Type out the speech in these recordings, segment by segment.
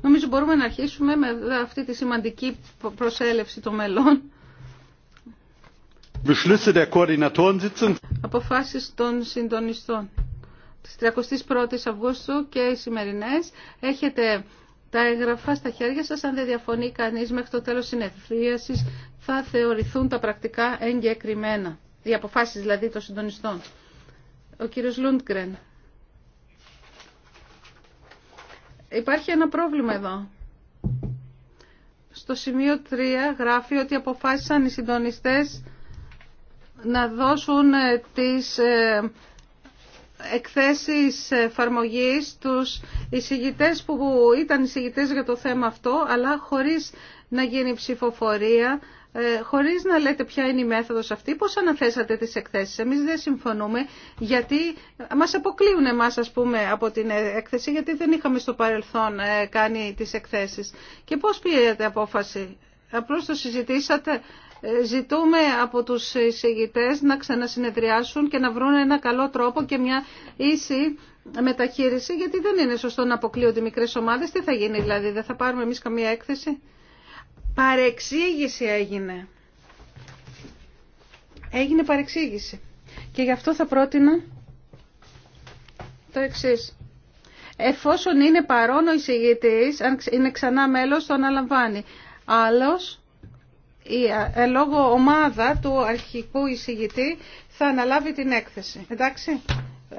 Νομίζω μπορούμε να αρχίσουμε με αυτή τη σημαντική προσέλευση των μελών. Beschlüsse der Αποφάσεις των συντονιστών. Της 31 Αυγούστου και οι σημερινές έχετε τα έγγραφα στα χέρια σας. Αν δεν διαφωνεί κανείς μέχρι το τέλος συνεδρίασης θα θεωρηθούν τα πρακτικά εγκεκριμένα. Οι αποφάσεις δηλαδή των συντονιστών ο κύριος Λούντγκρεν. Υπάρχει ένα πρόβλημα εδώ. Στο σημείο 3 γράφει ότι αποφάσισαν οι συντονιστές να δώσουν ε, τις ε, εκθέσεις εφαρμογή τους εισηγητές που ήταν εισηγητές για το θέμα αυτό αλλά χωρίς να γίνει ψηφοφορία ε, χωρίς να λέτε ποια είναι η μέθοδος αυτή, πώς αναθέσατε τις εκθέσεις. Εμείς δεν συμφωνούμε γιατί μας αποκλείουν εμάς ας πούμε από την ε, έκθεση γιατί δεν είχαμε στο παρελθόν ε, κάνει τις εκθέσεις. Και πώς πήρατε απόφαση. Απλώς το συζητήσατε. Ε, ζητούμε από τους εισηγητές να ξανασυνεδριάσουν και να βρουν ένα καλό τρόπο και μια ίση μεταχείριση γιατί δεν είναι σωστό να αποκλείονται μικρές ομάδες. Τι θα γίνει δηλαδή, δεν θα πάρουμε εμεί καμία έκθεση. Παρεξήγηση έγινε. Έγινε παρεξήγηση. Και γι' αυτό θα πρότεινα το εξή. Εφόσον είναι παρόν ο εισηγητής, αν είναι ξανά μέλος, το αναλαμβάνει. Άλλος, η ε, λόγω ομάδα του αρχικού εισηγητή θα αναλάβει την έκθεση. Εντάξει,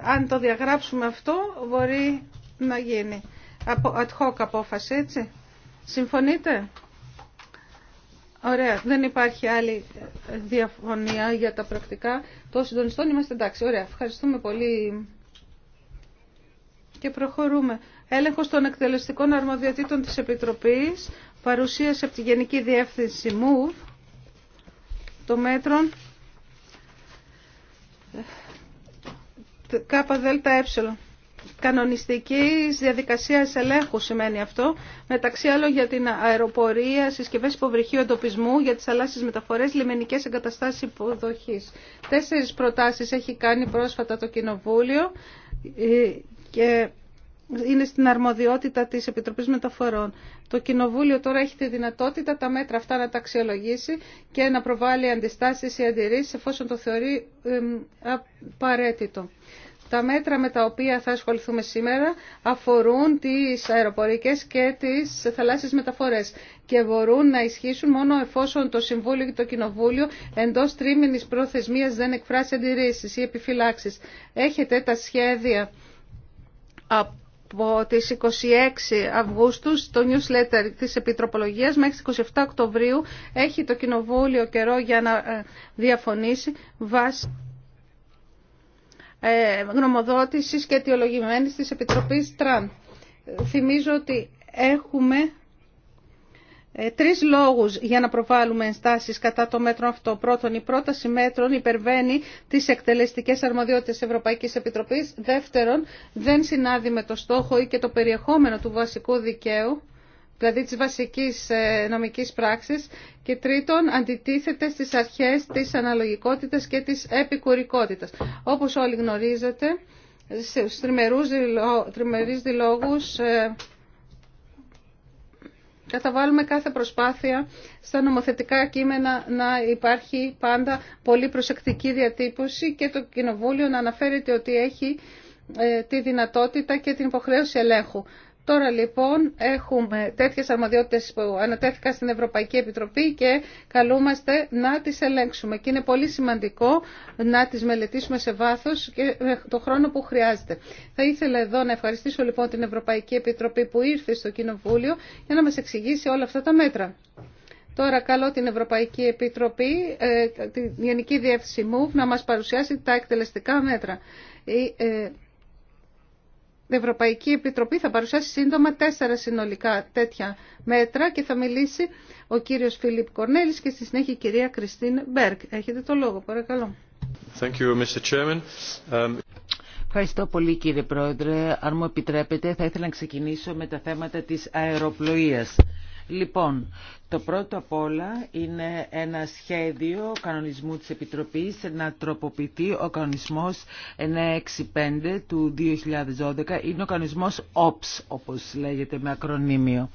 αν το διαγράψουμε αυτό μπορεί να γίνει. Από ad hoc απόφαση, έτσι. Συμφωνείτε. Ωραία. Δεν υπάρχει άλλη διαφωνία για τα πρακτικά. Το συντονιστών είμαστε εντάξει. Ωραία. Ευχαριστούμε πολύ. Και προχωρούμε. Έλεγχος των εκτελεστικών αρμοδιοτήτων της Επιτροπής. Παρουσίαση από τη Γενική Διεύθυνση MOVE. Το μέτρο ΚΔΕ κανονιστικής διαδικασίας ελέγχου σημαίνει αυτό, μεταξύ άλλων για την αεροπορία, συσκευές υποβρυχίου εντοπισμού, για τις θαλάσσιες μεταφορές, λιμενικές εγκαταστάσεις υποδοχής. Τέσσερις προτάσεις έχει κάνει πρόσφατα το Κοινοβούλιο ε, και είναι στην αρμοδιότητα της Επιτροπής Μεταφορών. Το Κοινοβούλιο τώρα έχει τη δυνατότητα τα μέτρα αυτά να τα αξιολογήσει και να προβάλλει αντιστάσεις ή αντιρρήσεις εφόσον το θεωρεί απαραίτητο. Τα μέτρα με τα οποία θα ασχοληθούμε σήμερα αφορούν τις αεροπορικές και τις θαλάσσιες μεταφορές και μπορούν να ισχύσουν μόνο εφόσον το Συμβούλιο και το Κοινοβούλιο εντός τρίμηνης προθεσμίας δεν εκφράσει αντιρρήσεις ή επιφυλάξεις. Έχετε τα σχέδια από τις 26 Αυγούστου στο newsletter της Επιτροπολογίας μέχρι τις 27 Οκτωβρίου έχει το Κοινοβούλιο καιρό για να ε, διαφωνήσει βάσει ε, γνωμοδότησης και αιτιολογημένης της Επιτροπής Τραν. Θυμίζω ότι έχουμε ε, τρεις λόγους για να προβάλλουμε ενστάσεις κατά το μέτρο αυτό. Πρώτον, η πρόταση μέτρων υπερβαίνει τις εκτελεστικές αρμοδιότητες της Ευρωπαϊκής Επιτροπής. Δεύτερον, δεν συνάδει με το στόχο ή και το περιεχόμενο του βασικού δικαίου δηλαδή της βασικής ε, νομικής πράξης και τρίτον αντιτίθεται στις αρχές της αναλογικότητας και της επικουρικότητας. Όπως όλοι γνωρίζετε, στους τριμερείς ε, καταβάλουμε κάθε προσπάθεια στα νομοθετικά κείμενα να υπάρχει πάντα πολύ προσεκτική διατύπωση και το Κοινοβούλιο να αναφέρεται ότι έχει ε, τη δυνατότητα και την υποχρέωση ελέγχου. Τώρα λοιπόν έχουμε τέτοιες αρμοδιότητες που ανατέθηκαν στην Ευρωπαϊκή Επιτροπή και καλούμαστε να τις ελέγξουμε. Και είναι πολύ σημαντικό να τις μελετήσουμε σε βάθος και το χρόνο που χρειάζεται. Θα ήθελα εδώ να ευχαριστήσω λοιπόν την Ευρωπαϊκή Επιτροπή που ήρθε στο Κοινοβούλιο για να μας εξηγήσει όλα αυτά τα μέτρα. Τώρα καλώ την Ευρωπαϊκή Επιτροπή, ε, την Γενική Διεύθυνση ΜΟΥΒ, να μας παρουσιάσει τα εκτελεστικά μέτρα. Ε, η Ευρωπαϊκή Επιτροπή θα παρουσιάσει σύντομα τέσσερα συνολικά τέτοια μέτρα και θα μιλήσει ο κύριος Φιλίπ Κορνέλης και στη συνέχεια η κυρία Κριστίν Μπέρκ. Έχετε το λόγο, παρακαλώ. Thank you, Mr. Um, Ευχαριστώ πολύ κύριε Πρόεδρε. Αν μου επιτρέπετε θα ήθελα να ξεκινήσω με τα θέματα της αεροπλοείας. Λοιπόν, το πρώτο απ' όλα είναι ένα σχέδιο κανονισμού της Επιτροπής να τροποποιηθεί ο κανονισμός 965 του 2012. Είναι ο κανονισμός OPS, όπως λέγεται με ακρονίμιο.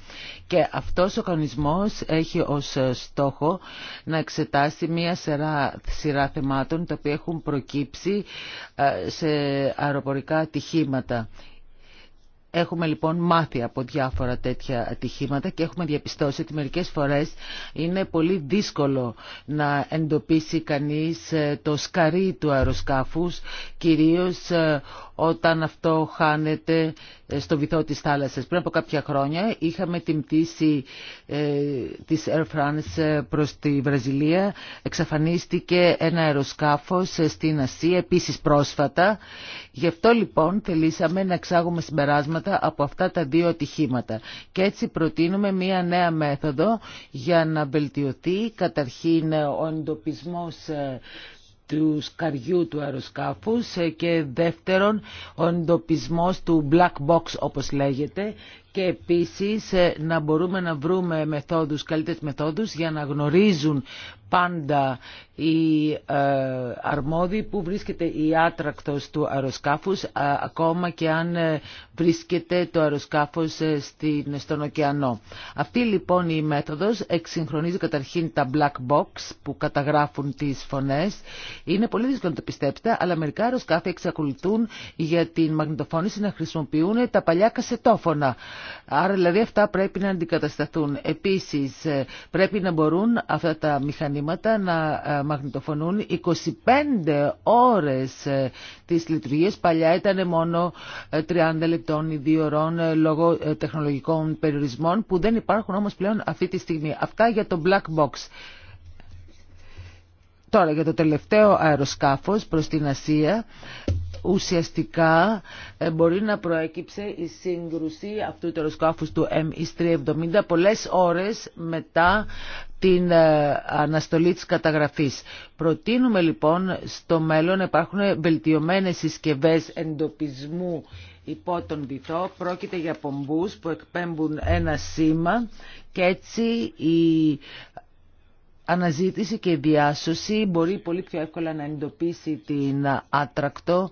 Και αυτός ο κανονισμός έχει ως στόχο να εξετάσει μια σειρά, θεμάτων τα οποία έχουν προκύψει ε, σε αεροπορικά ατυχήματα. Έχουμε λοιπόν μάθει από διάφορα τέτοια ατυχήματα και έχουμε διαπιστώσει ότι μερικές φορές είναι πολύ δύσκολο να εντοπίσει κανείς ε, το σκαρί του αεροσκάφους, κυρίως ε, όταν αυτό χάνεται ε, στο βυθό της θάλασσας. Πριν από κάποια χρόνια είχαμε την πτήση ε, της Air France ε, προς τη Βραζιλία. Εξαφανίστηκε ένα αεροσκάφος στην Ασία, επίσης πρόσφατα. Γι' αυτό λοιπόν θελήσαμε να εξάγουμε συμπεράσματα από αυτά τα δύο ατυχήματα. Και έτσι προτείνουμε μία νέα μέθοδο για να βελτιωθεί καταρχήν ο εντοπισμός του σκαριού του αεροσκάφους ε, και δεύτερον ο εντοπισμός του black box όπως λέγεται και επίσης ε, να μπορούμε να βρούμε μεθόδους, καλύτερες μεθόδους για να γνωρίζουν πάντα οι ε, αρμόδιοι που βρίσκεται η άτρακτος του αεροσκάφους ακόμα και αν ε, βρίσκεται το αεροσκάφος στον ωκεανό. Αυτή λοιπόν η μέθοδος εξυγχρονίζει καταρχήν τα black box που καταγράφουν τις φωνές. Είναι πολύ δύσκολο να το πιστέψετε αλλά μερικά αεροσκάφη εξακολουθούν για την μαγνητοφώνηση να χρησιμοποιούν τα παλιά κασετόφωνα. Άρα δηλαδή αυτά πρέπει να αντικατασταθούν. Επίσης ε, πρέπει να μπορούν αυτά τα μηχανήματα να ε, μαγνητοφωνούν 25 ώρες ε, της λειτουργίας. Παλιά ήταν μόνο 30 λεπτών ή 2 ώρων λόγω τεχνολογικών περιορισμών που δεν υπάρχουν όμως πλέον αυτή τη στιγμή. Αυτά για το black box. Τώρα για το τελευταίο αεροσκάφος προς την Ασία ουσιαστικά ε, μπορεί να προέκυψε η σύγκρουση αυτού του αεροσκάφου του ME370 e πολλές ώρες μετά την ε, αναστολή της καταγραφής. Προτείνουμε λοιπόν στο μέλλον να υπάρχουν βελτιωμένες συσκευές εντοπισμού υπό τον βυθό. Πρόκειται για πομπούς που εκπέμπουν ένα σήμα και έτσι οι αναζήτηση και διάσωση μπορεί πολύ πιο εύκολα να εντοπίσει την άτρακτο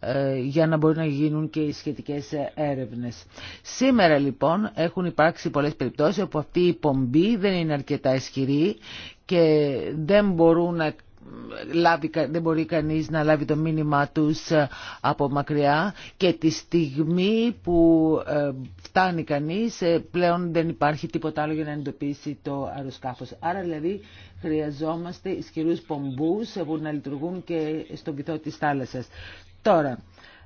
ε, για να μπορεί να γίνουν και οι σχετικές έρευνες. Σήμερα λοιπόν έχουν υπάρξει πολλές περιπτώσεις όπου αυτή η πομπή δεν είναι αρκετά ισχυρή και δεν μπορούν να λάβει, δεν μπορεί κανείς να λάβει το μήνυμά τους ε, από μακριά και τη στιγμή που ε, φτάνει κανείς ε, πλέον δεν υπάρχει τίποτα άλλο για να εντοπίσει το αεροσκάφος. Άρα δηλαδή χρειαζόμαστε ισχυρούς πομπούς που να λειτουργούν και στον βυθό της θάλασσας. Τώρα,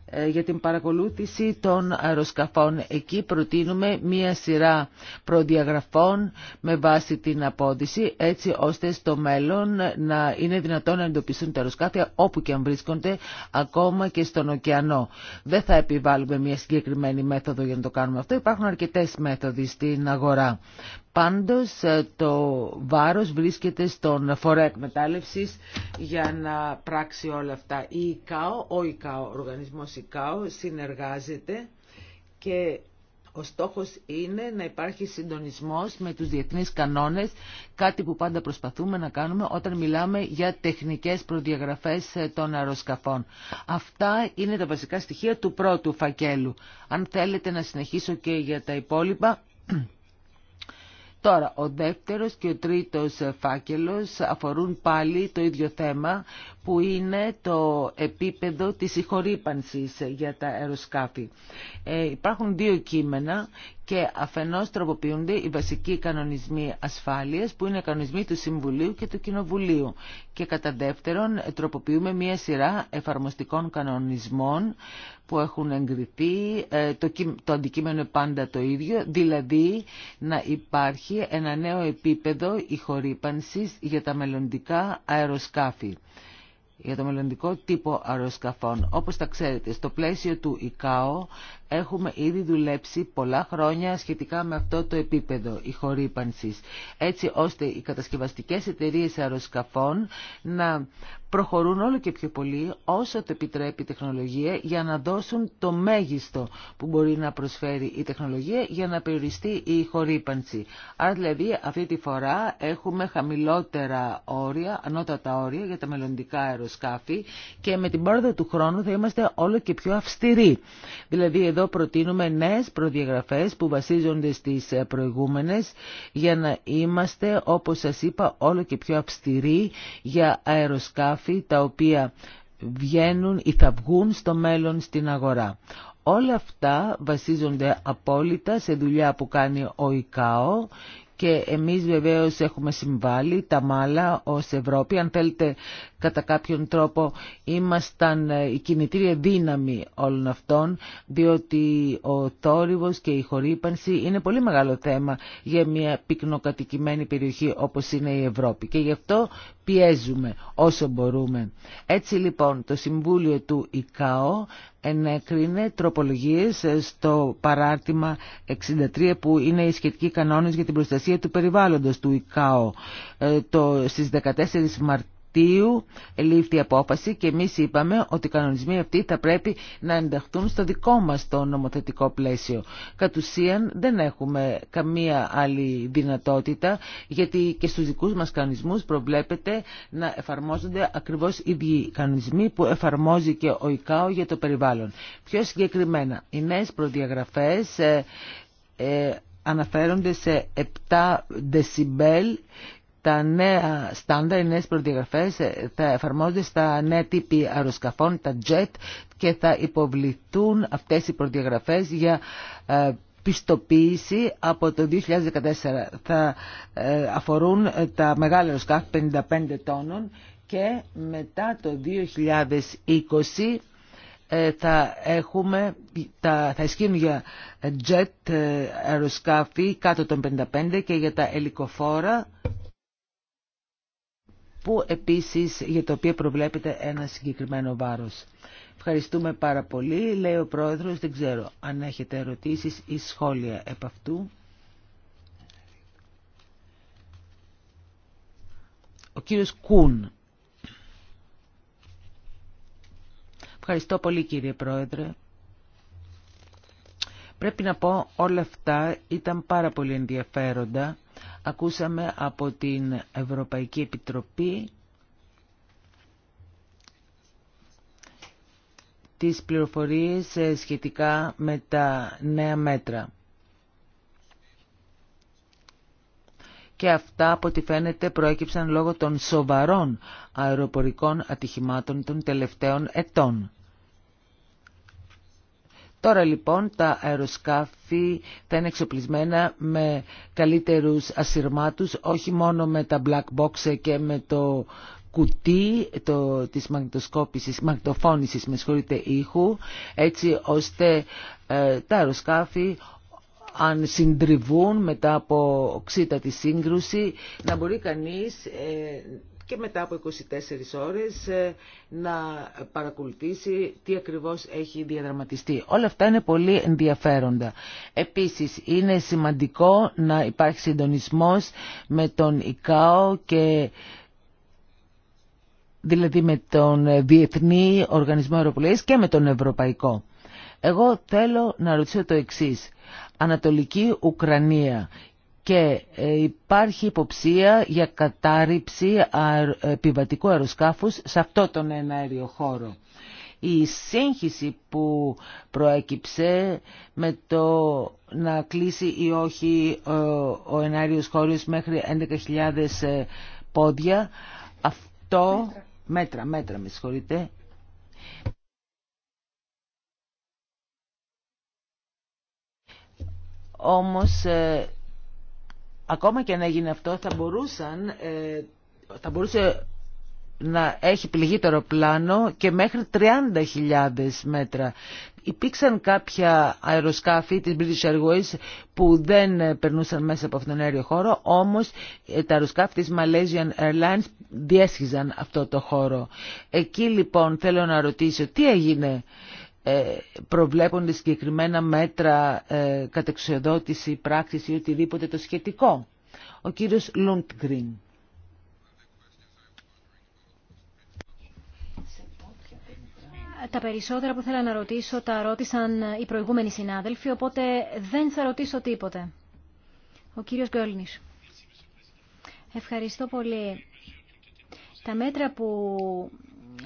ε, για την παρακολούθηση των αεροσκαφών. Εκεί προτείνουμε μία σειρά προδιαγραφών με βάση την απόδειση, έτσι ώστε στο μέλλον να είναι δυνατόν να εντοπιστούν τα αεροσκάφια όπου και αν βρίσκονται, ακόμα και στον ωκεανό. Δεν θα επιβάλλουμε μία συγκεκριμένη μέθοδο για να το κάνουμε αυτό. Υπάρχουν αρκετές μέθοδοι στην αγορά. Πάντως ε, το βάρος βρίσκεται στον φορέα εκμετάλλευση για να πράξει όλα αυτά. Η ΙΚΑΟ, ο ΙΚΑΟ, ο οργανισμός ΙΚΑΟ συνεργάζεται και ο στόχος είναι να υπάρχει συντονισμός με τους διεθνείς κανόνες, κάτι που πάντα προσπαθούμε να κάνουμε όταν μιλάμε για τεχνικές προδιαγραφές ε, των αεροσκαφών. Αυτά είναι τα βασικά στοιχεία του πρώτου φακέλου. Αν θέλετε να συνεχίσω και για τα υπόλοιπα, Τώρα, ο δεύτερος και ο τρίτος φάκελος αφορούν πάλι το ίδιο θέμα που είναι το επίπεδο της συγχωρήπανσης για τα αεροσκάφη. Ε, υπάρχουν δύο κείμενα και αφενός τροποποιούνται οι βασικοί κανονισμοί ασφάλειας που είναι κανονισμοί του Συμβουλίου και του Κοινοβουλίου και κατά δεύτερον τροποποιούμε μία σειρά εφαρμοστικών κανονισμών που έχουν εγκριθεί. Ε, το αντικείμενο είναι πάντα το ίδιο, δηλαδή να υπάρχει ένα νέο επίπεδο χορύπανση για τα μελλοντικά αεροσκάφη για το μελλοντικό τύπο αεροσκαφών. Όπως τα ξέρετε, στο πλαίσιο του ΙΚΑΟ έχουμε ήδη δουλέψει πολλά χρόνια σχετικά με αυτό το επίπεδο η χορύπανσης, έτσι ώστε οι κατασκευαστικές εταιρείες αεροσκαφών να προχωρούν όλο και πιο πολύ όσο το επιτρέπει η τεχνολογία για να δώσουν το μέγιστο που μπορεί να προσφέρει η τεχνολογία για να περιοριστεί η χορύπανση. Άρα δηλαδή αυτή τη φορά έχουμε χαμηλότερα όρια, ανώτατα όρια για τα μελλοντικά αεροσκάφη και με την πάροδο του χρόνου θα είμαστε όλο και πιο αυστηροί. Δηλαδή προτείνουμε νέες προδιαγραφές που βασίζονται στις ε, προηγούμενες για να είμαστε, όπως σας είπα, όλο και πιο αυστηροί για αεροσκάφη τα οποία βγαίνουν ή θα βγουν στο μέλλον στην αγορά. Όλα αυτά βασίζονται απόλυτα σε δουλειά που κάνει ο ΙΚΑΟ και εμείς βεβαίως έχουμε συμβάλει τα μάλα ως Ευρώπη. Αν θέλετε κατά κάποιον τρόπο ήμασταν ε, η κινητήρια δύναμη όλων αυτών διότι ο θόρυβος και η χορύπανση είναι πολύ μεγάλο θέμα για μια πυκνοκατοικημένη περιοχή όπως είναι η Ευρώπη και γι' αυτό πιέζουμε όσο μπορούμε. Έτσι λοιπόν το Συμβούλιο του ΙΚΑΟ ενέκρινε τροπολογίες ε, στο παράρτημα 63 που είναι οι σχετικοί κανόνες για την προστασία του περιβάλλοντος του ΙΚΑΟ. Ε, το, στις 14 Μαρτίου τίου λήφθη απόφαση και εμείς είπαμε ότι οι κανονισμοί αυτοί θα πρέπει να ενταχθούν στο δικό μας το νομοθετικό πλαίσιο. Κατ' ουσίαν δεν έχουμε καμία άλλη δυνατότητα γιατί και στους δικούς μας κανονισμούς προβλέπεται να εφαρμόζονται ακριβώς οι ίδιοι κανονισμοί που εφαρμόζει και ο ΙΚΑΟ για το περιβάλλον. Πιο συγκεκριμένα, οι νέες προδιαγραφές ε, ε, αναφέρονται σε 7 δεσιμπέλ τα νέα στάνταρ οι νέες προδιαγραφές ε, θα εφαρμόζονται στα νέα τύπη αεροσκαφών, τα JET και θα υποβληθούν αυτές οι προδιαγραφές για ε, πιστοποίηση από το 2014. Θα ε, αφορούν τα μεγάλα αεροσκάφη 55 τόνων και μετά το 2020 θα έχουμε, τα, θα ισχύουν για jet αεροσκάφη κάτω των 55 και για τα ελικοφόρα που επίσης για το οποίο προβλέπεται ένα συγκεκριμένο βάρος. Ευχαριστούμε πάρα πολύ. Λέει ο Πρόεδρος, δεν ξέρω αν έχετε ερωτήσεις ή σχόλια επ' αυτού. Ο κύριος Κούν. Ευχαριστώ πολύ κύριε Πρόεδρε. Πρέπει να πω όλα αυτά ήταν πάρα πολύ ενδιαφέροντα Ακούσαμε από την Ευρωπαϊκή Επιτροπή τις πληροφορίες ε, σχετικά με τα νέα μέτρα. Και αυτά, από ό,τι φαίνεται, προέκυψαν λόγω των σοβαρών αεροπορικών ατυχημάτων των τελευταίων ετών. Τώρα λοιπόν τα αεροσκάφη θα είναι εξοπλισμένα με καλύτερους ασυρμάτους, όχι μόνο με τα black box και με το κουτί το, της μαγνητοσκόπησης, μαγνητοφώνησης με συγχωρείτε ήχου, έτσι ώστε ε, τα αεροσκάφη αν συντριβούν μετά από οξύτατη σύγκρουση να μπορεί κανείς ε, και μετά από 24 ώρες ε, να παρακολουθήσει τι ακριβώς έχει διαδραματιστεί. Όλα αυτά είναι πολύ ενδιαφέροντα. Επίσης είναι σημαντικό να υπάρχει συντονισμός με τον ΙΚΑΟ και δηλαδή με τον Διεθνή Οργανισμό Αεροπολίας και με τον Ευρωπαϊκό. Εγώ θέλω να ρωτήσω το εξής. Ανατολική Ουκρανία και ε, υπάρχει υποψία για κατάρριψη επιβατικού αεροσκάφους σε αυτό τον εναέριο χώρο. Η σύγχυση που προέκυψε με το να κλείσει ή όχι ε, ο ενάριος χώρος μέχρι 11.000 ε, πόδια, αυτό... Μέτρα. μέτρα, μέτρα με συγχωρείτε. Όμως ακόμα και αν έγινε αυτό θα, μπορούσαν, ε, θα μπορούσε να έχει πληγεί το αεροπλάνο και μέχρι 30.000 μέτρα. Υπήρξαν κάποια αεροσκάφη της British Airways που δεν περνούσαν μέσα από αυτόν τον αέριο χώρο, όμως ε, τα αεροσκάφη της Malaysian Airlines διέσχιζαν αυτό το χώρο. Εκεί λοιπόν θέλω να ρωτήσω τι έγινε ε, προβλέπονται συγκεκριμένα μέτρα ε, κατεξοδότηση, πράξη ή οτιδήποτε το σχετικό. Ο κύριος Λούντγκριν. Τα περισσότερα που θέλω να ρωτήσω τα ρώτησαν οι προηγούμενοι συνάδελφοι, οπότε δεν θα ρωτήσω τίποτε. Ο κύριος Γκόλνης. Ευχαριστώ πολύ. Τα μέτρα που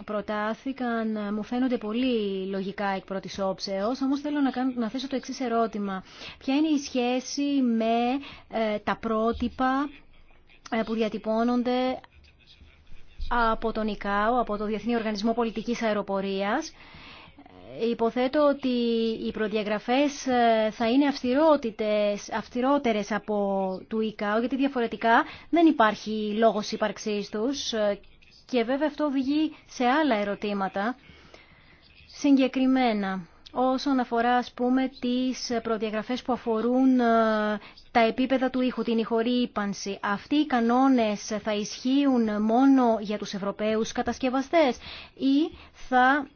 προτάθηκαν μου φαίνονται πολύ λογικά εκ πρώτης όψεως, όμως θέλω να, να θέσω το εξή ερώτημα. Ποια είναι η σχέση με ε, τα πρότυπα ε, που διατυπώνονται από τον ΙΚΑΟ, από το Διεθνή Οργανισμό Πολιτικής Αεροπορίας, Υποθέτω ότι οι προδιαγραφές ε, θα είναι αυστηρότητες, αυστηρότερες από του ΙΚΑΟ, γιατί διαφορετικά δεν υπάρχει λόγος ύπαρξής τους και βέβαια αυτό οδηγεί σε άλλα ερωτήματα συγκεκριμένα όσον αφορά ας πούμε τις προδιαγραφές που αφορούν ε, τα επίπεδα του ήχου, την ύπανση. Αυτοί οι κανόνες θα ισχύουν μόνο για τους Ευρωπαίους κατασκευαστές ή θα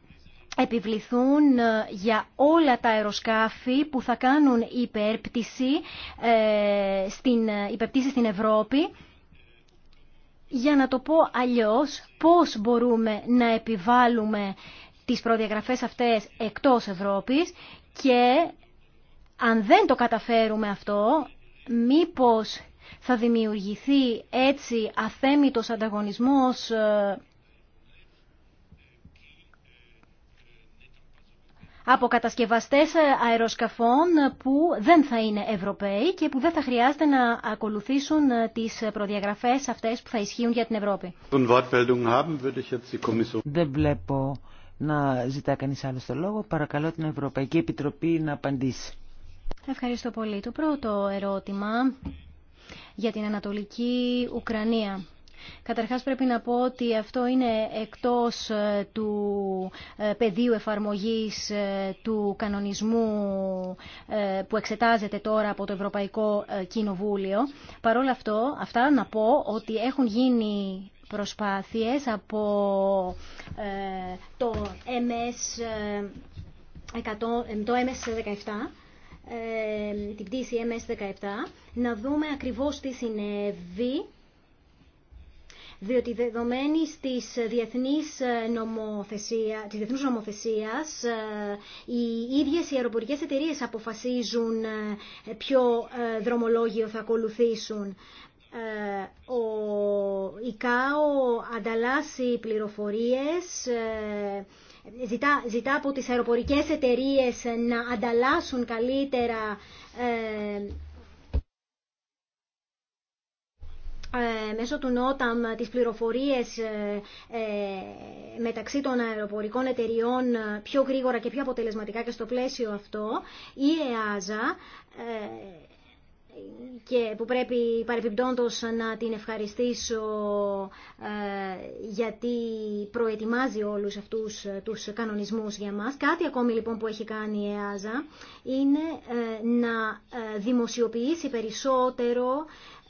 επιβληθούν ε, για όλα τα αεροσκάφη που θα κάνουν υπερπτήση ε, στην Ευρώπη για να το πω αλλιώς, πώς μπορούμε να επιβάλλουμε τις προδιαγραφές αυτές εκτός Ευρώπης και αν δεν το καταφέρουμε αυτό, μήπως θα δημιουργηθεί έτσι αθέμητος ανταγωνισμός ε, από κατασκευαστές ε, αεροσκαφών ε, που δεν θα είναι Ευρωπαίοι και που δεν θα χρειάζεται να ακολουθήσουν ε, τις προδιαγραφές αυτές που θα ισχύουν για την Ευρώπη. Δεν βλέπω να ζητά κανείς άλλο το λόγο. Παρακαλώ την Ευρωπαϊκή Επιτροπή να απαντήσει. Ευχαριστώ πολύ. Το πρώτο ερώτημα για την Ανατολική Ουκρανία. Καταρχάς πρέπει να πω ότι αυτό είναι εκτός ε, του ε, πεδίου εφαρμογής ε, του κανονισμού που εξετάζεται τώρα από το Ευρωπαϊκό Κοινοβούλιο. Παρ' όλα αυτό, αυτά να πω ότι έχουν γίνει προσπάθειες από το MS, το MS17 την πτήση MS-17, να δούμε ακριβώς τι συνέβη διότι δεδομένη της διεθνής ε, νομοθεσία, νομοθεσίας, ε, οι ίδιες οι αεροπορικές εταιρείες αποφασίζουν ε, ποιο δρομολόγιο θα ακολουθήσουν. Ο ΙΚΑΟ ανταλλάσσει πληροφορίες, ζητά, ζητά από τις αεροπορικές εταιρείες να ανταλλάσσουν καλύτερα Ε, μέσω του Νόταμ τις πληροφορίες ε, ε, μεταξύ των αεροπορικών εταιριών πιο γρήγορα και πιο αποτελεσματικά και στο πλαίσιο αυτό η ΕΑΖΑ και που πρέπει παρεπιπτόντος να την ευχαριστήσω γιατί προετοιμάζει όλους αυτούς τους κανονισμούς για μας. Κάτι ακόμη λοιπόν που έχει κάνει η ΕΑΖΑ είναι να δημοσιοποιήσει περισσότερο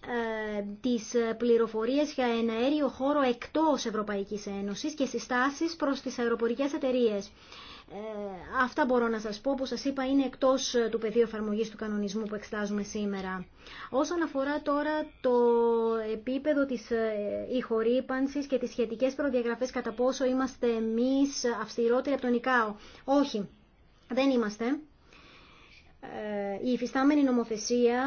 ε, τις ε, πληροφορίες για ένα αέριο χώρο εκτός Ευρωπαϊκής Ένωσης και συστάσεις προς τις αεροπορικές εταιρείες. Ε, αυτά μπορώ να σας πω που σας είπα είναι εκτός του πεδίου εφαρμογής του κανονισμού που εξετάζουμε σήμερα. Όσον αφορά τώρα το επίπεδο της ηχορύπανσης και τις σχετικές προδιαγραφές κατά πόσο είμαστε εμείς αυστηρότεροι από τον ΙΚΑΟ. Όχι, δεν είμαστε. Ε, η υφιστάμενη νομοθεσία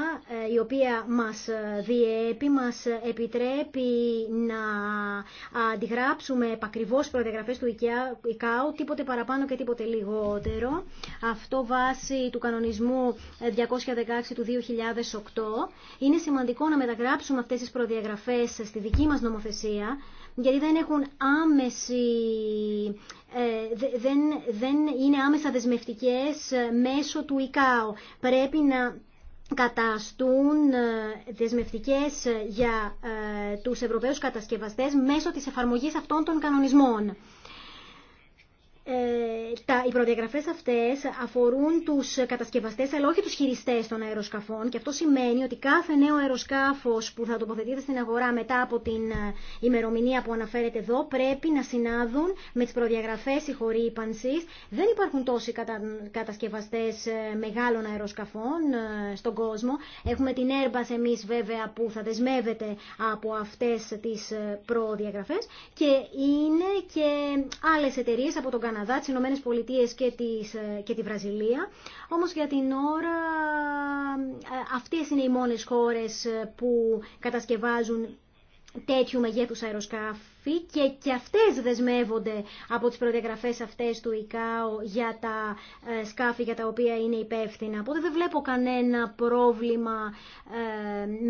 ε, η οποία μας ε, διέπει, μας επιτρέπει να αντιγράψουμε επακριβώς προδιαγραφές του ΙΚΑΟ, τίποτε παραπάνω και τίποτε λιγότερο. Αυτό βάσει του κανονισμού 216 του 2008. Είναι σημαντικό να μεταγράψουμε αυτές τις προδιαγραφές στη δική μας νομοθεσία, γιατί δεν έχουν άμεση ε, δεν, δεν είναι άμεσα δεσμευτικές ε, μέσω του ΙΚΑΟ. Πρέπει να καταστούν ε, δεσμευτικές για τους Ευρωπαίους κατασκευαστές μέσω της εφαρμογής αυτών των κανονισμών. Ε, τα, οι προδιαγραφέ αυτέ αφορούν του κατασκευαστέ, αλλά όχι του χειριστέ των αεροσκαφών και αυτό σημαίνει ότι κάθε νέο αεροσκάφο που θα τοποθετείται στην αγορά μετά από την ε, ημερομηνία που αναφέρεται εδώ πρέπει να συνάδουν με τι προδιαγραφέ συγχωρήπανση. Δεν υπάρχουν τόσοι κατα, κατασκευαστές ε, μεγάλων αεροσκαφών στον κόσμο. Έχουμε την Airbus εμεί βέβαια που θα δεσμεύεται από αυτές τις προδιαγραφέ. και είναι και άλλε εταιρείε από τον Καναδά Καναδά, τις Ηνωμένες Πολιτείες και, ε, και τη Βραζιλία. Όμως για την ώρα ε, αυτές είναι οι μόνες χώρες ε, που κατασκευάζουν τέτοιου μεγέθους αεροσκάφη και και αυτές δεσμεύονται από τις προδιαγραφές αυτές του ΙΚΑΟ για τα σκάφη για τα οποία είναι υπεύθυνα. Οπότε δεν βλέπω κανένα πρόβλημα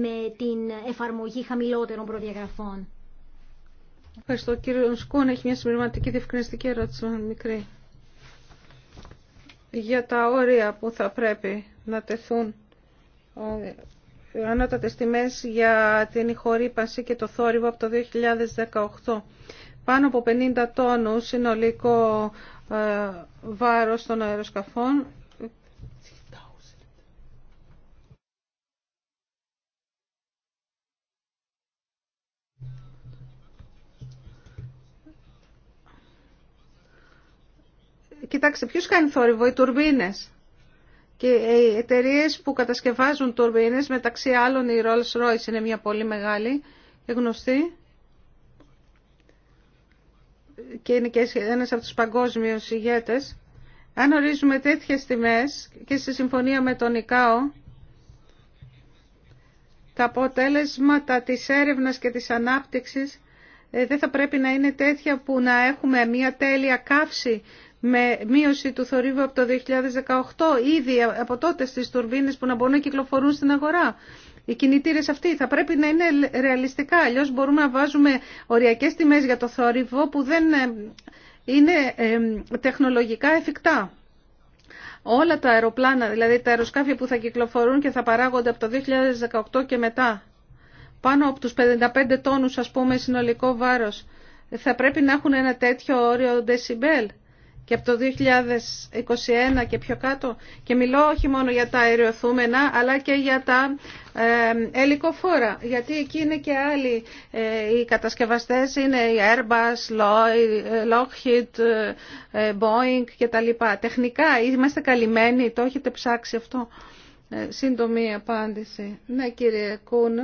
με την εφαρμογή χαμηλότερων προδιαγραφών. Ευχαριστώ. Ο κύριο Σκούν έχει μια συμπληρωματική διευκρινιστική ερώτηση, μικρή. Για τα όρια που θα πρέπει να τεθούν ε, ανώτατε τιμέ για την ηχορύπαση και το θόρυβο από το 2018. Πάνω από 50 τόνους συνολικό ε, βάρος των αεροσκαφών Κοιτάξτε, ποιος κάνει θόρυβο, οι τουρμπίνε Και οι εταιρείε που κατασκευάζουν τουρμπίνε, μεταξύ άλλων η Rolls Royce είναι μια πολύ μεγάλη και γνωστή. Και είναι και ένας από τους παγκόσμιου ηγέτε. Αν ορίζουμε τέτοιες τιμές και στη συμφωνία με τον ΙΚΑΟ, τα αποτέλεσματα της έρευνας και της ανάπτυξης ε, δεν θα πρέπει να είναι τέτοια που να έχουμε μια τέλεια καύση με μείωση του θορύβου από το 2018 ήδη από τότε στις τουρβίνες που να μπορούν να κυκλοφορούν στην αγορά. Οι κινητήρε αυτοί θα πρέπει να είναι ρεαλιστικά, αλλιώ μπορούμε να βάζουμε οριακέ τιμέ για το θόρυβο που δεν ε, είναι ε, τεχνολογικά εφικτά. Όλα τα αεροπλάνα, δηλαδή τα αεροσκάφια που θα κυκλοφορούν και θα παράγονται από το 2018 και μετά, πάνω από τους 55 τόνους ας πούμε συνολικό βάρος, θα πρέπει να έχουν ένα τέτοιο όριο δεσιμπέλ και από το 2021 και πιο κάτω. Και μιλώ όχι μόνο για τα αεριοθούμενα, αλλά και για τα ελικοφόρα. Γιατί εκεί είναι και άλλοι ε, οι κατασκευαστές, είναι η Airbus, ε, Lockheed, ε, Boeing κτλ. Τεχνικά είμαστε καλυμμένοι, το έχετε ψάξει αυτό. Σύντομη απάντηση. Ναι κύριε Κούν.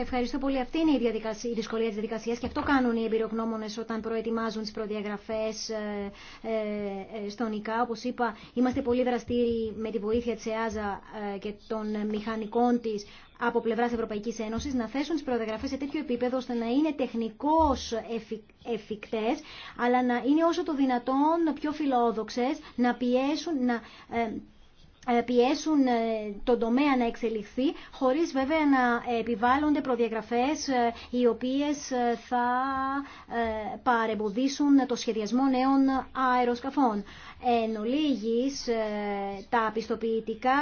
Ευχαριστώ πολύ. Αυτή είναι η, η δυσκολία τη διαδικασία και αυτό κάνουν οι εμπειρογνώμονε όταν προετοιμάζουν τις προδιαγραφές ε, ε, ε, στον ΙΚΑ. Όπως είπα, είμαστε πολύ δραστήριοι με τη βοήθεια της ΕΑΖΑ και των μηχανικών της από πλευρά Ευρωπαϊκή Ένωση να θέσουν τι προδιαγραφέ σε τέτοιο επίπεδο ώστε να είναι τεχνικώ εφικτέ, αλλά να είναι όσο το δυνατόν πιο φιλόδοξε, να πιέσουν, να ε, πιέσουν ε, τον τομέα να εξελιχθεί, χωρίς βέβαια να επιβάλλονται προδιαγραφές ε, οι οποίες θα παρεμποδίσουν το σχεδιασμό νέων αεροσκαφών. Εν ολίγης, τα πιστοποιητικά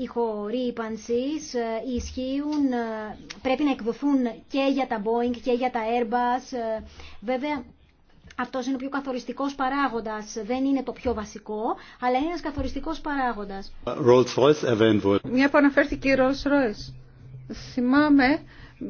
ηχορύπανσης ισχύουν, πρέπει να εκδοθούν και για τα Boeing και για τα Airbus. Βέβαια, αυτός είναι ο πιο καθοριστικός παράγοντας, δεν είναι το πιο βασικό, αλλά είναι ένας καθοριστικός παράγοντας. Μια που αναφέρθηκε η Rolls Royce. Θυμάμαι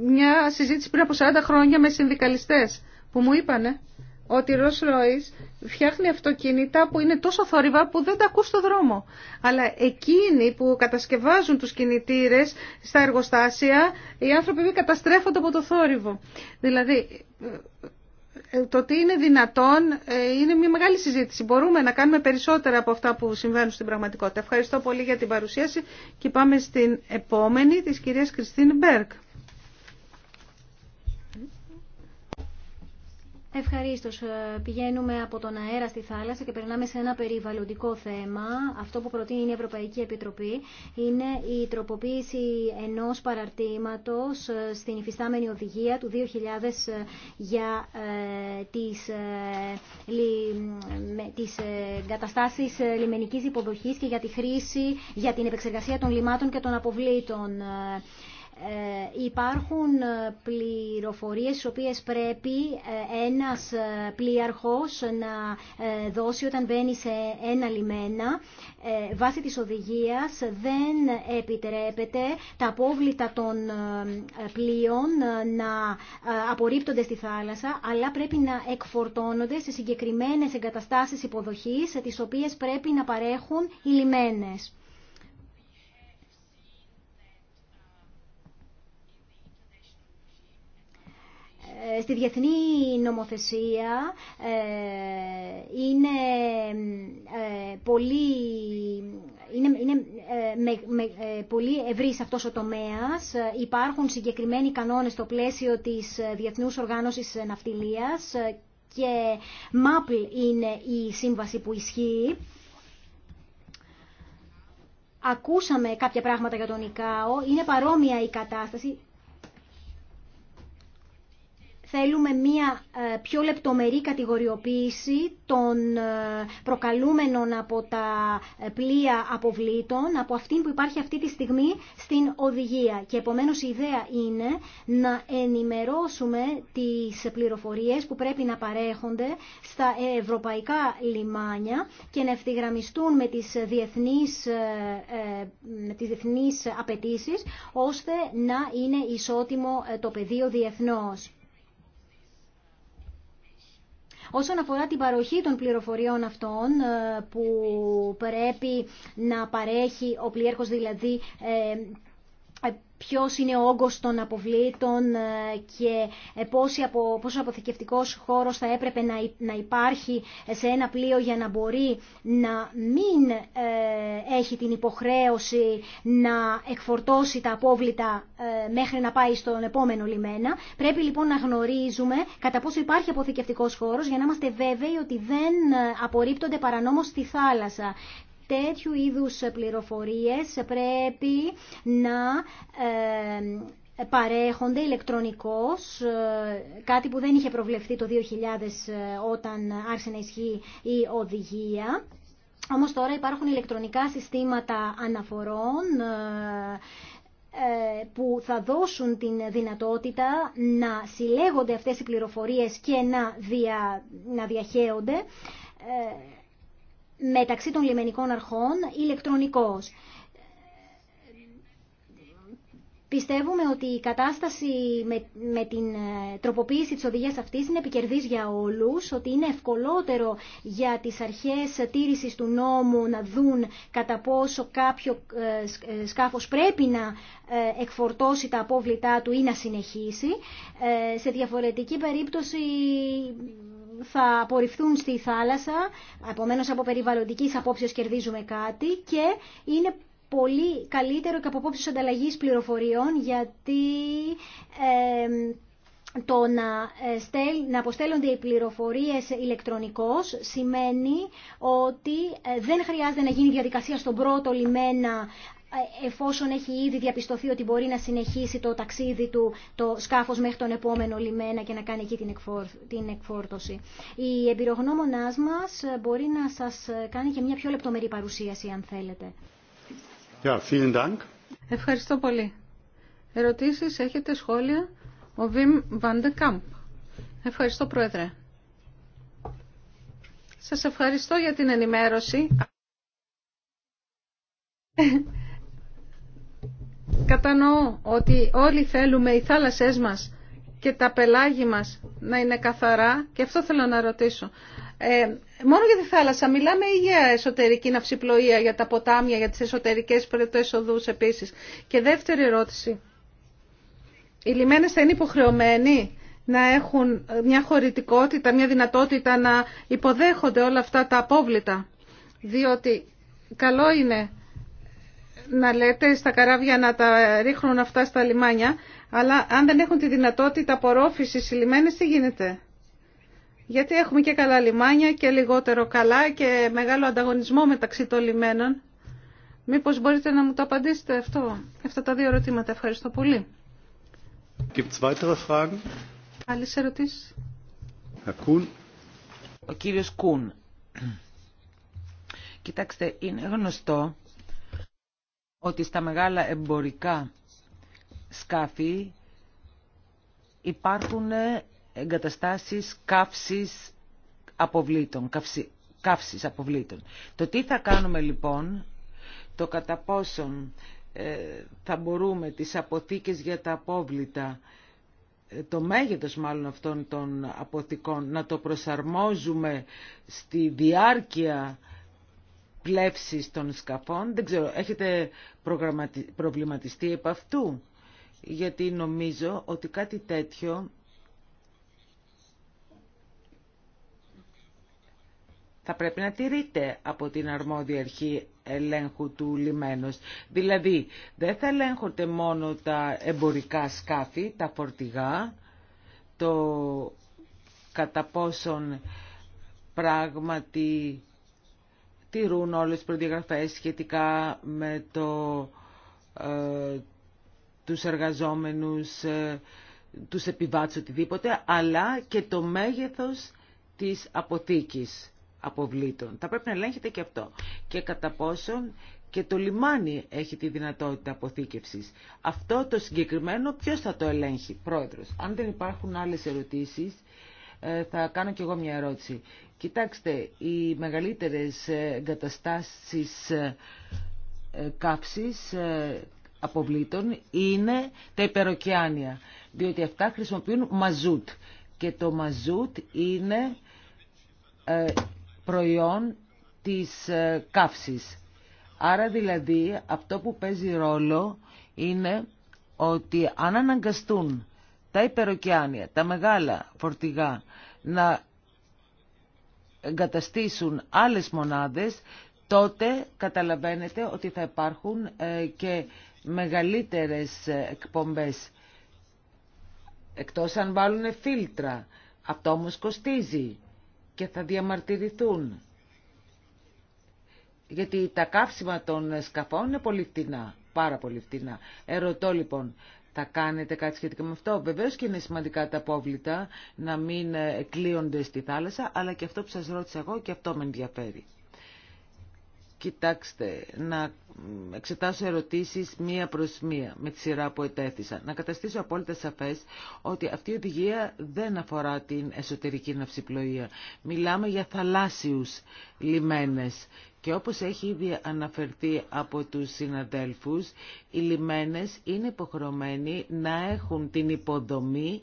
μια συζήτηση πριν από 40 χρόνια με συνδικαλιστές που μου είπανε ότι η Rolls Royce φτιάχνει αυτοκίνητα που είναι τόσο θόρυβα που δεν τα ακούς στο δρόμο. Αλλά εκείνοι που κατασκευάζουν τους κινητήρες στα εργοστάσια, οι άνθρωποι καταστρέφονται από το θόρυβο. Δηλαδή, ε, το τι είναι δυνατόν ε, είναι μια μεγάλη συζήτηση. Μπορούμε να κάνουμε περισσότερα από αυτά που συμβαίνουν στην πραγματικότητα. Ευχαριστώ πολύ για την παρουσίαση και πάμε στην επόμενη της κυρίας Κριστίν Μπέρκ. Ευχαρίστως. Ε, πηγαίνουμε από τον αέρα στη θάλασσα και περνάμε σε ένα περιβαλλοντικό θέμα. Αυτό που προτείνει η Ευρωπαϊκή Επιτροπή είναι η τροποποίηση ενός παραρτήματος ε, στην υφιστάμενη οδηγία του 2000 ε, για τις, τις καταστάσεις λιμενικής υποδοχής και για τη χρήση, για την επεξεργασία των λιμάτων και των αποβλήτων. Ε, υπάρχουν ε, πληροφορίες τις οποίες πρέπει ε, ένας πλοίαρχος να δώσει όταν μπαίνει σε ένα λιμένα. Βάσει της οδηγίας δεν επιτρέπεται τα απόβλητα των πλοίων να απορρίπτονται στη θάλασσα, αλλά πρέπει να εκφορτώνονται σε συγκεκριμένες εγκαταστάσεις υποδοχής, τις οποίες πρέπει να παρέχουν οι λιμένες. Ε, στη διεθνή νομοθεσία ε, είναι ε, πολύ, είναι, είναι, με, πολύ ευρύς αυτός ο τομέας. Υπάρχουν συγκεκριμένοι κανόνες στο πλαίσιο της Διεθνούς Οργάνωσης Ναυτιλίας και MAPL είναι η σύμβαση που ισχύει. Ακούσαμε κάποια πράγματα για τον ΙΚΑΟ, είναι παρόμοια η κατάσταση θέλουμε μια ε, πιο λεπτομερή κατηγοριοποίηση των ε, προκαλούμενων από τα ε, πλοία αποβλήτων από αυτήν που υπάρχει αυτή τη στιγμή στην οδηγία. Και επομένως η ιδέα είναι να ενημερώσουμε τις πληροφορίες που πρέπει να παρέχονται στα ευρωπαϊκά λιμάνια και να ευθυγραμμιστούν με τις διεθνείς, με τις διεθνείς απαιτήσεις ώστε να είναι ισότιμο το πεδίο διεθνώς. Όσον αφορά την παροχή των πληροφοριών αυτών ε, που πρέπει να παρέχει ο πλήρχος δηλαδή ε, ποιος είναι ο όγκος των αποβλήτων ε, και ε, πόσο αποθηκευτικός χώρος θα έπρεπε να υπάρχει σε ένα πλοίο για να μπορεί να μην ε, έχει την υποχρέωση να εκφορτώσει τα απόβλητα μέχρι να πάει στον επόμενο λιμένα. Πρέπει λοιπόν να γνωρίζουμε κατά πόσο υπάρχει αποθηκευτικός χώρος για να είμαστε βέβαιοι ότι δεν απορρίπτονται παρανόμως στη θάλασσα τέτοιου είδους πληροφορίες πρέπει να παρέχονται ηλεκτρονικώς, ε, κάτι που δεν είχε προβλεφθεί το 2000 ε, όταν άρχισε να ισχύει η οδηγία. Όμως τώρα υπάρχουν ηλεκτρονικά συστήματα αναφορών ε, που θα δώσουν την δυνατότητα να συλλέγονται αυτές οι πληροφορίες και να διαχέονται μεταξύ των λιμενικών αρχών ηλεκτρονικός. Πιστεύουμε ότι η κατάσταση με, την ε, τροποποίηση της οδηγίας αυτής είναι επικερδής για όλους, ότι είναι ευκολότερο για τις αρχές τήρησης του νόμου να δουν κατά πόσο κάποιο ε, ε, σκάφος πρέπει να εκφορτώσει τα απόβλητά του ή να συνεχίσει. Σε διαφορετική περίπτωση θα απορριφθούν στη θάλασσα, επομένως από περιβαλλοντικής απόψεως κερδίζουμε κάτι και είναι πολύ καλύτερο και από απόψεως ανταλλαγής πληροφοριών γιατί το να, ε, στέλ, να αποστέλλονται οι πληροφορίες ηλεκτρονικώς σημαίνει ότι ε, δεν χρειάζεται να γίνει διαδικασία στον πρώτο λιμένα ε, εφόσον έχει ήδη διαπιστωθεί ότι μπορεί να συνεχίσει το ταξίδι του, το σκάφος μέχρι τον επόμενο λιμένα και να κάνει εκεί την εκφόρτωση. Η εμπειρογνώμονάς μας ε, μπορεί να σας ε, κάνει και μια πιο λεπτομερή παρουσίαση, αν θέλετε. Ευχαριστώ πολύ. Ερωτήσεις, έχετε σχόλια. Ο Βιμ Βαντεκάμπ. Ευχαριστώ, Πρόεδρε. Σας ευχαριστώ για την ενημέρωση. Κατανοώ ότι όλοι θέλουμε οι θάλασσές μας και τα πελάγη μας να είναι καθαρά και αυτό θέλω να ρωτήσω. Ε, μόνο για τη θάλασσα μιλάμε για εσωτερική ναυσιπλοεία, για τα ποτάμια, για τις εσωτερικές πρωτοέσοδους επίσης. Και δεύτερη ερώτηση. Οι λιμένες θα είναι υποχρεωμένοι να έχουν μια χωρητικότητα, μια δυνατότητα να υποδέχονται όλα αυτά τα απόβλητα. Διότι καλό είναι να λέτε στα καράβια να τα ρίχνουν αυτά στα λιμάνια, αλλά αν δεν έχουν τη δυνατότητα απορρόφησης οι λιμένες, τι γίνεται. Γιατί έχουμε και καλά λιμάνια και λιγότερο καλά και μεγάλο ανταγωνισμό μεταξύ των λιμένων. Μήπως μπορείτε να μου το απαντήσετε αυτό, αυτά τα δύο ερωτήματα. Ευχαριστώ πολύ. Gibt's weitere Ο Κούν. Κοιτάξτε, είναι γνωστό ότι στα μεγάλα εμπορικά σκάφη υπάρχουν εγκαταστάσεις καύσης αποβλήτων, καυσι, αποβλήτων. Το τι θα κάνουμε λοιπόν, το κατά πόσον ε, θα μπορούμε τις αποθήκες για τα απόβλητα, ε, το μέγεθος μάλλον αυτών των αποθηκών, να το προσαρμόζουμε στη διάρκεια πλεύσεις των σκαφών. Δεν ξέρω, έχετε προβληματιστεί επ' αυτού. Γιατί νομίζω ότι κάτι τέτοιο θα πρέπει να τηρείται από την αρμόδια αρχή ελέγχου του λιμένος. Δηλαδή, δεν θα ελέγχονται μόνο τα εμπορικά σκάφη, τα φορτηγά, το κατά πόσον πράγματι τηρούν όλες τις προδιαγραφές σχετικά με το, ε, τους εργαζόμενους, ε, τους επιβάτες, οτιδήποτε, αλλά και το μέγεθος της αποθήκης αποβλήτων. Θα πρέπει να ελέγχεται και αυτό. Και κατά πόσον και το λιμάνι έχει τη δυνατότητα αποθήκευσης. Αυτό το συγκεκριμένο ποιος θα το ελέγχει, πρόεδρος. Αν δεν υπάρχουν άλλες ερωτήσεις, ε, θα κάνω κι εγώ μια ερώτηση. Κοιτάξτε, οι μεγαλύτερες εγκαταστάσεις ε, καύσης ε, αποβλήτων είναι τα υπεροκεάνια, διότι αυτά χρησιμοποιούν μαζούτ και το μαζούτ είναι προϊόν της καύσης. Άρα δηλαδή αυτό που παίζει ρόλο είναι ότι αν αναγκαστούν τα υπεροκειάνια, τα μεγάλα φορτηγά να εγκαταστήσουν άλλες μονάδες, τότε καταλαβαίνετε ότι θα υπάρχουν ε, και μεγαλύτερες εκπομπές. Εκτός αν βάλουν φίλτρα. Αυτό όμως κοστίζει και θα διαμαρτυρηθούν. Γιατί τα καύσιμα των σκαφών είναι πολύ φτηνά, πάρα πολύ φτηνά. Ερωτώ λοιπόν, θα κάνετε κάτι σχετικά με αυτό. Βεβαίως και είναι σημαντικά τα απόβλητα να μην ε, κλείονται στη θάλασσα, αλλά και αυτό που σας ρώτησα εγώ και αυτό με ενδιαφέρει. Κοιτάξτε, να εξετάσω ερωτήσεις μία προς μία με τη σειρά που ετέθησα. Να καταστήσω απόλυτα σαφές ότι αυτή η οδηγία δεν αφορά την εσωτερική ναυσιπλοεία. Μιλάμε για θαλάσσιους λιμένες και όπως έχει ήδη αναφερθεί από τους συναδέλφους, οι λιμένες είναι υποχρεωμένοι να έχουν την υποδομή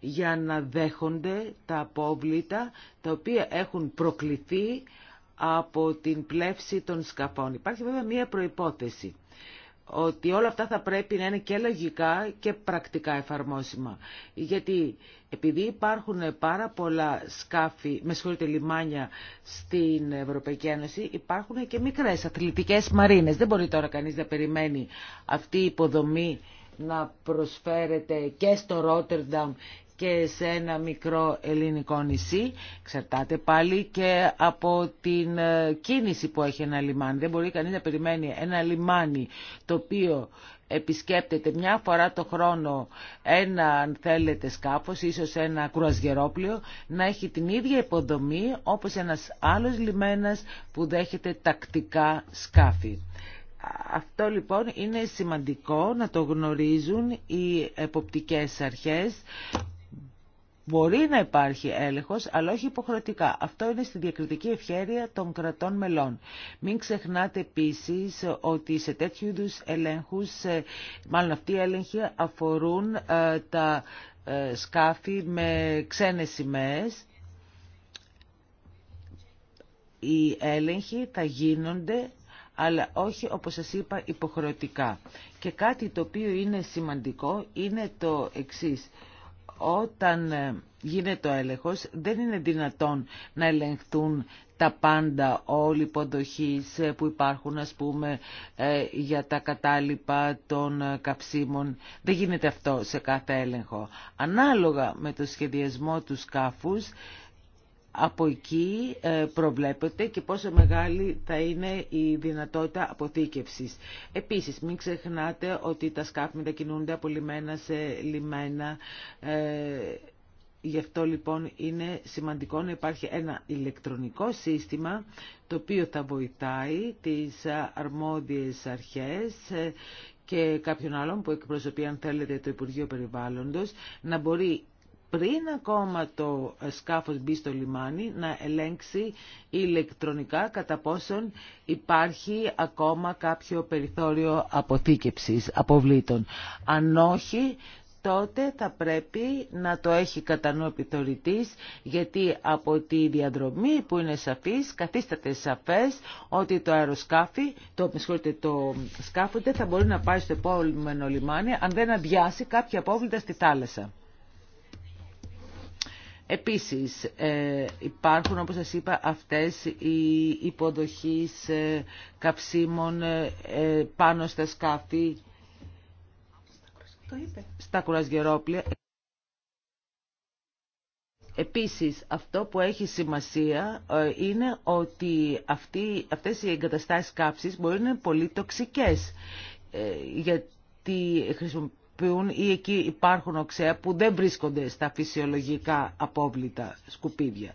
για να δέχονται τα απόβλητα τα οποία έχουν προκληθεί από την πλεύση των σκαφών. Υπάρχει βέβαια μία προϋπόθεση ότι όλα αυτά θα πρέπει να είναι και λογικά και πρακτικά εφαρμόσιμα. Γιατί επειδή υπάρχουν πάρα πολλά σκάφη, με συγχωρείτε λιμάνια στην Ευρωπαϊκή Ένωση, υπάρχουν και μικρές αθλητικές μαρίνες. Δεν μπορεί τώρα κανείς να περιμένει αυτή η υποδομή να προσφέρεται και στο Ρότερνταμ και σε ένα μικρό ελληνικό νησί. Εξαρτάται πάλι και από την ε, κίνηση που έχει ένα λιμάνι. Δεν μπορεί κανείς να περιμένει ένα λιμάνι το οποίο επισκέπτεται μια φορά το χρόνο ένα αν θέλετε σκάφος, ίσως ένα κρουαζιερόπλιο, να έχει την ίδια υποδομή όπως ένας άλλος λιμένας που δέχεται τακτικά σκάφη. Αυτό λοιπόν είναι σημαντικό να το γνωρίζουν οι εποπτικές αρχές Μπορεί να υπάρχει έλεγχος, αλλά όχι υποχρεωτικά. Αυτό είναι στη διακριτική ευχέρεια των κρατών μελών. Μην ξεχνάτε επίσης ότι σε τέτοιου είδου ελέγχους, ε, μάλλον αυτοί οι έλεγχοι αφορούν ε, τα ε, σκάφη με ξένες σημαίες. Οι έλεγχοι θα γίνονται αλλά όχι όπως σας είπα υποχρεωτικά. Και κάτι το οποίο είναι σημαντικό είναι το εξής όταν ε, γίνεται ο έλεγχος δεν είναι δυνατόν να ελεγχθούν τα πάντα όλοι υποδοχείς ε, που υπάρχουν ας πούμε ε, για τα κατάλοιπα των καψίμων. Δεν γίνεται αυτό σε κάθε έλεγχο. Ανάλογα με το σχεδιασμό του σκάφους από εκεί ε, προβλέπεται και πόσο μεγάλη θα είναι η δυνατότητα αποθήκευσης. Επίσης, μην ξεχνάτε ότι τα σκάφη μετακινούνται από λιμένα σε λιμένα. Ε, γι' αυτό λοιπόν είναι σημαντικό να υπάρχει ένα ηλεκτρονικό σύστημα το οποίο θα βοηθάει τις αρμόδιες αρχές ε, και κάποιον άλλον που εκπροσωπεί αν θέλετε το Υπουργείο Περιβάλλοντος να μπορεί πριν ακόμα το σκάφος μπει στο λιμάνι να ελέγξει ηλεκτρονικά κατά πόσον υπάρχει ακόμα κάποιο περιθώριο αποθήκευσης αποβλήτων. Αν όχι, τότε θα πρέπει να το έχει κατά νου γιατί από τη διαδρομή που είναι σαφής, καθίσταται σαφές ότι το αεροσκάφι, το, το θα μπορεί να πάει στο επόμενο λιμάνι αν δεν αδειάσει κάποια απόβλητα στη θάλασσα. Επίσης ε, υπάρχουν όπως σας είπα αυτές οι υποδοχείς ε, καυσίμων ε, πάνω στα σκάφη Το είπε. στα κουρασγερόπλια. Επίσης, αυτό που έχει σημασία είναι ότι αυτοί, αυτές οι εγκαταστάσεις κάψης μπορεί να είναι πολύ τοξικές, γιατί χρησιμοποιούν ή εκεί υπάρχουν οξέα που δεν βρίσκονται στα φυσιολογικά απόβλητα σκουπίδια.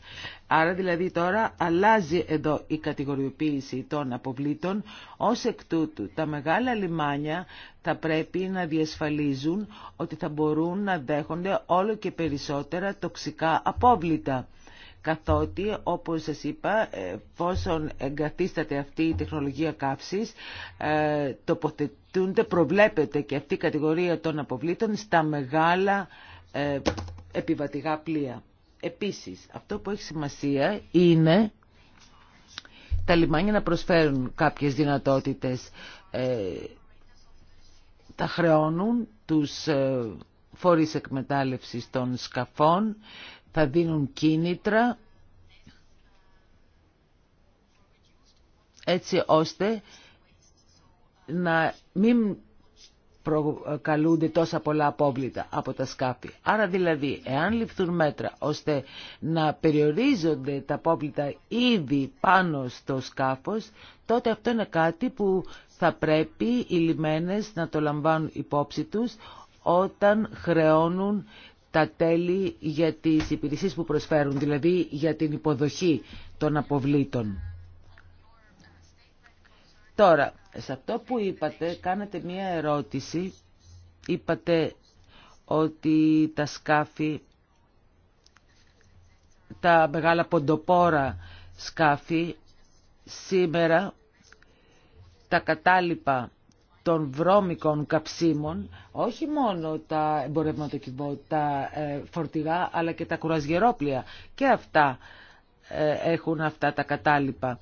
Άρα δηλαδή τώρα αλλάζει εδώ η κατηγοριοποίηση των αποβλήτων. Ως εκ τούτου τα μεγάλα λιμάνια θα πρέπει να διασφαλίζουν ότι θα μπορούν να δέχονται όλο και περισσότερα τοξικά απόβλητα καθότι όπως σας είπα εφόσον εγκαθίσταται αυτή η τεχνολογία καύσης ε, προβλέπεται και αυτή η κατηγορία των αποβλήτων στα μεγάλα ε, επιβατηγά πλοία. Επίσης, αυτό που έχει σημασία είναι τα λιμάνια να προσφέρουν κάποιες δυνατότητες. Ε, τα χρεώνουν τους ε, φορείς εκμετάλλευσης των σκαφών, θα δίνουν κίνητρα έτσι ώστε να μην προκαλούνται τόσα πολλά απόβλητα από τα σκάφη. Άρα δηλαδή, εάν ληφθούν μέτρα ώστε να περιορίζονται τα απόβλητα ήδη πάνω στο σκάφος, τότε αυτό είναι κάτι που θα πρέπει οι λιμένες να το λαμβάνουν υπόψη τους όταν χρεώνουν τα τέλη για τις υπηρεσίες που προσφέρουν, δηλαδή για την υποδοχή των αποβλήτων. Τώρα, σε αυτό που είπατε, κάνατε μία ερώτηση. Είπατε ότι τα σκάφη, τα μεγάλα ποντοπόρα σκάφη, σήμερα τα κατάλοιπα των βρώμικων καψίμων, όχι μόνο τα εμπορευματοκιβώτα ε, φορτηγά, αλλά και τα κουρασγερόπλια, Και αυτά ε, έχουν αυτά τα κατάλοιπα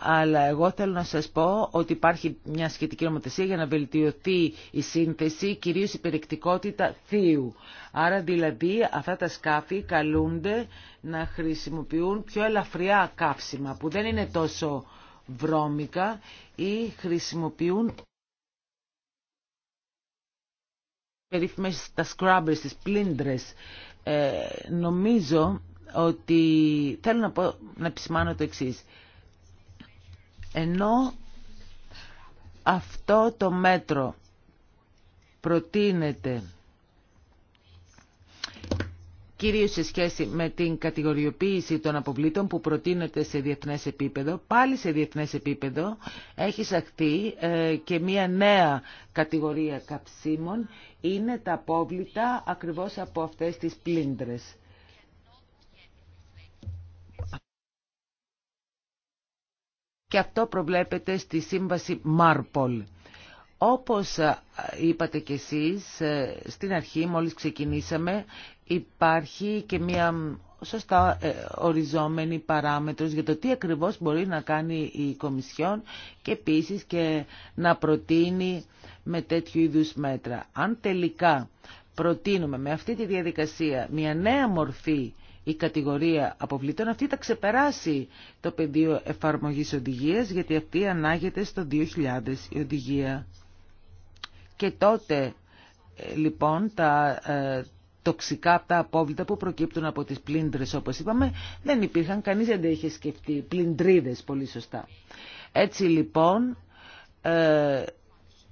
αλλά εγώ θέλω να σας πω ότι υπάρχει μια σχετική νομοθεσία για να βελτιωθεί η σύνθεση, κυρίως η περιεκτικότητα θείου. Άρα δηλαδή αυτά τα σκάφη καλούνται να χρησιμοποιούν πιο ελαφριά καύσιμα που δεν είναι τόσο βρώμικα ή χρησιμοποιούν περίφημες τα scrubbers, τις πλύντρες. Ε, νομίζω ότι θέλω να, πω, να επισημάνω το εξής. Ενώ αυτό το μέτρο προτείνεται κυρίως σε σχέση με την κατηγοριοποίηση των αποβλήτων που προτείνεται σε διεθνές επίπεδο, πάλι σε διεθνές επίπεδο έχει σαχθεί ε, και μία νέα κατηγορία καψίμων, είναι τα απόβλητα ακριβώς από αυτές τις πλύντρες. και αυτό προβλέπεται στη σύμβαση Μάρπολ. Όπως ε, είπατε κι εσείς, ε, στην αρχή μόλις ξεκινήσαμε υπάρχει και μια σωστά ε, οριζόμενη παράμετρος για το τι ακριβώς μπορεί να κάνει η Κομισιόν και επίσης και να προτείνει με τέτοιου είδους μέτρα. Αν τελικά προτείνουμε με αυτή τη διαδικασία μια νέα μορφή η κατηγορία αποβλήτων αυτή θα ξεπεράσει το πεδίο εφαρμογής οδηγίας γιατί αυτή ανάγεται στο 2000 η οδηγία. Και τότε ε, λοιπόν τα ε, τοξικά τα απόβλητα που προκύπτουν από τις πλύντρες όπως είπαμε δεν υπήρχαν, κανείς δεν τα είχε σκεφτεί, πλυντρίδες πολύ σωστά. Έτσι λοιπόν ε,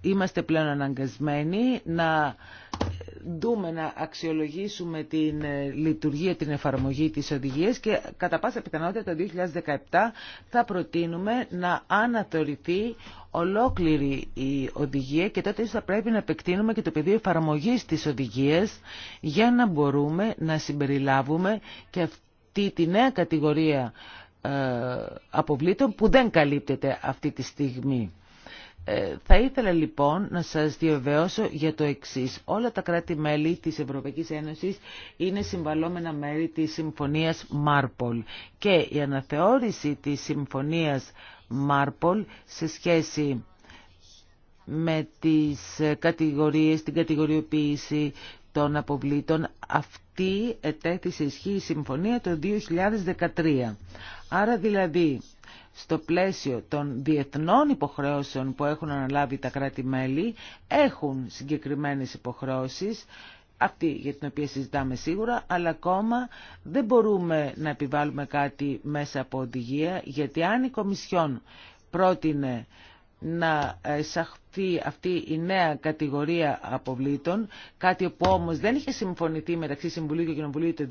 είμαστε πλέον αναγκασμένοι να δούμε να αξιολογήσουμε την ε, λειτουργία, την εφαρμογή της οδηγίας και κατά πάσα πιθανότητα το 2017 θα προτείνουμε να αναθεωρηθεί ολόκληρη η οδηγία και τότε θα πρέπει να επεκτείνουμε και το πεδίο εφαρμογής της οδηγίας για να μπορούμε να συμπεριλάβουμε και αυτή τη νέα κατηγορία ε, αποβλήτων που δεν καλύπτεται αυτή τη στιγμή. Ε, θα ήθελα λοιπόν να σας διαβεβαιώσω για το εξής. Όλα τα κράτη-μέλη της Ευρωπαϊκής Ένωσης είναι συμβαλόμενα μέρη της Συμφωνίας Μάρπολ και η αναθεώρηση της Συμφωνίας Μάρπολ σε σχέση με τις κατηγορίες, την κατηγοριοποίηση των αποβλήτων, αυτή ετέθησε ισχύ η Συμφωνία το 2013. Άρα δηλαδή στο πλαίσιο των διεθνών υποχρεώσεων που έχουν αναλάβει τα κράτη-μέλη έχουν συγκεκριμένες υποχρεώσεις αυτή για την οποία συζητάμε σίγουρα, αλλά ακόμα δεν μπορούμε να επιβάλλουμε κάτι μέσα από οδηγία, γιατί αν η Κομισιόν πρότεινε να εισαχθεί αυτή η νέα κατηγορία αποβλήτων, κάτι που όμως δεν είχε συμφωνηθεί μεταξύ Συμβουλίου και Κοινοβουλίου το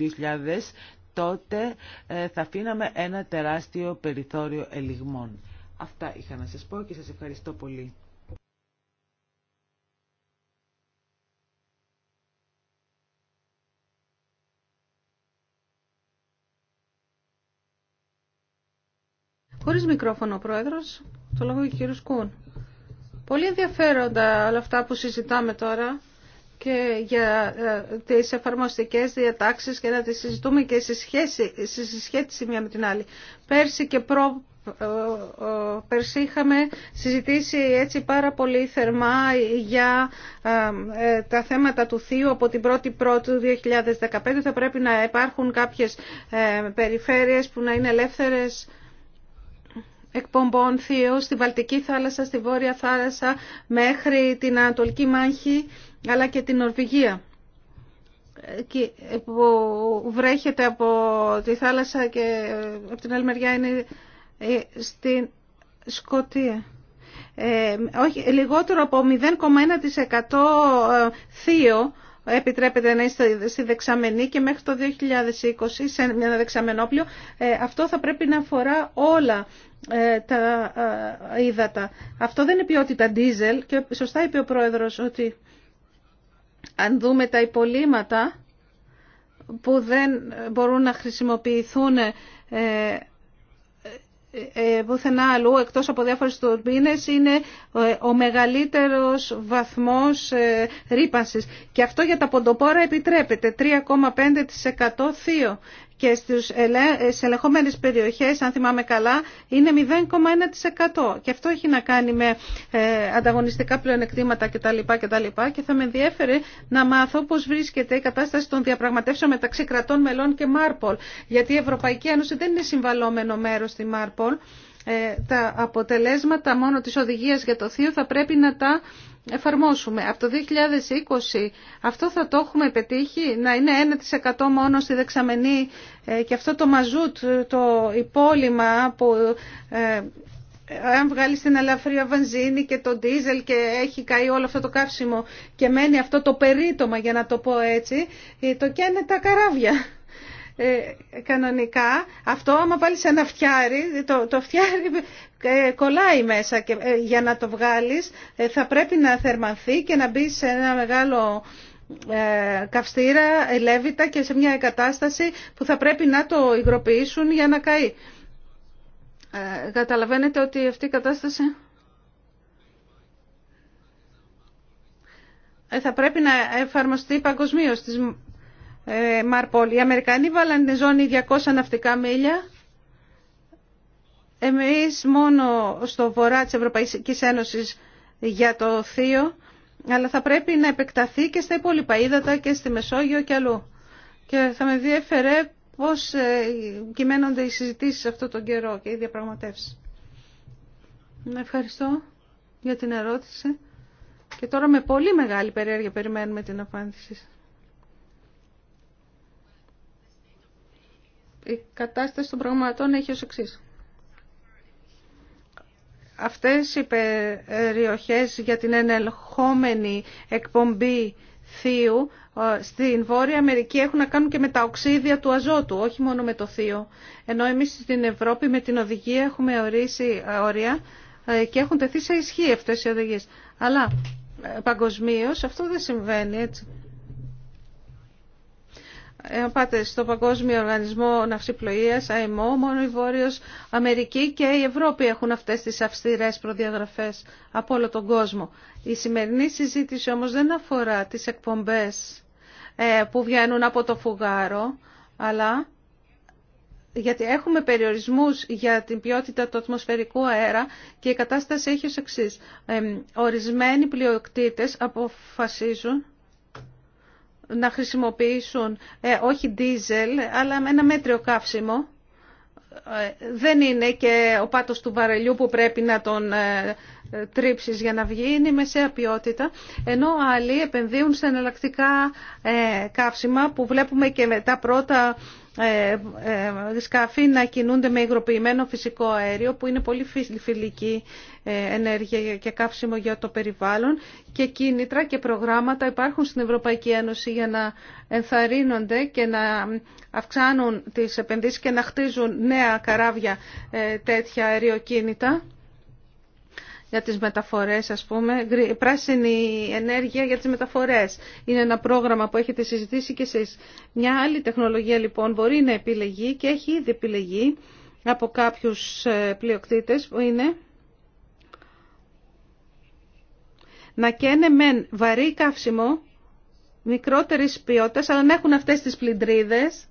τότε ε, θα αφήναμε ένα τεράστιο περιθώριο ελιγμών. Αυτά είχα να σας πω και σας ευχαριστώ πολύ. Χωρίς μικρόφωνο Πρόεδρος, το λόγο ο κύριο Κούν. Πολύ ενδιαφέροντα όλα αυτά που συζητάμε τώρα και για ε, τις εφαρμοστικές διατάξεις και να τις συζητούμε και σε σχέση, σε μία με την άλλη. Πέρσι και προ, ε, ε, πέρσι είχαμε συζητήσει έτσι πάρα πολύ θερμά για τα θέματα του θείου από την 1η του 2015 θα πρέπει να υπάρχουν κάποιες περιφέρειες που να είναι ελεύθερες εκπομπών θείου στη Βαλτική θάλασσα, στη Βόρεια θάλασσα μέχρι την Ανατολική Μάχη αλλά και την Νορβηγία ε, που βρέχεται από τη θάλασσα και ε, από την άλλη μεριά είναι ε, στην Σκοτία. Ε, όχι, λιγότερο από 0,1% θείο επιτρέπεται να είστε στη δεξαμενή και μέχρι το 2020 σε ένα δεξαμενόπλιο αυτό θα πρέπει να αφορά όλα τα ύδατα. Αυτό δεν είναι ποιότητα ντίζελ και σωστά είπε ο πρόεδρος ότι αν δούμε τα υπολείμματα που δεν μπορούν να χρησιμοποιηθούν ε, ε, ε, πουθενά αλλού εκτός από διάφορες τουρμπίνες είναι ο μεγαλύτερος βαθμός ρήπανσης. Και αυτό για τα ποντοπόρα επιτρέπεται, 3,5% θείο και στις σε ελεγχόμενες περιοχές, αν θυμάμαι καλά, είναι 0,1% και αυτό έχει να κάνει με ε, ανταγωνιστικά πλεονεκτήματα κτλ. κτλ. Και θα με ενδιέφερε να μάθω πώς βρίσκεται η κατάσταση των διαπραγματεύσεων μεταξύ κρατών μελών και Μάρπολ, γιατί η Ευρωπαϊκή Ένωση δεν είναι συμβαλόμενο μέρος στη Μάρπολ ε, τα αποτελέσματα μόνο της οδηγίας για το θείο θα πρέπει να τα εφαρμόσουμε. Από το 2020 αυτό θα το έχουμε πετύχει, να είναι 1% μόνο στη δεξαμενή ε, και αυτό το μαζούτ, το υπόλοιμα που ε, αν βγάλει την ελαφρία βενζίνη και το ντίζελ και έχει καεί όλο αυτό το καύσιμο και μένει αυτό το περίτομα για να το πω έτσι, ε, το καίνε τα καράβια. Ε, κανονικά αυτό άμα πάλι σε ένα φτιάρι, το, το φτιάρι ε, κολλάει μέσα και ε, για να το βγάλεις θα πρέπει να θερμανθεί και να μπει σε ένα μεγάλο καυστήρα, ελεύητα και σε μια εγκατάσταση που θα πρέπει να το υγροποιήσουν για να καεί. καταλαβαίνετε ότι αυτή η κατάσταση... θα πρέπει να εφαρμοστεί παγκοσμίω στις ε, Μαρπόλ. Οι Αμερικανοί βάλαν ζώνη 200 ναυτικά μίλια. Εμείς μόνο στο βορρά της Ευρωπαϊκής Ένωσης για το Θείο, αλλά θα πρέπει να επεκταθεί και στα υπόλοιπα ύδατα και στη Μεσόγειο και αλλού. Και θα με διέφερε πώς ε, κυμαίνονται οι συζητήσεις αυτό τον καιρό και οι διαπραγματεύσεις. Ευχαριστώ για την ερώτηση. Και τώρα με πολύ μεγάλη περιέργεια περιμένουμε την απάντηση. η κατάσταση των πραγμάτων έχει ως εξής. Αυτές οι περιοχές για την ενελχόμενη εκπομπή θείου ε, στην Βόρεια Αμερική έχουν να κάνουν και με τα οξύδια του αζότου, όχι μόνο με το θείο. Ενώ εμείς στην Ευρώπη με την οδηγία έχουμε ορίσει ε, όρια ε, και έχουν τεθεί σε ισχύ αυτές οι οδηγίες. Αλλά παγκοσμίω αυτό δεν συμβαίνει έτσι. Εάν πάτε στο Παγκόσμιο Οργανισμό Ναυσιπλοείας, ΑΕΜΟ, μόνο η Βόρειο Αμερική και η Ευρώπη έχουν αυτές τις αυστηρές προδιαγραφές από όλο τον κόσμο. Η σημερινή συζήτηση όμως δεν αφορά τις εκπομπές ε, που βγαίνουν από το φουγάρο, αλλά γιατί έχουμε περιορισμούς για την ποιότητα του ατμοσφαιρικού αέρα και η κατάσταση έχει ως εξής. Ε, ορισμένοι πλειοκτήτες αποφασίζουν να χρησιμοποιήσουν ε, όχι δίζελ αλλά με ένα μέτριο καύσιμο. Ε, δεν είναι και ο πάτος του βαρελιού που πρέπει να τον ε, τρίψεις για να βγει, είναι η μεσαία ποιότητα, ενώ άλλοι επενδύουν σε εναλλακτικά καύσιμα που βλέπουμε και με τα πρώτα ε, ε, σκάφη να κινούνται με υγροποιημένο φυσικό αέριο που είναι πολύ φιλική ε, ενέργεια και καύσιμο για το περιβάλλον και κίνητρα και προγράμματα υπάρχουν στην Ευρωπαϊκή Ένωση για να ενθαρρύνονται και να αυξάνουν τις επενδύσεις και να χτίζουν νέα καράβια τέτοια αεριοκίνητα για τις μεταφορές ας πούμε, πράσινη ενέργεια για τις μεταφορές. Είναι ένα πρόγραμμα που έχετε συζητήσει και εσείς. Μια άλλη τεχνολογία λοιπόν μπορεί να επιλεγεί και έχει ήδη επιλεγεί από κάποιους ε, πλειοκτήτες που είναι να καίνε μεν βαρύ καύσιμο μικρότερης ποιότητας αλλά να έχουν αυτές τις πλυντρίδες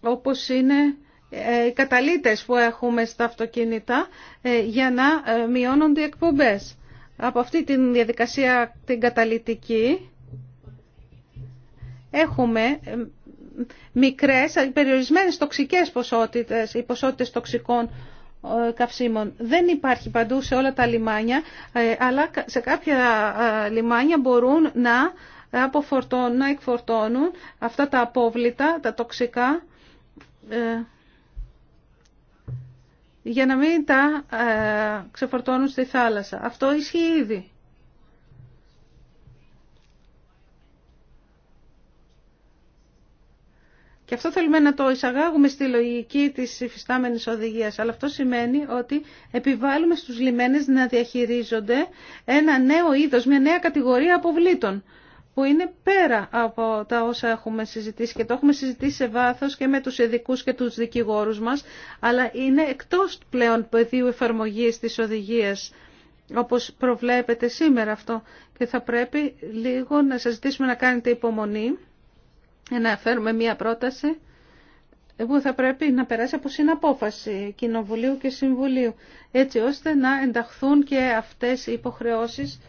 όπως είναι οι ε, καταλήτες που έχουμε στα αυτοκίνητα ε, για να ε, μειώνονται οι εκπομπές. Από αυτή τη διαδικασία την καταλητική έχουμε μικρές, περιορισμένες τοξικές ποσότητες, οι ποσότητες τοξικών καυσίμων. Δεν υπάρχει παντού σε όλα τα λιμάνια, αλλά σε κάποια λιμάνια μπορούν να αποφορτώνουν, να εκφορτώνουν αυτά τα απόβλητα, τα τοξικά, για να μην τα ε, ξεφορτώνουν στη θάλασσα. Αυτό ισχύει ήδη. Και αυτό θέλουμε να το εισαγάγουμε στη λογική της υφιστάμενης οδηγίας. Αλλά αυτό σημαίνει ότι επιβάλλουμε στους λιμένες να διαχειρίζονται ένα νέο είδος, μια νέα κατηγορία αποβλήτων που είναι πέρα από τα όσα έχουμε συζητήσει και το έχουμε συζητήσει σε βάθος και με τους ειδικούς και τους δικηγόρους μας, αλλά είναι εκτός πλέον πεδίου εφαρμογής της οδηγίας όπως προβλέπετε σήμερα αυτό και θα πρέπει λίγο να σας ζητήσουμε να κάνετε υπομονή να φέρουμε μία πρόταση που θα πρέπει να περάσει από συναπόφαση Κοινοβουλίου και Συμβουλίου έτσι ώστε να ενταχθούν και αυτές οι υποχρεώσεις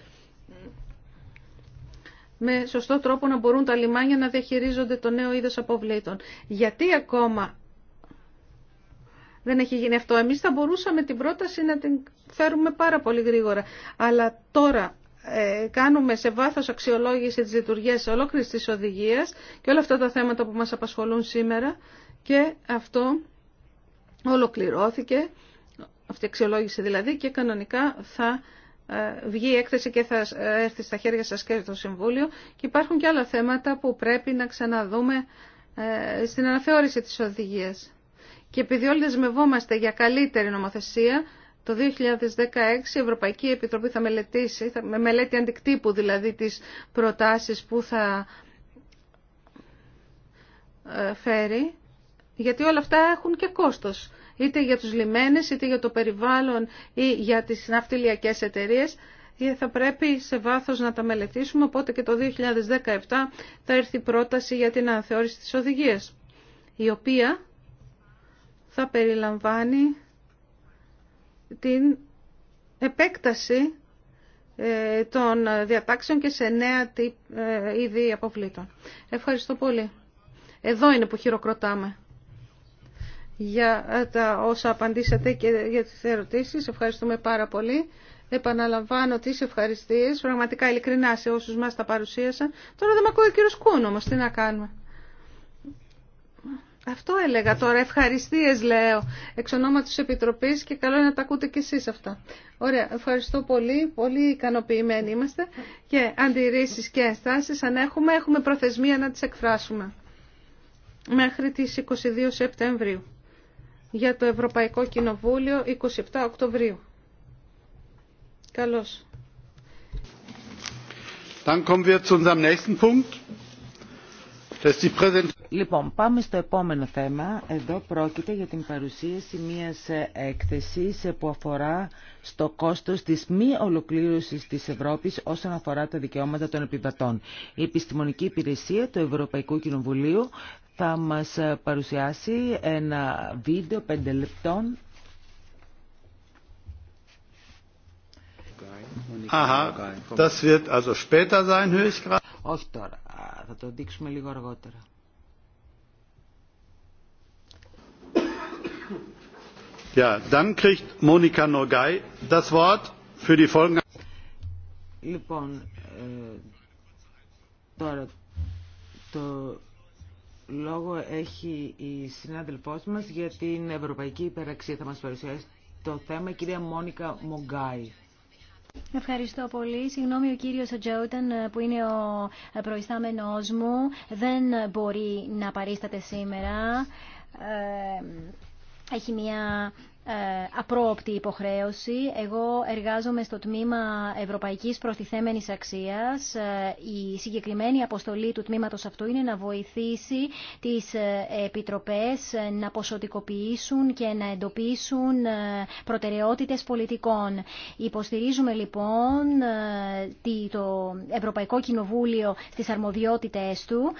με σωστό τρόπο να μπορούν τα λιμάνια να διαχειρίζονται το νέο είδος αποβλήτων. Γιατί ακόμα δεν έχει γίνει αυτό. Εμείς θα μπορούσαμε την πρόταση να την φέρουμε πάρα πολύ γρήγορα. Αλλά τώρα ε, κάνουμε σε βάθος αξιολόγηση της λειτουργίας ολόκληρης της οδηγίας και όλα αυτά τα θέματα που μας απασχολούν σήμερα και αυτό ολοκληρώθηκε, αυτή η αξιολόγηση δηλαδή και κανονικά θα ε, βγει η έκθεση και θα έρθει στα χέρια σας και το Συμβούλιο και υπάρχουν και άλλα θέματα που πρέπει να ξαναδούμε ε, στην αναθεώρηση της οδηγίας. Και επειδή όλοι δεσμευόμαστε για καλύτερη νομοθεσία, το 2016 η Ευρωπαϊκή Επιτροπή θα μελετήσει, θα, με μελέτη αντικτύπου δηλαδή τις προτάσεις που θα ε, φέρει, γιατί όλα αυτά έχουν και κόστος είτε για τους λιμένες, είτε για το περιβάλλον ή για τις ναυτιλιακές εταιρείες, ε, θα πρέπει σε βάθος να τα μελετήσουμε, οπότε και το 2017 θα έρθει πρόταση για την αναθεώρηση της οδηγίας, η οποία θα περιλαμβάνει την επέκταση ε, των διατάξεων και σε νέα ε, είδη αποβλήτων. Ευχαριστώ πολύ. Εδώ είναι που χειροκροτάμε για ε, τα όσα απαντήσατε και για τις ερωτήσεις. Ευχαριστούμε πάρα πολύ. Επαναλαμβάνω τις ευχαριστίες. Πραγματικά ειλικρινά σε όσους μας τα παρουσίασαν. Τώρα δεν με ακούει ο κύριος Κούν όμως. Τι να κάνουμε. Αυτό έλεγα τώρα. Ευχαριστίες λέω εξ ονόματος Επιτροπής και καλό είναι να τα ακούτε κι εσείς αυτά. Ωραία. Ευχαριστώ πολύ. Πολύ ικανοποιημένοι είμαστε. Και αντιρρήσεις και ενστάσεις αν έχουμε, έχουμε προθεσμία να τις εκφράσουμε μέχρι τις 22 Σεπτεμβρίου για το Ευρωπαϊκό Κοινοβούλιο 27 Οκτωβρίου. Καλώς. Λοιπόν, πάμε στο επόμενο θέμα. Εδώ πρόκειται για την παρουσίαση μιας ε, έκθεσης ε, που αφορά στο κόστος της μη ολοκλήρωσης της Ευρώπης όσον αφορά τα δικαιώματα των επιβατών. Η Επιστημονική Υπηρεσία του Ευρωπαϊκού Κοινοβουλίου θα μας παρουσιάσει ένα βίντεο 5 λεπτών. Αχα, das wird also später sein, höchstgrad. Όχι τώρα, θα το δείξουμε λίγο αργότερα. Ja, dann kriegt Monika Nogai das Wort für die folgende. Λοιπόν, ε, τώρα το λόγο έχει η συνάδελφός μας για την Ευρωπαϊκή Υπεραξία. Θα μας παρουσιάσει το θέμα η κυρία Μόνικα Μογκάη. Ευχαριστώ πολύ. Συγγνώμη, ο κύριος Ατζόταν ε, που είναι ο ε, προϊστάμενός μου δεν μπορεί να παρίσταται σήμερα. Ε, έχει μια ε, απρόοπτη υποχρέωση. Εγώ εργάζομαι στο τμήμα Ευρωπαϊκής Προστιθέμενης Αξίας. Ε, η συγκεκριμένη αποστολή του τμήματος αυτού είναι να βοηθήσει τις ε, επιτροπές να ποσοτικοποιήσουν και να εντοπίσουν προτεραιότητες πολιτικών. Υποστηρίζουμε λοιπόν το Ευρωπαϊκό Κοινοβούλιο στις αρμοδιότητες του.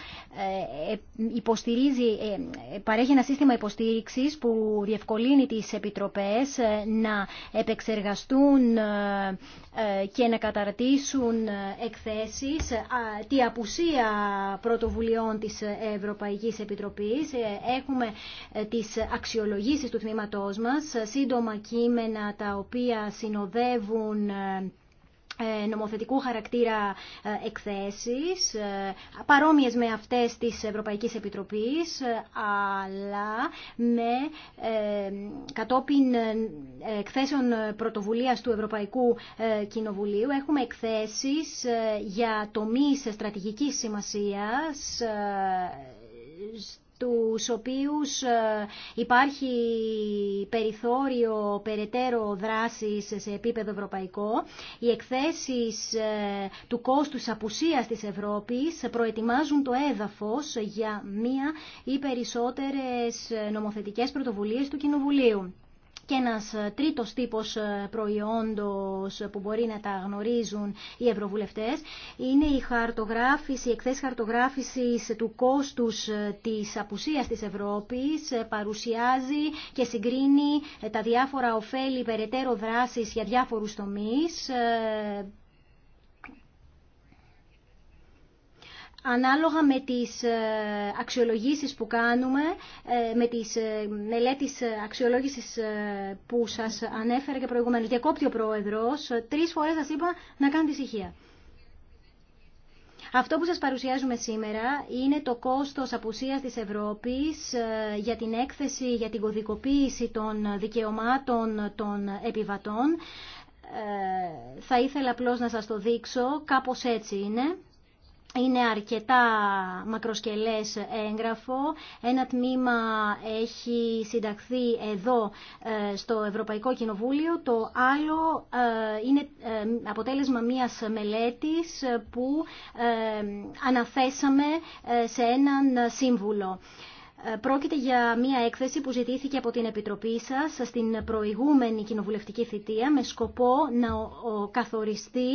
Υποστηρίζει, παρέχει ένα σύστημα υποστήριξης που διευκολύνει τις επιτροπές επιτροπές ε, να επεξεργαστούν ε, ε, και να καταρτήσουν εκθέσεις τη απουσία πρωτοβουλειών της Ευρωπαϊκής Επιτροπής. Έχουμε τις αξιολογήσεις του τμήματός μας, σύντομα κείμενα τα οποία συνοδεύουν ε, νομοθετικού χαρακτήρα ε, εκθέσεις, ε, παρόμοιες με αυτές της Ευρωπαϊκής Επιτροπής, αλλά με κατόπιν εκθέσεων πρωτοβουλίας του Ευρωπαϊκού Κοινοβουλίου. Έχουμε εκθέσεις για τομείς στρατηγικής σημασίας τους οποίους ε, υπάρχει περιθώριο περαιτέρω δράσης σε επίπεδο ευρωπαϊκό. Οι εκθέσεις ε, του κόστους απουσίας της Ευρώπης προετοιμάζουν το έδαφος για μία ή περισσότερες ε, νομοθετικές πρωτοβουλίες του Κοινοβουλίου και ένας ε, τρίτος τύπος ε, προϊόντος που μπορεί να τα γνωρίζουν οι ευρωβουλευτές είναι η χαρτογράφηση, η εκθέση χαρτογράφησης του κόστους ε, της απουσίας της Ευρώπης παρουσιάζει και συγκρίνει τα διάφορα ωφέλη περαιτέρω δράσης για διάφορους τομείς ανάλογα με τις ε, αξιολογήσεις που κάνουμε, ε, με τις ε, μελέτες αξιολόγησης που σας ανέφερα και προηγουμένως. Διακόπτει ο Πρόεδρος, τρεις φορές σας είπα να κάνετε ησυχία. Αυτό που σας παρουσιάζουμε σήμερα είναι το κόστος απουσίας της Ευρώπης για την έκθεση, για την κωδικοποίηση των δικαιωμάτων των επιβατών. Θα ήθελα απλώς να σας το δείξω, κάπως έτσι είναι είναι αρκετά μακροσκελές έγγραφο. Ένα τμήμα έχει συνταχθεί εδώ ε, στο Ευρωπαϊκό Κοινοβούλιο. Το άλλο ε, είναι ε, αποτέλεσμα μιας μελέτης που αναθέσαμε σε έναν σύμβουλο. Ε, πρόκειται για μία έκθεση που ζητήθηκε από την Επιτροπή σας στην προηγούμενη κοινοβουλευτική θητεία με σκοπό να καθοριστεί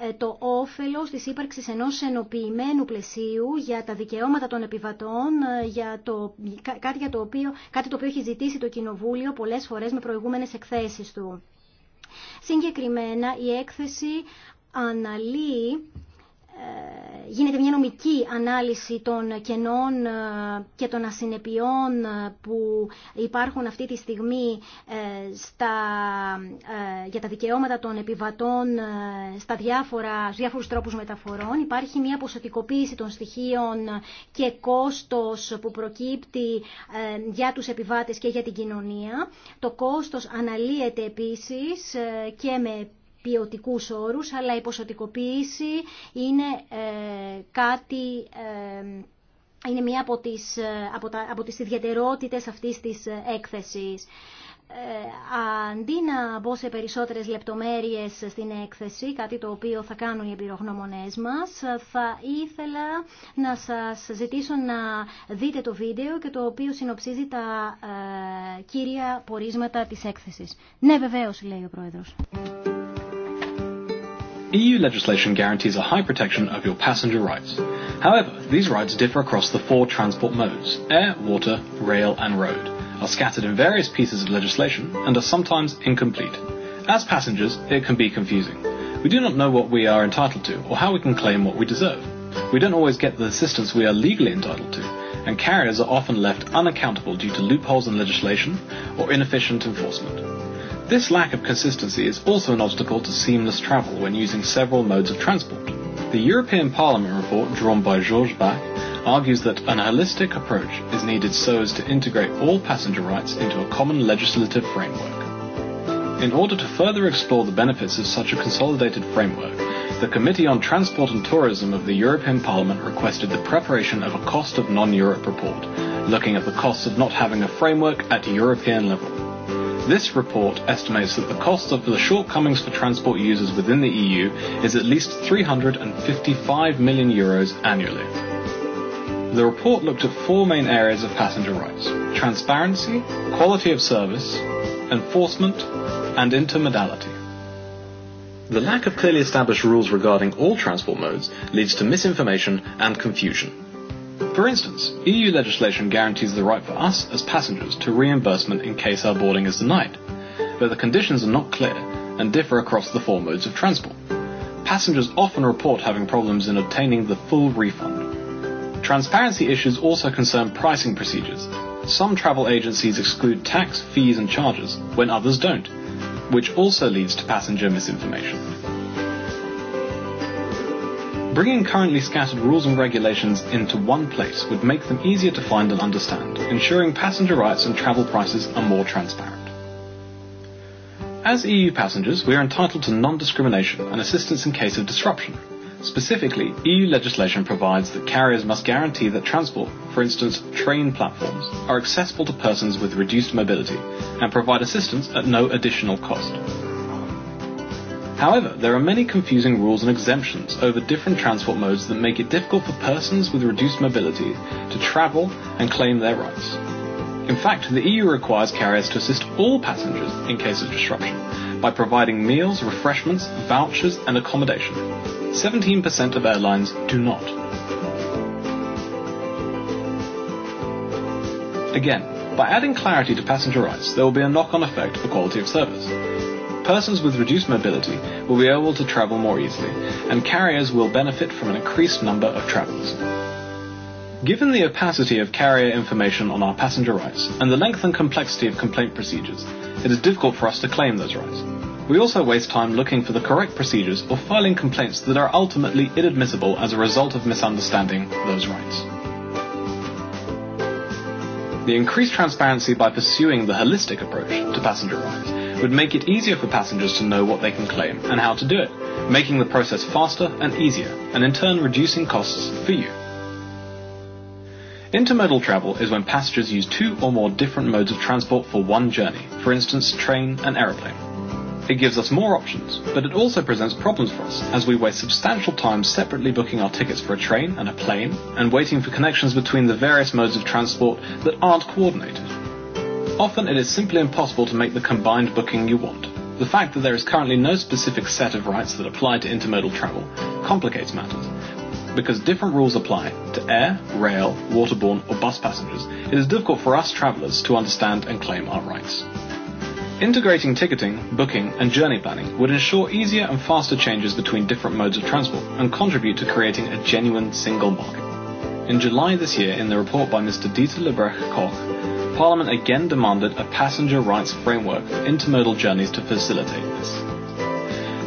ε, το όφελος της ύπαρξης ενός ενοποιημένου πλαισίου για τα δικαιώματα των επιβατών, ε, για το, κάτι, για το οποίο, κάτι το οποίο έχει ζητήσει το Κοινοβούλιο πολλές φορές με προηγούμενες εκθέσεις του. Συγκεκριμένα η έκθεση αναλύει ε, γίνεται μια νομική ανάλυση των κενών ε, και των ασυνεπιών ε, που υπάρχουν αυτή τη στιγμή στα, για τα δικαιώματα των επιβατών στα διάφορα, στους διάφορους τρόπους μεταφορών. Υπάρχει μια ποσοτικοποίηση των στοιχείων και κόστος που προκύπτει για τους επιβάτες και για την κοινωνία. Το κόστος αναλύεται επίσης και με ποιοτικούς όρους, αλλά η ποσοτικοποίηση είναι ε, κάτι... Ε, είναι μία από τις, ε, από, τα, από τις ιδιαιτερότητες αυτής της έκθεσης. αντί να μπω σε περισσότερες λεπτομέρειες στην έκθεση, κάτι το οποίο θα κάνουν οι εμπειρογνώμονές μας, θα ήθελα να σας ζητήσω να δείτε το βίντεο και το οποίο συνοψίζει τα κύρια πορίσματα της έκθεσης. Ναι, βεβαίως, λέει ο Πρόεδρος. EU legislation guarantees a high protection of your passenger rights. However, these rights differ across the four transport modes air, water, rail, and road, are scattered in various pieces of legislation, and are sometimes incomplete. As passengers, it can be confusing. We do not know what we are entitled to or how we can claim what we deserve. We don't always get the assistance we are legally entitled to, and carriers are often left unaccountable due to loopholes in legislation or inefficient enforcement. This lack of consistency is also an obstacle to seamless travel when using several modes of transport. The European Parliament report drawn by Georges Bach argues that an holistic approach is needed so as to integrate all passenger rights into a common legislative framework. In order to further explore the benefits of such a consolidated framework, the Committee on Transport and Tourism of the European Parliament requested the preparation of a Cost of Non-Europe report, looking at the costs of not having a framework at European level. This report estimates that the cost of the shortcomings for transport users within the EU is at least 355 million euros annually. The report looked at four main areas of passenger rights: transparency, quality of service, enforcement, and intermodality. The lack of clearly established rules regarding all transport modes leads to misinformation and confusion. For instance, EU legislation guarantees the right for us as passengers to reimbursement in case our boarding is denied, but the conditions are not clear and differ across the four modes of transport. Passengers often report having problems in obtaining the full refund. Transparency issues also concern pricing procedures. Some travel agencies exclude tax, fees and charges when others don't, which also leads to passenger misinformation. Bringing currently scattered rules and regulations into one place would make them easier to find and understand, ensuring passenger rights and travel prices are more transparent. As EU passengers, we are entitled to non-discrimination and assistance in case of disruption. Specifically, EU legislation provides that carriers must guarantee that transport, for instance train platforms, are accessible to persons with reduced mobility and provide assistance at no additional cost. However, there are many confusing rules and exemptions over different transport modes that make it difficult for persons with reduced mobility to travel and claim their rights. In fact, the EU requires carriers to assist all passengers in case of disruption by providing meals, refreshments, vouchers and accommodation. 17% of airlines do not. Again, by adding clarity to passenger rights, there will be a knock-on effect for quality of service persons with reduced mobility will be able to travel more easily, and carriers will benefit from an increased number of travels. Given the opacity of carrier information on our passenger rights and the length and complexity of complaint procedures, it is difficult for us to claim those rights. We also waste time looking for the correct procedures or filing complaints that are ultimately inadmissible as a result of misunderstanding those rights. The increased transparency by pursuing the holistic approach to passenger rights would make it easier for passengers to know what they can claim and how to do it, making the process faster and easier, and in turn reducing costs for you. Intermodal travel is when passengers use two or more different modes of transport for one journey, for instance train and aeroplane. It gives us more options, but it also presents problems for us, as we waste substantial time separately booking our tickets for a train and a plane, and waiting for connections between the various modes of transport that aren't coordinated. Often it is simply impossible to make the combined booking you want. The fact that there is currently no specific set of rights that apply to intermodal travel complicates matters. Because different rules apply to air, rail, waterborne or bus passengers, it is difficult for us travellers to understand and claim our rights. Integrating ticketing, booking and journey planning would ensure easier and faster changes between different modes of transport and contribute to creating a genuine single market. In July this year, in the report by Mr. Dieter Lebrecht Koch, Parliament again demanded a passenger rights framework for intermodal journeys to facilitate this.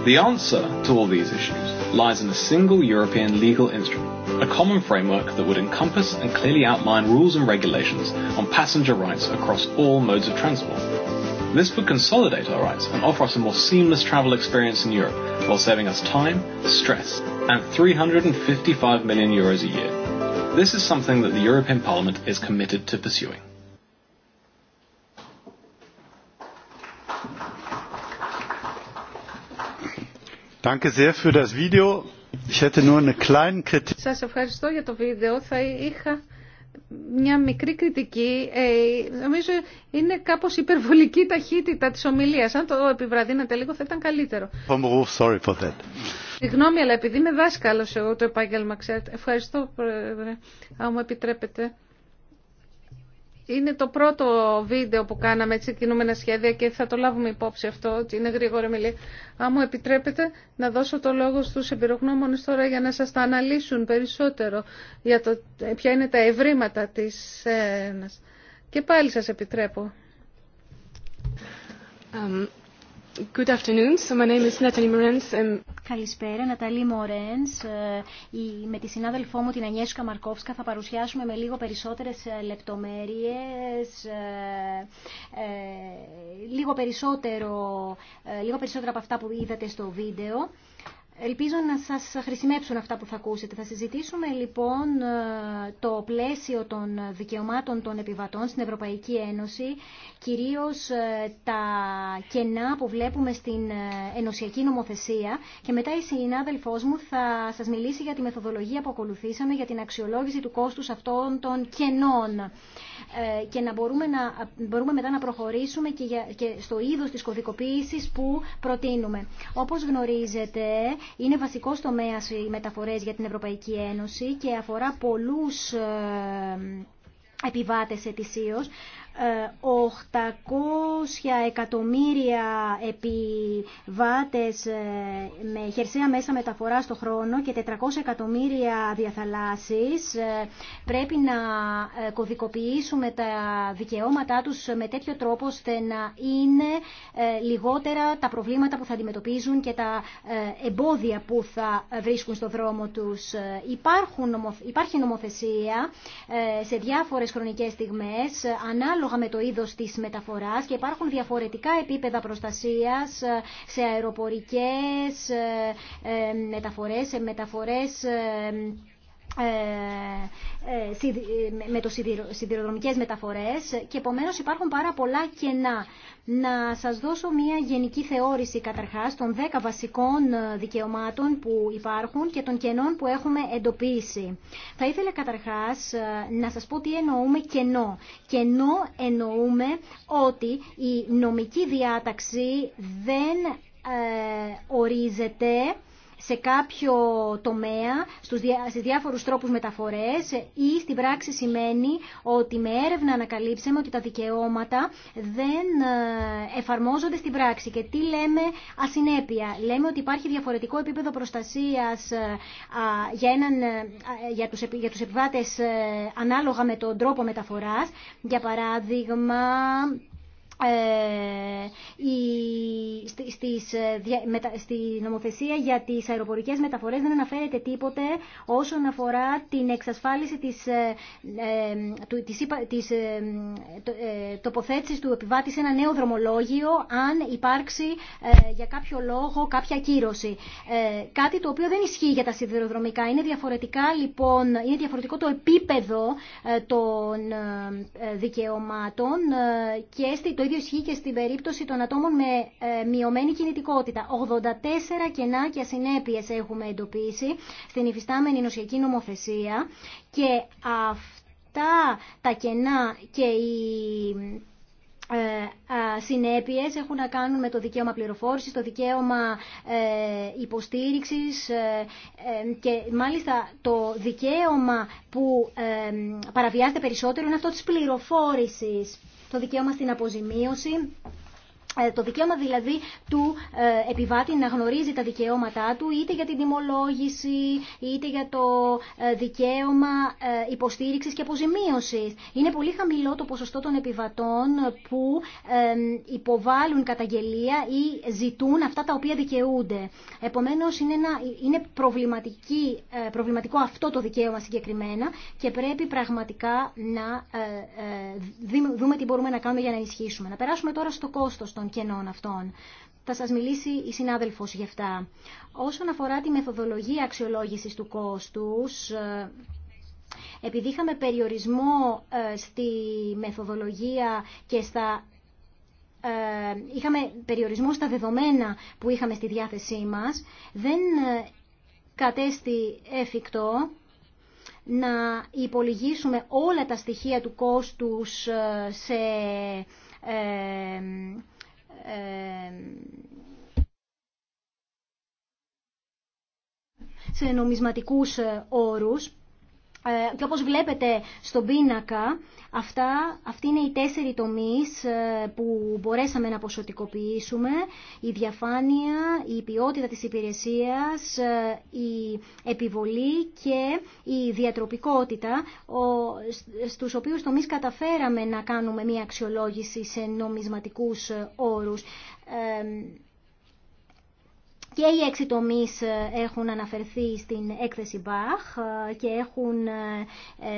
The answer to all these issues lies in a single European legal instrument, a common framework that would encompass and clearly outline rules and regulations on passenger rights across all modes of transport. This would consolidate our rights and offer us a more seamless travel experience in Europe while saving us time, stress, and 355 million euros a year. This is something that the European Parliament is committed to pursuing. Σας ευχαριστώ για το βίντεο. Θα είχα μια μικρή κριτική. Ε, νομίζω είναι κάπως υπερβολική ταχύτητα της ομιλίας. Αν το επιβραδύνατε λίγο θα ήταν καλύτερο. Sorry for Συγγνώμη, αλλά επειδή είμαι δάσκαλος εγώ το επάγγελμα, ξέρετε. Ευχαριστώ, Πρόεδρε, αν μου επιτρέπετε. Είναι το πρώτο βίντεο που κάναμε, έτσι κινούμενα σχέδια και θα το λάβουμε υπόψη αυτό, ότι είναι γρήγορα μιλή. Αν μου επιτρέπετε να δώσω το λόγο στους εμπειρογνώμονες τώρα για να σας τα αναλύσουν περισσότερο, για το, ε, ποια είναι τα ευρήματα της ένας. Και πάλι σας επιτρέπω. Good afternoon. So my name is Natalie Καλησπέρα, Ναταλή Μορένς. Ε, με τη συνάδελφό μου την Ανιέσκα Μαρκόφσκα θα παρουσιάσουμε με λίγο περισσότερες ε, λεπτομέρειες, ε, λίγο, περισσότερο, λίγο περισσότερα από αυτά που είδατε στο βίντεο. Ελπίζω να σας χρησιμεύσουν αυτά που θα ακούσετε. Θα συζητήσουμε λοιπόν ε, το πλαίσιο των δικαιωμάτων των επιβατών στην Ευρωπαϊκή Ένωση, κυρίως ε, τα κενά που βλέπουμε στην ε, ενωσιακή νομοθεσία και μετά η συνάδελφός μου θα σας μιλήσει για τη μεθοδολογία που ακολουθήσαμε για την αξιολόγηση του κόστους αυτών των κενών. Ε, και να μπορούμε, να μπορούμε μετά να προχωρήσουμε και, για, και στο είδο της κωδικοποίηση που προτείνουμε. Όπως γνωρίζετε, είναι βασικό τομέα οι μεταφορές για την Ευρωπαϊκή Ένωση και αφορά πολλούς ε, επιβάτες ετησίω. 800 ε, εκατομμύρια επιβάτες ε, με χερσαία μέσα μεταφορά στο χρόνο και 400 εκατομμύρια διαθαλάσσεις ε, πρέπει να κωδικοποιήσουμε τα δικαιώματά τους με τέτοιο τρόπο ώστε να είναι λιγότερα τα προβλήματα που θα αντιμετωπίζουν και τα εμπόδια που θα βρίσκουν στο δρόμο τους. Υπάρχουν, υπάρχει νομοθεσία σε διάφορες χρονικές στιγμές ανάλογα ανάλογα με το είδος της μεταφοράς και υπάρχουν διαφορετικά επίπεδα προστασίας ε, σε αεροπορικές ε, ε, μεταφορές, σε μεταφορές ε, ε, με το σιδηροδρομικές μεταφορές και επομένως υπάρχουν πάρα πολλά κενά. Να σας δώσω μια γενική θεώρηση καταρχάς των 10 βασικών ε, δικαιωμάτων που υπάρχουν και των κενών που έχουμε εντοπίσει. Θα ήθελα καταρχάς να σας πω τι εννοούμε κενό. Κενό εννοούμε ότι η νομική διάταξη δεν ορίζεται σε κάποιο τομέα, στους, σε διάφορους τρόπους μεταφορές ή στην πράξη σημαίνει ότι με έρευνα ανακαλύψαμε ότι τα δικαιώματα δεν ε, εφαρμόζονται στην πράξη. Και τι λέμε ασυνέπεια. Λέμε ότι υπάρχει διαφορετικό επίπεδο προστασίας ε, για, έναν, ε, για, τους, για τους επιβάτες ανάλογα με τον τρόπο μεταφοράς. Για παράδειγμα, ε, ε, στη νομοθεσία για τις αεροπορικές μεταφορές δεν αναφέρεται τίποτε όσον αφορά την εξασφάλιση της, ε, της τοποθέτησης του επιβάτη σε ένα νέο δρομολόγιο αν υπάρξει για κάποιο λόγο κάποια κύρωση. Κάτι το οποίο δεν ισχύει για τα σιδηροδρομικά. Είναι, διαφορετικά, λοιπόν, είναι διαφορετικό το επίπεδο των δικαιωμάτων και το ίδιο ισχύει και στην περίπτωση των ατόμων με ε, μειωμένη κινητικότητα. 84 κενά και ασυνέπειες έχουμε εντοπίσει στην υφιστάμενη νοσιακή νομοθεσία και αυτά τα κενά και οι ε, συνέπειες έχουν να κάνουν με το δικαίωμα πληροφόρησης, το δικαίωμα ε, υποστήριξης και μάλιστα το δικαίωμα που παραβιάζεται περισσότερο είναι αυτό της πληροφόρησης το δικαίωμα στην αποζημίωση ε, το δικαίωμα δηλαδή του ε, επιβάτη να γνωρίζει τα δικαιώματά του είτε για την τιμολόγηση είτε για το ε, δικαίωμα υποστήριξης και αποζημίωσης. Είναι πολύ χαμηλό το ποσοστό των επιβατών που υποβάλλουν καταγγελία ή ζητούν αυτά τα οποία δικαιούνται. Επομένως είναι, ένα, είναι προβληματική, προβληματικό αυτό το δικαίωμα συγκεκριμένα και πρέπει πραγματικά να δούμε τι μπορούμε να κάνουμε για να ενισχύσουμε. Να περάσουμε τώρα στο κόστος των κενών αυτών. Θα σας μιλήσει η συνάδελφος γι' αυτά. Όσον αφορά τη μεθοδολογία αξιολόγησης του κόστους, ε, επειδή είχαμε περιορισμό ε, στη μεθοδολογία και στα ε, είχαμε περιορισμό στα δεδομένα που είχαμε στη διάθεσή μας, δεν κατέστη εφικτό να υπολογίσουμε όλα τα στοιχεία του κόστους σε σε νομισματικούς ε, όρους ε, και όπως βλέπετε στον πίνακα, αυτά, αυτοί είναι οι τέσσερι τομείς ε, που μπορέσαμε να ποσοτικοποιήσουμε. Η διαφάνεια, η ποιότητα της υπηρεσίας, ε, η επιβολή και η διατροπικότητα, στους οποίους τομείς καταφέραμε να κάνουμε μία αξιολόγηση σε νομισματικούς όρους. Και οι έξι τομείς ε, έχουν αναφερθεί στην έκθεση Μπαχ ε, και έχουν ε,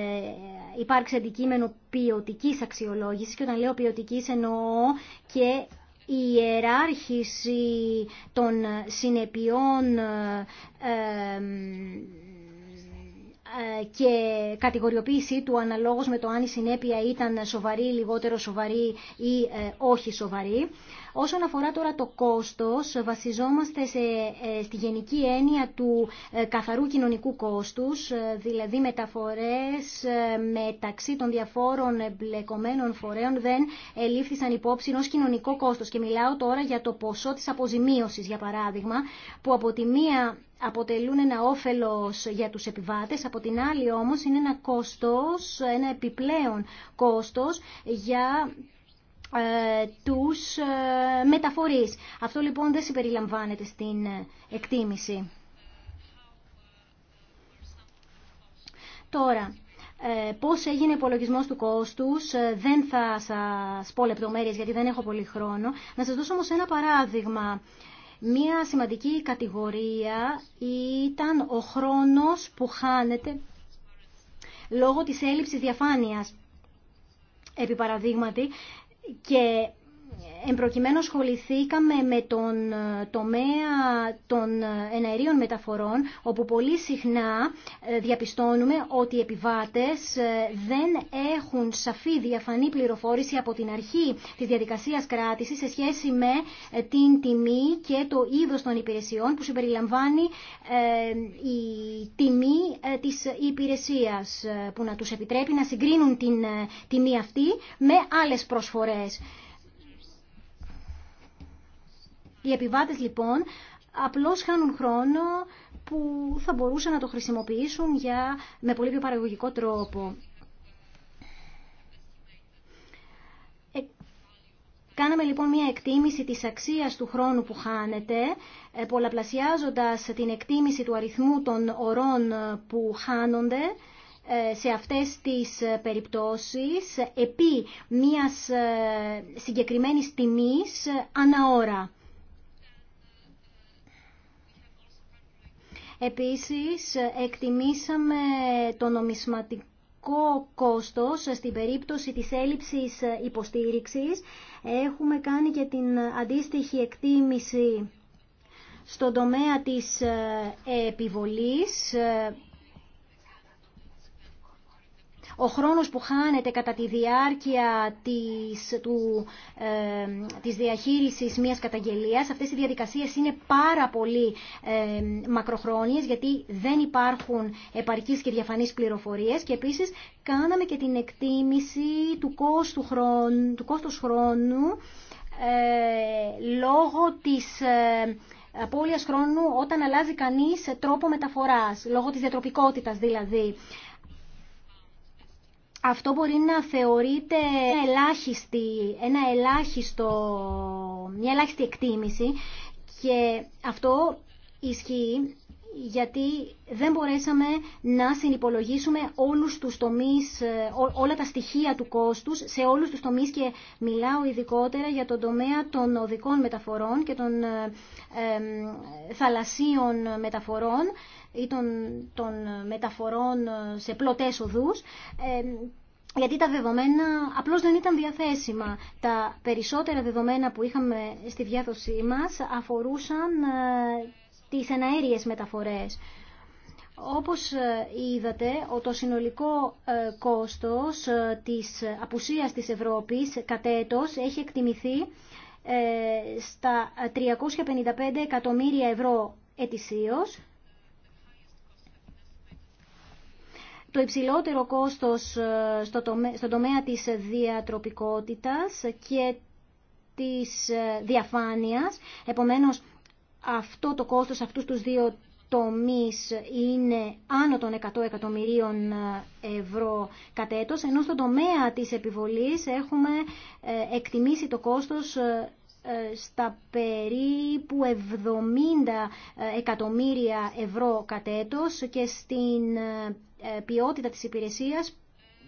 υπάρξει αντικείμενο ποιοτική αξιολόγηση και όταν λέω ποιοτική εννοώ και η ιεράρχηση των συνεπειών και κατηγοριοποίησή του αναλόγως με το αν η συνέπεια ήταν σοβαρή, λιγότερο σοβαρή ή όχι σοβαρή. Όσον αφορά τώρα το κόστος, βασιζόμαστε σε, ε, στη γενική έννοια του ε, καθαρού κοινωνικού κόστους, ε, δηλαδή μεταφορές μεταξύ των διαφόρων εμπλεκομένων φορέων δεν ελήφθησαν υπόψη ως κοινωνικό κόστος. Και μιλάω τώρα για το ποσό της αποζημίωσης, για παράδειγμα, που από τη μία αποτελούν ένα όφελος για τους επιβάτες, από την άλλη όμως είναι ένα κόστος, ένα επιπλέον κόστος για ε, τους ε, μεταφορείς. Αυτό λοιπόν δεν συμπεριλαμβάνεται στην ε, εκτίμηση. Τώρα, πώς έγινε υπολογισμό του κόστους, δεν θα σας πω λεπτομέρειες γιατί δεν έχω πολύ χρόνο. Να σας δώσω όμως ένα παράδειγμα. Μία σημαντική κατηγορία ήταν ο χρόνος που χάνεται λόγω της έλλειψης διαφάνειας. Επί και εμπροκειμένου ασχοληθήκαμε με τον ε, τομέα των ε, εναερίων μεταφορών, όπου πολύ συχνά ε, διαπιστώνουμε ότι οι επιβάτες δεν έχουν σαφή διαφανή πληροφόρηση από την αρχή της διαδικασίας κράτησης σε σχέση με την τιμή και το είδος των υπηρεσιών που συμπεριλαμβάνει η τιμή της υπηρεσίας που να τους επιτρέπει να συγκρίνουν την τιμή αυτή με άλλες προσφορές. Οι επιβάτες λοιπόν απλώς χάνουν χρόνο που θα μπορούσαν να το χρησιμοποιήσουν για, με πολύ πιο παραγωγικό τρόπο. Ε, κάναμε λοιπόν μια εκτίμηση της αξίας του χρόνου που χάνεται, ε, πολλαπλασιάζοντας την εκτίμηση του αριθμού των ωρών ε, που χάνονται, σε αυτές τις περιπτώσεις επί μιας συγκεκριμένης τιμής ανά Επίσης, εκτιμήσαμε το νομισματικό κόστος στην περίπτωση της έλλειψης υποστήριξης. Έχουμε κάνει και την αντίστοιχη εκτίμηση στον τομέα της ε, επιβολής ο χρόνος που χάνεται κατά τη διάρκεια της, του, ε, της διαχείρισης μιας καταγγελίας, αυτές οι διαδικασίες είναι πάρα πολύ ε, μακροχρόνιες γιατί δεν υπάρχουν επαρκείς και διαφανείς πληροφορίες και επίσης κάναμε και την εκτίμηση του κόστου χρόνου, του κόστος χρόνου ε, λόγω της ε, απώλειας χρόνου όταν αλλάζει κανείς τρόπο μεταφοράς, λόγω της διατροπικότητας δηλαδή αυτό μπορεί να θεωρείται ελάχιστη, ένα ελάχιστο, μια ελάχιστη εκτίμηση και αυτό ισχύει γιατί δεν μπορέσαμε να συνυπολογίσουμε όλους τους τομείς, όλα τα στοιχεία του κόστους σε όλους τους τομείς και μιλάω ειδικότερα για τον τομέα των οδικών μεταφορών και των ε, ε, θαλασσίων μεταφορών ή των, μεταφορών σε πλωτές οδούς, ε, γιατί τα δεδομένα απλώς δεν ήταν διαθέσιμα. Τα περισσότερα δεδομένα που είχαμε στη διάδοση μας αφορούσαν ε, τις εναέριες μεταφορές. Όπως ε, είδατε, το συνολικό κόστος της απουσίας της Ευρώπης κατ' έτος έχει εκτιμηθεί στα 355 εκατομμύρια ευρώ ετησίως το υψηλότερο κόστος ε, στο τομέα, στον τομέα της διατροπικότητας και της ε, διαφάνειας. Επομένως, αυτό το κόστος αυτούς τους δύο τομείς είναι άνω των 100 εκατομμυρίων ε, ευρώ κατ' έτος, ενώ στον τομέα της επιβολής έχουμε εκτιμήσει το κόστος στα περίπου 70 εκατομμύρια ευρώ κατ' έτος και στην ε, ποιότητα της υπηρεσίας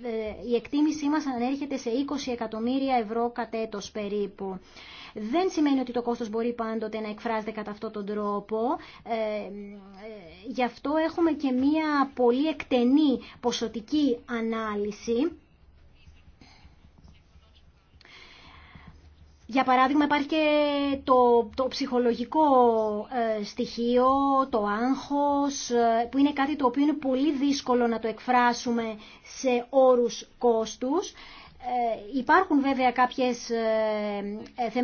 ε, η εκτίμησή μας ανέρχεται σε 20 εκατομμύρια ευρώ κατ' έτος περίπου. Δεν σημαίνει ότι το κόστος μπορεί πάντοτε να εκφράζεται κατά αυτόν τον τρόπο. Ε, ε γι' αυτό έχουμε και μία πολύ εκτενή ποσοτική ανάλυση Για παράδειγμα υπάρχει και το, το ψυχολογικό ε, στοιχείο, το άγχος, ε, που είναι κάτι το οποίο είναι πολύ δύσκολο να το εκφράσουμε σε όρους κόστους. Ε, υπάρχουν βέβαια κάποιες, θε,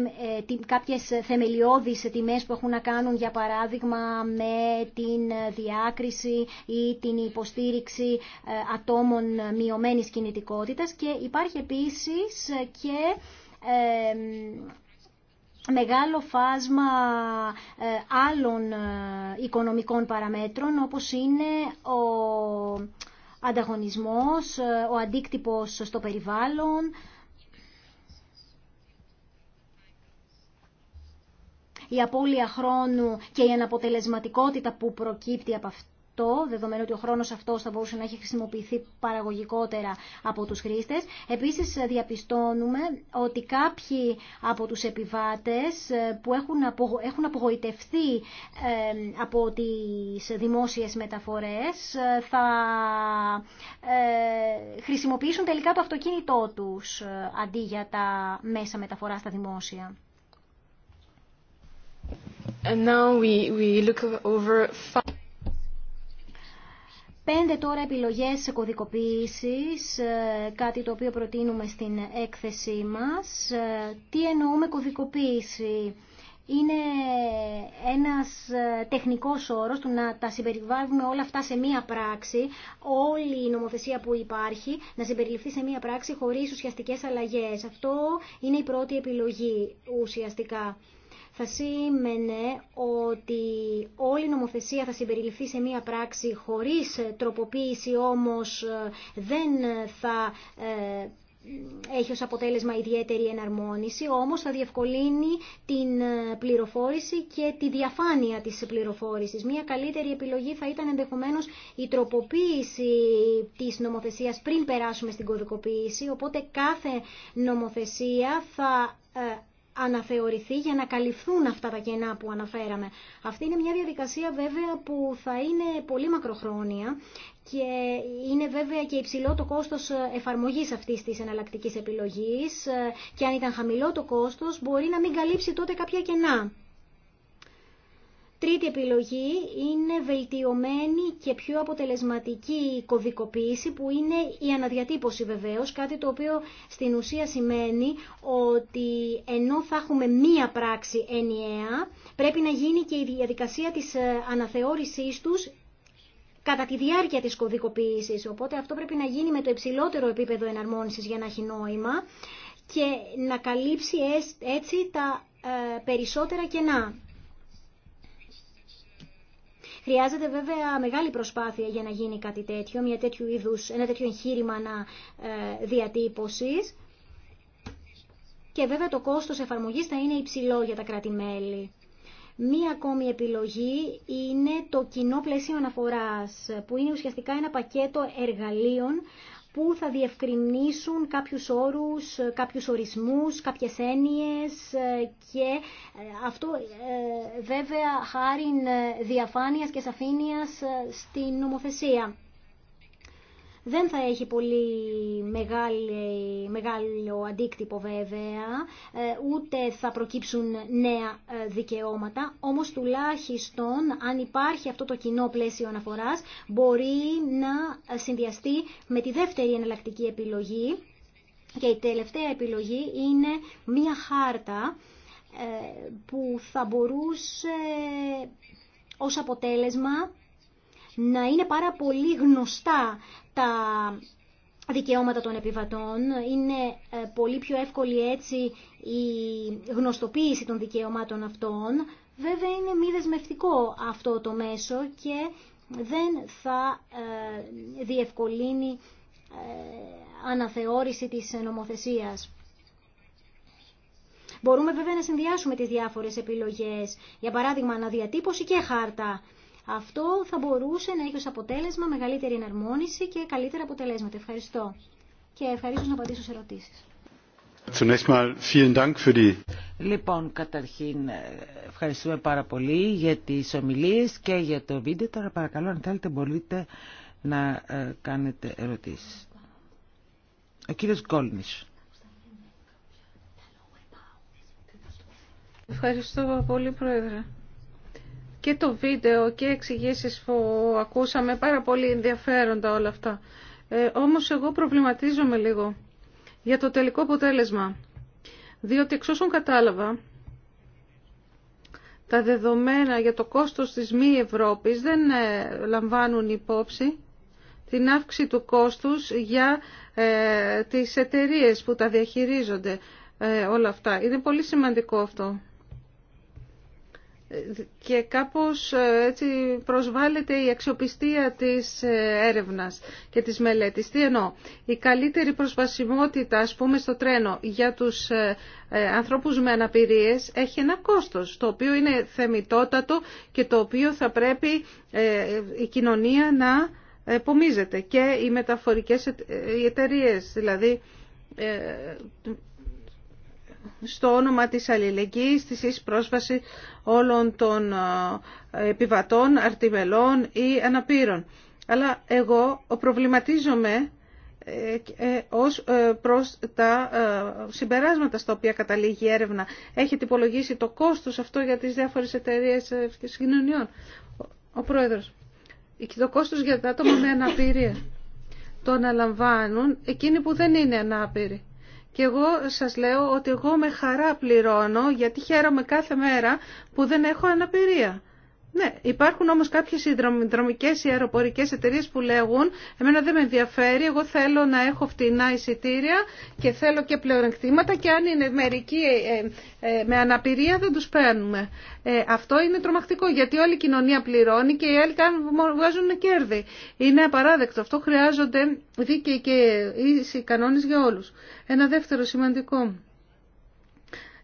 τι, κάποιες θεμελιώδεις τιμές που έχουν να κάνουν για παράδειγμα με την διάκριση ή την υποστήριξη ατόμων μειωμένης κινητικότητας και υπάρχει επίσης και μεγάλο φάσμα ε, άλλων ε, οικονομικών παραμέτρων όπως είναι ο ανταγωνισμός, ε, ο αντίκτυπος στο περιβάλλον, η απώλεια χρόνου και η αναποτελεσματικότητα που προκύπτει από αυτό δεδομένου ότι ο χρόνος αυτός θα μπορούσε να έχει χρησιμοποιηθεί παραγωγικότερα από τους χρήστε. Επίση, διαπιστώνουμε ότι κάποιοι από τους επιβάτες ε, που έχουν απογοητευτεί ε, από τις δημόσιες μεταφορές ε, θα χρησιμοποιήσουν τελικά το αυτοκίνητό τους αντί για τα μέσα μεταφορά στα δημόσια. now we, we look over... Πέντε τώρα επιλογές κωδικοποίησης, ε, κάτι το οποίο προτείνουμε στην έκθεσή μας. Ε, τι εννοούμε κωδικοποίηση. Είναι ένας ε, τεχνικός όρος του να τα συμπεριβάλλουμε όλα αυτά σε μία πράξη, όλη η νομοθεσία που υπάρχει να συμπεριληφθεί σε μία πράξη χωρίς ουσιαστικές αλλαγές. Αυτό είναι η πρώτη επιλογή ουσιαστικά θα σήμαινε ότι όλη η νομοθεσία θα συμπεριληφθεί σε μία πράξη χωρίς τροποποίηση όμως ε, δεν θα ε, έχει ως αποτέλεσμα ιδιαίτερη εναρμόνιση, όμως θα διευκολύνει την ε, πληροφόρηση και τη διαφάνεια της πληροφόρησης. Μία καλύτερη επιλογή θα ήταν ενδεχομένως η τροποποίηση της νομοθεσίας πριν περάσουμε στην κωδικοποίηση, οπότε κάθε νομοθεσία θα αναθεωρηθεί για να καλυφθούν αυτά τα κενά που αναφέραμε. Αυτή είναι μια διαδικασία βέβαια που θα είναι πολύ μακροχρόνια και είναι βέβαια και υψηλό το κόστος εφαρμογής αυτής της εναλλακτική επιλογής ε, και αν ήταν χαμηλό το κόστος μπορεί να μην καλύψει τότε κάποια κενά. Τρίτη επιλογή είναι βελτιωμένη και πιο αποτελεσματική κωδικοποίηση που είναι η αναδιατύπωση βεβαίως, κάτι το οποίο στην ουσία σημαίνει ότι ενώ θα έχουμε μία πράξη ενιαία, πρέπει να γίνει και η διαδικασία της ε, αναθεώρησής τους κατά τη διάρκεια της κωδικοποίησης. Οπότε αυτό πρέπει να γίνει με το υψηλότερο επίπεδο εναρμόνισης για να έχει νόημα και να καλύψει έτσι τα ε, περισσότερα κενά. Χρειάζεται βέβαια μεγάλη προσπάθεια για να γίνει κάτι τέτοιο, μια τέτοιου είδους, ένα τέτοιο εγχείρημα να ε, διατύπωσης. Και βέβαια το κόστος εφαρμογής θα είναι υψηλό για τα κράτη-μέλη. Μία ακόμη επιλογή είναι το κοινό πλαίσιο αναφοράς, που είναι ουσιαστικά ένα πακέτο εργαλείων που θα διευκρινίσουν κάποιους όρους, κάποιους ορισμούς, κάποιες έννοιες ε, και ε, αυτό ε, βέβαια χάρη διαφάνειας και σαφήνειας στην νομοθεσία δεν θα έχει πολύ μεγάλο αντίκτυπο βέβαια, ε, ούτε θα προκύψουν νέα ε, δικαιώματα, όμως τουλάχιστον αν υπάρχει αυτό το κοινό πλαίσιο αναφοράς μπορεί να συνδυαστεί με τη δεύτερη εναλλακτική επιλογή και η τελευταία επιλογή είναι μία χάρτα ε, που θα μπορούσε ως αποτέλεσμα να είναι πάρα πολύ γνωστά τα δικαιώματα των επιβατών. Είναι ε, πολύ πιο εύκολη έτσι η γνωστοποίηση των δικαιωμάτων αυτών. Βέβαια είναι μη δεσμευτικό αυτό το μέσο και δεν θα ε, διευκολύνει ε, αναθεώρηση της νομοθεσίας. Μπορούμε βέβαια να συνδυάσουμε τις διάφορες επιλογές, για παράδειγμα αναδιατύπωση και χάρτα. Αυτό θα μπορούσε να έχει ως αποτέλεσμα μεγαλύτερη εναρμόνιση και καλύτερα αποτελέσματα. Ευχαριστώ. Και ευχαριστώ να απαντήσω σε ερωτήσεις. Λοιπόν, καταρχήν ε, ευχαριστούμε πάρα πολύ για τις ομιλίες και για το βίντεο. Τώρα παρακαλώ αν θέλετε μπορείτε να ε, κάνετε ερωτήσεις. Ο κύριος Γκόλνης. Ευχαριστώ πολύ Πρόεδρε και το βίντεο και εξηγήσεις που ακούσαμε, πάρα πολύ ενδιαφέροντα όλα αυτά. Ε, όμως εγώ προβληματίζομαι λίγο για το τελικό αποτέλεσμα. Διότι εξ όσων κατάλαβα, τα δεδομένα για το κόστος της μη Ευρώπης δεν ε, λαμβάνουν υπόψη την αύξηση του κόστους για ε, τις εταιρείες που τα διαχειρίζονται ε, όλα αυτά. Είναι πολύ σημαντικό αυτό και κάπως ε, έτσι προσβάλλεται η αξιοπιστία της ε, έρευνας και της μελέτης. Τι εννοώ, η καλύτερη προσβασιμότητα ας πούμε στο τρένο για τους ε, ανθρώπους με αναπηρίες έχει ένα κόστος το οποίο είναι θεμητότατο και το οποίο θα πρέπει η κοινωνία να επομίζεται και οι μεταφορικές εταιρείες, εταιρείε, δηλαδή στο όνομα της αλληλεγγύης, της εις πρόσβαση όλων των ε, επιβατών, αρτιμελών ή αναπήρων. Αλλά εγώ προβληματίζομαι ε, ε, ως προς τα συμπεράσματα στα οποία καταλήγει η έρευνα. Έχετε υπολογίσει το κόστος αυτό για τις διάφορες εταιρείες συγκοινωνιών. Ο Πρόεδρος. Το κόστος για τα άτομα με αναπηρία. Το αναλαμβάνουν εκείνοι που δεν είναι ανάπηροι. Και εγώ σας λέω ότι εγώ με χαρά πληρώνω γιατί χαίρομαι κάθε μέρα που δεν έχω αναπηρία. Ναι, υπάρχουν όμως κάποιες δρομικές ή αεροπορικές εταιρείες που λέγουν «Εμένα δεν με ενδιαφέρει, εγώ θέλω να έχω φτηνά εισιτήρια και θέλω και πλεονεκτήματα και αν είναι μερικοί ε, ε, ε, με αναπηρία δεν τους παίρνουμε». αυτό είναι τρομακτικό γιατί όλη η κοινωνία πληρώνει και οι άλλοι βγάζουν κέρδη. Είναι απαράδεκτο. Αυτό χρειάζονται δίκαιοι και ίσοι κανόνες για όλους. Ένα δεύτερο σημαντικό.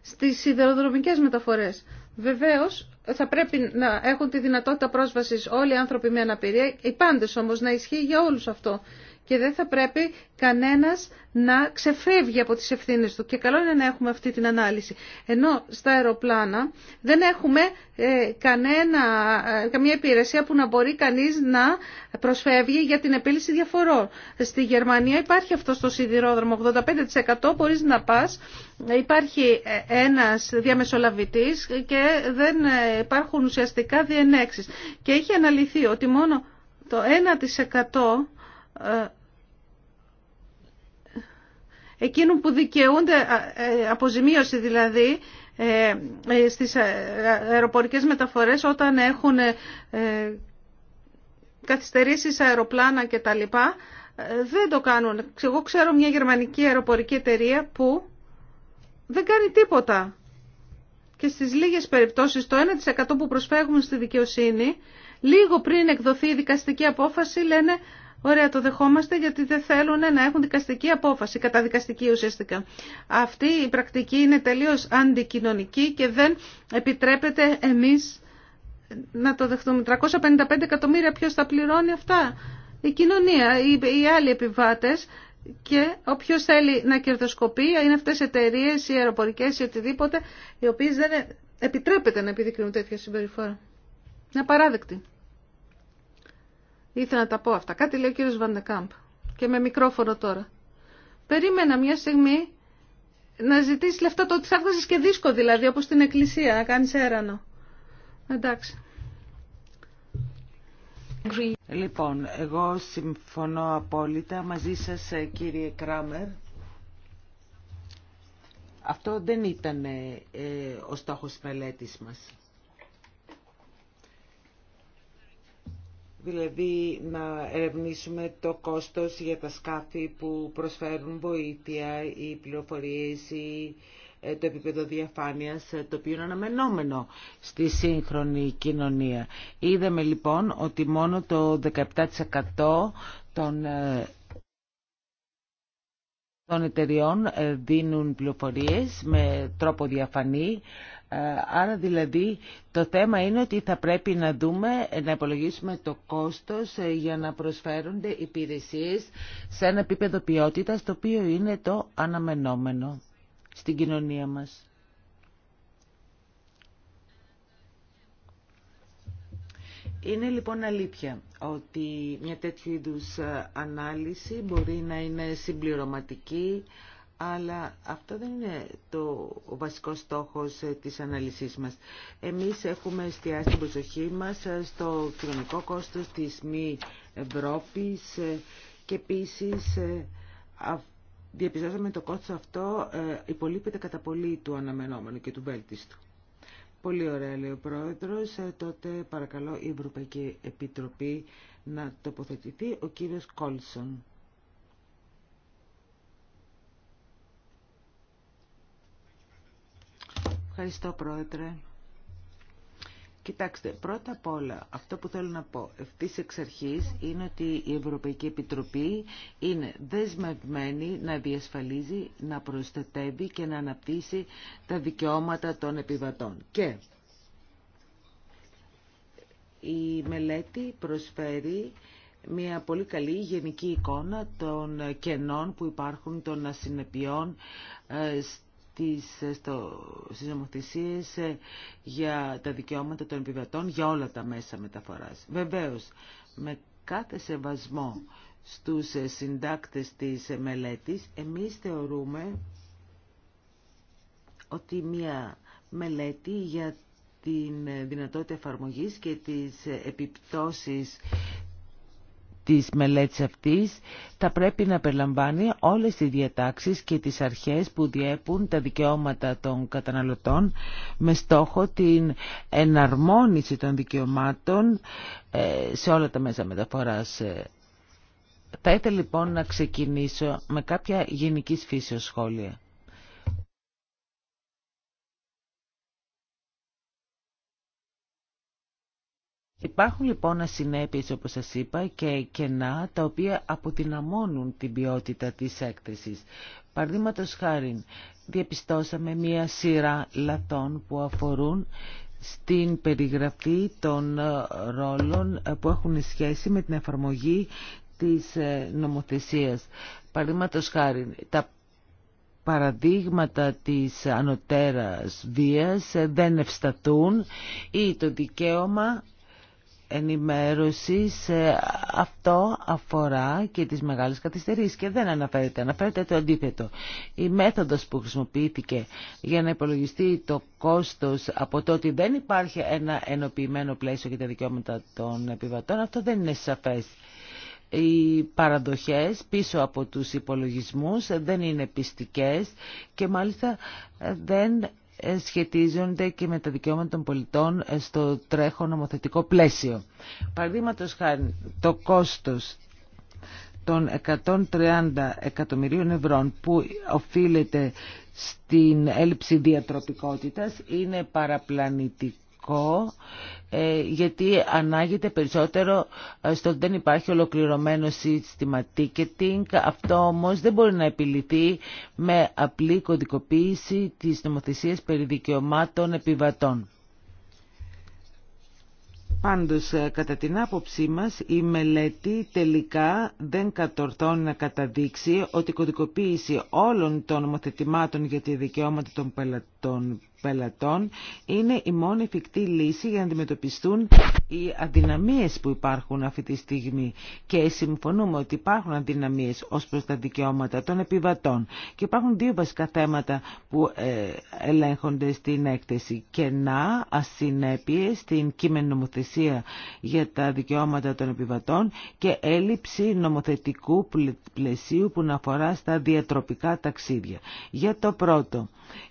Στις σιδεροδρομικές μεταφορές. Βεβαίω θα πρέπει να έχουν τη δυνατότητα πρόσβασης όλοι οι άνθρωποι με αναπηρία, οι πάντες όμως να ισχύει για όλους αυτό και δεν θα πρέπει κανένας να ξεφεύγει από τις ευθύνες του. Και καλό είναι να έχουμε αυτή την ανάλυση. Ενώ στα αεροπλάνα δεν έχουμε ε, κανένα, ε, καμία υπηρεσία που να μπορεί κανείς να προσφεύγει για την επίλυση διαφορών. Στη Γερμανία υπάρχει αυτό στο σιδηρόδρομο 85% μπορείς να πας. Υπάρχει ε, ένας διαμεσολαβητής και δεν υπάρχουν ουσιαστικά διενέξεις. Και έχει αναλυθεί ότι μόνο το 1% εκείνων που δικαιούνται ε, αποζημίωση δηλαδή ε, ε, στις αεροπορικές μεταφορές όταν έχουν καθυστερήσεις αεροπλάνα κτλ. Δεν το κάνουν. Εγώ ξέρω μια γερμανική αεροπορική εταιρεία που δεν κάνει τίποτα. Και στις λίγες περιπτώσεις το 1% που προσφεύγουν στη δικαιοσύνη, λίγο πριν εκδοθεί η δικαστική απόφαση λένε Ωραία, το δεχόμαστε γιατί δεν θέλουν να έχουν δικαστική απόφαση, καταδικαστική ουσιαστικά. Αυτή η πρακτική είναι τελείως αντικοινωνική και δεν επιτρέπεται εμείς να το δεχτούμε. 355 εκατομμύρια ποιος θα πληρώνει αυτά. Η κοινωνία, οι άλλοι επιβάτες και όποιο θέλει να κερδοσκοπεί είναι αυτές οι εταιρείε, οι αεροπορικές ή οτιδήποτε, οι οποίες δεν επιτρέπεται να επιδεικνύουν τέτοια συμπεριφορά. Είναι απαράδεκτη. Ήθελα να τα πω αυτά. Κάτι λέει ο κύριος Βαντεκάμπ. Και με μικρόφωνο τώρα. Περίμενα μια στιγμή να ζητήσει λεφτά το ότι θα και δίσκο δηλαδή, όπως στην εκκλησία, να κάνεις έρανο. Εντάξει. Λοιπόν, εγώ συμφωνώ απόλυτα μαζί σας ε, κύριε Κράμερ. Αυτό δεν ήταν ε, ο στόχος της μας. δηλαδή να ερευνήσουμε το κόστος για τα σκάφη που προσφέρουν βοήθεια, ή πληροφορίες, ή ε, το επίπεδο διαφάνειας ε, το οποίο είναι αναμενόμενο στη σύγχρονη κοινωνία. Είδαμε λοιπόν ότι μόνο το 17% των ε, των εταιριών δίνουν πληροφορίες με τρόπο διαφανή. Ε, άρα δηλαδή το θέμα είναι ότι θα πρέπει να δούμε, να υπολογίσουμε το κόστος ε, για να προσφέρονται υπηρεσίες σε ένα επίπεδο ποιότητας το οποίο είναι το αναμενόμενο στην κοινωνία μας. Είναι λοιπόν αλήθεια ότι μια τέτοιου είδους ε, ανάλυση μπορεί να είναι συμπληρωματική, αλλά αυτό δεν είναι το, ο βασικός στόχος ε, της αναλυσής μας. Εμείς έχουμε εστιάσει την προσοχή μας ε, στο κοινωνικό κόστος της μη Ευρώπης ε, και επίσης διαπιστώσαμε το κόστος αυτό υπολείπεται κατά πολύ του αναμενόμενου και του βέλτιστου. Πολύ ωραία λέει ο Πρόεδρος. Τότε παρακαλώ η Ευρωπαϊκή Επιτροπή να τοποθετηθεί ο κύριος Κόλσον. Ευχαριστώ Πρόεδρε. Κοιτάξτε, πρώτα απ' όλα αυτό που θέλω να πω ευθύς εξ αρχής είναι ότι η Ευρωπαϊκή Επιτροπή είναι δεσμευμένη να διασφαλίζει, να προστατεύει και να αναπτύσσει τα δικαιώματα των επιβατών. Και η μελέτη προσφέρει μια πολύ καλή γενική εικόνα των κενών που υπάρχουν των ασυνεπιών ε, στις, στο, στις νομοθεσίες ε, για τα δικαιώματα των επιβατών για όλα τα μέσα μεταφοράς. Βεβαίως, με κάθε σεβασμό στους ε, συντάκτες της ε, μελέτης, εμείς θεωρούμε ότι μια μελέτη για την δυνατότητα εφαρμογής και τις επιπτώσεις της μελέτης αυτής θα πρέπει να περιλαμβάνει όλες τις διατάξεις και τις αρχές που διέπουν τα δικαιώματα των καταναλωτών με στόχο την εναρμόνιση των δικαιωμάτων ε, σε όλα τα μέσα μεταφοράς. Ε, θα ήθελα λοιπόν να ξεκινήσω με κάποια γενικής φύσεως σχόλια. Υπάρχουν λοιπόν ασυνέπειες όπως σας είπα και κενά τα οποία αποδυναμώνουν την ποιότητα της έκθεσης. Παραδείγματο χάρη διαπιστώσαμε μία σειρά λατών που αφορούν στην περιγραφή των ε, ρόλων ε, που έχουν σχέση με την εφαρμογή της ε, νομοθεσίας. Παραδείγματο χάρη τα παραδείγματα της ανωτέρας βίας δεν ευστατούν ή το δικαίωμα σε αυτό αφορά και τις μεγάλες καθυστερήσεις και δεν αναφέρεται, αναφέρεται το αντίθετο. Η μέθοδος που χρησιμοποιήθηκε για να υπολογιστεί το κόστος από το ότι δεν υπάρχει ένα ενοποιημένο πλαίσιο για τα δικαιώματα των επιβατών, αυτό δεν είναι σαφές. Οι παραδοχές πίσω από τους υπολογισμούς δεν είναι πιστικές και μάλιστα δεν σχετίζονται και με τα δικαιώματα των πολιτών στο τρέχον νομοθετικό πλαίσιο. Παραδείγματο χάρη το κόστος των 130 εκατομμυρίων ευρώ που οφείλεται στην έλλειψη διατροπικότητας είναι παραπλανητικό ε, γιατί ανάγεται περισσότερο ε, στο ότι δεν υπάρχει ολοκληρωμένο σύστημα ticketing. Αυτό όμως δεν μπορεί να επιληθεί με απλή κωδικοποίηση της νομοθεσίας περί δικαιωμάτων επιβατών. Πάντως, ε, κατά την άποψή μας, η μελέτη τελικά δεν κατορθώνει να καταδείξει ότι η κωδικοποίηση όλων των νομοθετημάτων για τη δικαιώματα των πελατών πελατών είναι η μόνη εφικτή λύση για να αντιμετωπιστούν οι αδυναμίες που υπάρχουν αυτή τη στιγμή και συμφωνούμε ότι υπάρχουν αδυναμίες ως προς τα δικαιώματα των επιβατών και υπάρχουν δύο βασικά θέματα που ε, ελέγχονται στην έκθεση κενά, ασυνέπειε στην κείμενη νομοθεσία για τα δικαιώματα των επιβατών και έλλειψη νομοθετικού πλαισίου που να αφορά στα διατροπικά ταξίδια. Για το πρώτο,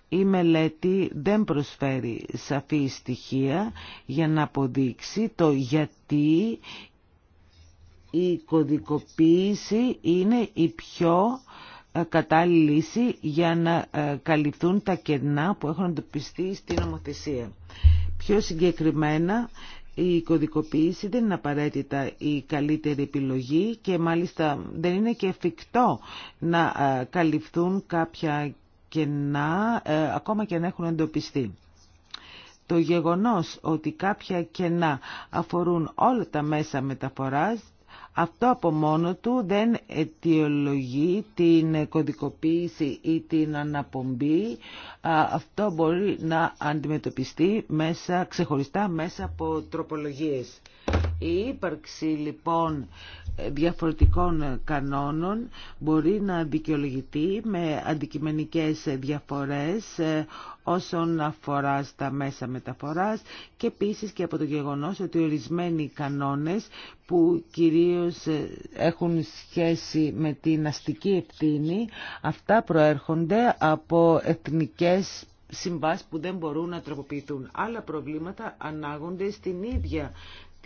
η μελέτη δεν προσφέρει σαφή στοιχεία για να αποδείξει το γιατί η κωδικοποίηση είναι η πιο ε, κατάλληλη λύση για να ε, καλυφθούν τα κενά που έχουν εντοπιστεί στην νομοθεσία. Πιο συγκεκριμένα, η κωδικοποίηση δεν είναι απαραίτητα η καλύτερη επιλογή και μάλιστα δεν είναι και εφικτό να ε, καλυφθούν κάποια κενά ακόμα και αν έχουν εντοπιστεί. Το γεγονός ότι κάποια κενά αφορούν όλα τα μέσα μεταφοράς, αυτό από μόνο του δεν αιτιολογεί την κωδικοποίηση ή την αναπομπή. Αυτό μπορεί να αντιμετωπιστεί μέσα, ξεχωριστά μέσα από τροπολογίες. Η ύπαρξη λοιπόν διαφορετικών κανόνων μπορεί να δικαιολογηθεί με αντικειμενικές διαφορές ε, όσον αφορά στα μέσα μεταφοράς και επίσης και από το γεγονός ότι ορισμένοι κανόνες που κυρίως ε, έχουν σχέση με την αστική ευθύνη αυτά προέρχονται από εθνικές συμβάσεις που δεν μπορούν να τροποποιηθούν. Άλλα προβλήματα ανάγονται στην ίδια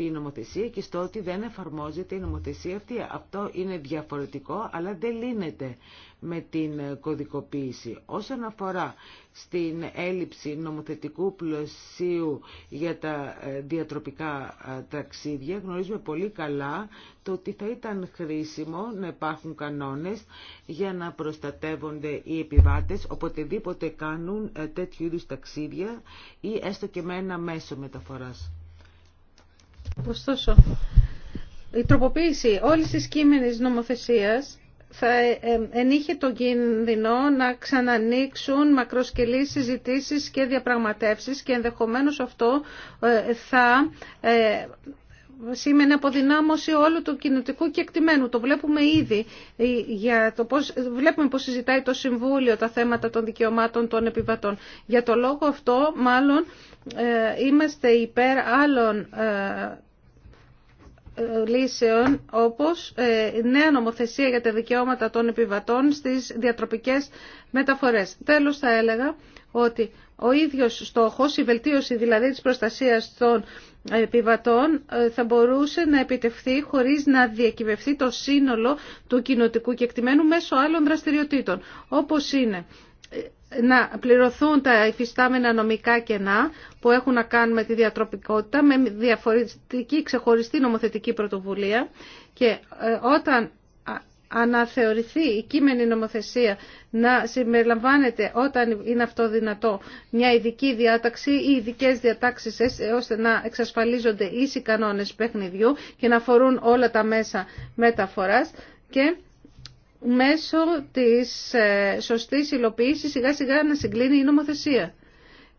η νομοθεσία και στο ότι δεν εφαρμόζεται η νομοθεσία αυτή. Αυτό είναι διαφορετικό αλλά δεν λύνεται με την κωδικοποίηση. Όσον αφορά στην έλλειψη νομοθετικού πλαισίου για τα ε, διατροπικά ε, ταξίδια γνωρίζουμε πολύ καλά το ότι θα ήταν χρήσιμο να υπάρχουν κανόνες για να προστατεύονται οι επιβάτες οποτεδήποτε κάνουν ε, τέτοιου είδους ταξίδια ή έστω και με ένα μέσο μεταφοράς. Ωστόσο, η τροποποίηση όλη τη κείμενη νομοθεσίας θα ε, ε, ενήχε τον κίνδυνο να ξανανοίξουν μακροσκελείς συζητήσεις και διαπραγματεύσεις και ενδεχομένως αυτό ε, θα σήμαινε αποδυνάμωση όλου του κοινωτικού κεκτημένου. Το βλέπουμε ήδη ε, για το πώς, βλέπουμε πώς συζητάει το Συμβούλιο τα θέματα των δικαιωμάτων των επιβατών. Για το λόγο αυτό μάλλον ε, είμαστε υπέρ άλλων ε, λύσεων όπως νέα νομοθεσία για τα δικαιώματα των επιβατών στις διατροπικές μεταφορές. Τέλος θα έλεγα ότι ο ίδιος στόχος, η βελτίωση δηλαδή της προστασίας των επιβατών ε, θα μπορούσε να επιτευχθεί χωρίς να διακυβευτεί το σύνολο του κοινοτικού κεκτημένου μέσω άλλων δραστηριοτήτων. Όπως είναι ε, να πληρωθούν τα υφιστάμενα νομικά κενά που έχουν να κάνουν με τη διατροπικότητα με διαφορετική ξεχωριστή νομοθετική πρωτοβουλία και ε, όταν αναθεωρηθεί η κείμενη νομοθεσία να συμπεριλαμβάνεται όταν είναι αυτό δυνατό μια ειδική διάταξη ή ειδικέ διατάξεις ώστε να εξασφαλίζονται ίσοι κανόνες παιχνιδιού και να φορούν όλα τα μέσα μεταφοράς και μέσω της ε, σωστής υλοποίησης σιγά σιγά να συγκλίνει η νομοθεσία.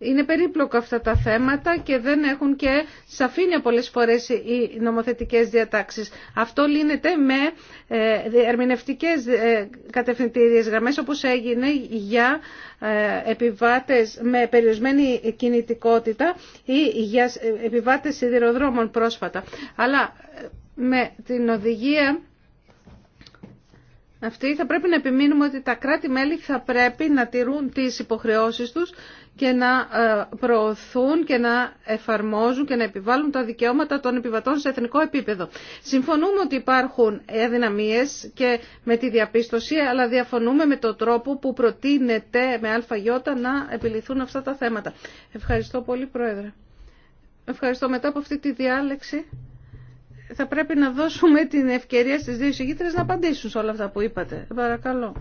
Είναι περίπλοκα αυτά τα θέματα και δεν έχουν και σαφήνεια πολλές φορές οι νομοθετικές διατάξεις. Αυτό λύνεται με ε, ερμηνευτικές ε, κατευθυντήριες γραμμές όπως έγινε για ε, επιβάτες με περιορισμένη κινητικότητα ή για επιβάτες σιδηροδρόμων πρόσφατα. Αλλά με την οδηγία αυτή θα πρέπει να επιμείνουμε ότι τα κράτη-μέλη θα πρέπει να τηρούν τις υποχρεώσεις τους και να ε, προωθούν και να εφαρμόζουν και να επιβάλλουν τα δικαιώματα των επιβατών σε εθνικό επίπεδο. Συμφωνούμε ότι υπάρχουν αδυναμίες και με τη διαπίστωση, αλλά διαφωνούμε με τον τρόπο που προτείνεται με ΑΙ να επιληθούν αυτά τα θέματα. Ευχαριστώ πολύ, Πρόεδρε. Ευχαριστώ μετά από αυτή τη διάλεξη θα πρέπει να δώσουμε την ευκαιρία στις δύο συγκήτρες να απαντήσουν σε όλα αυτά που είπατε. Παρακαλώ.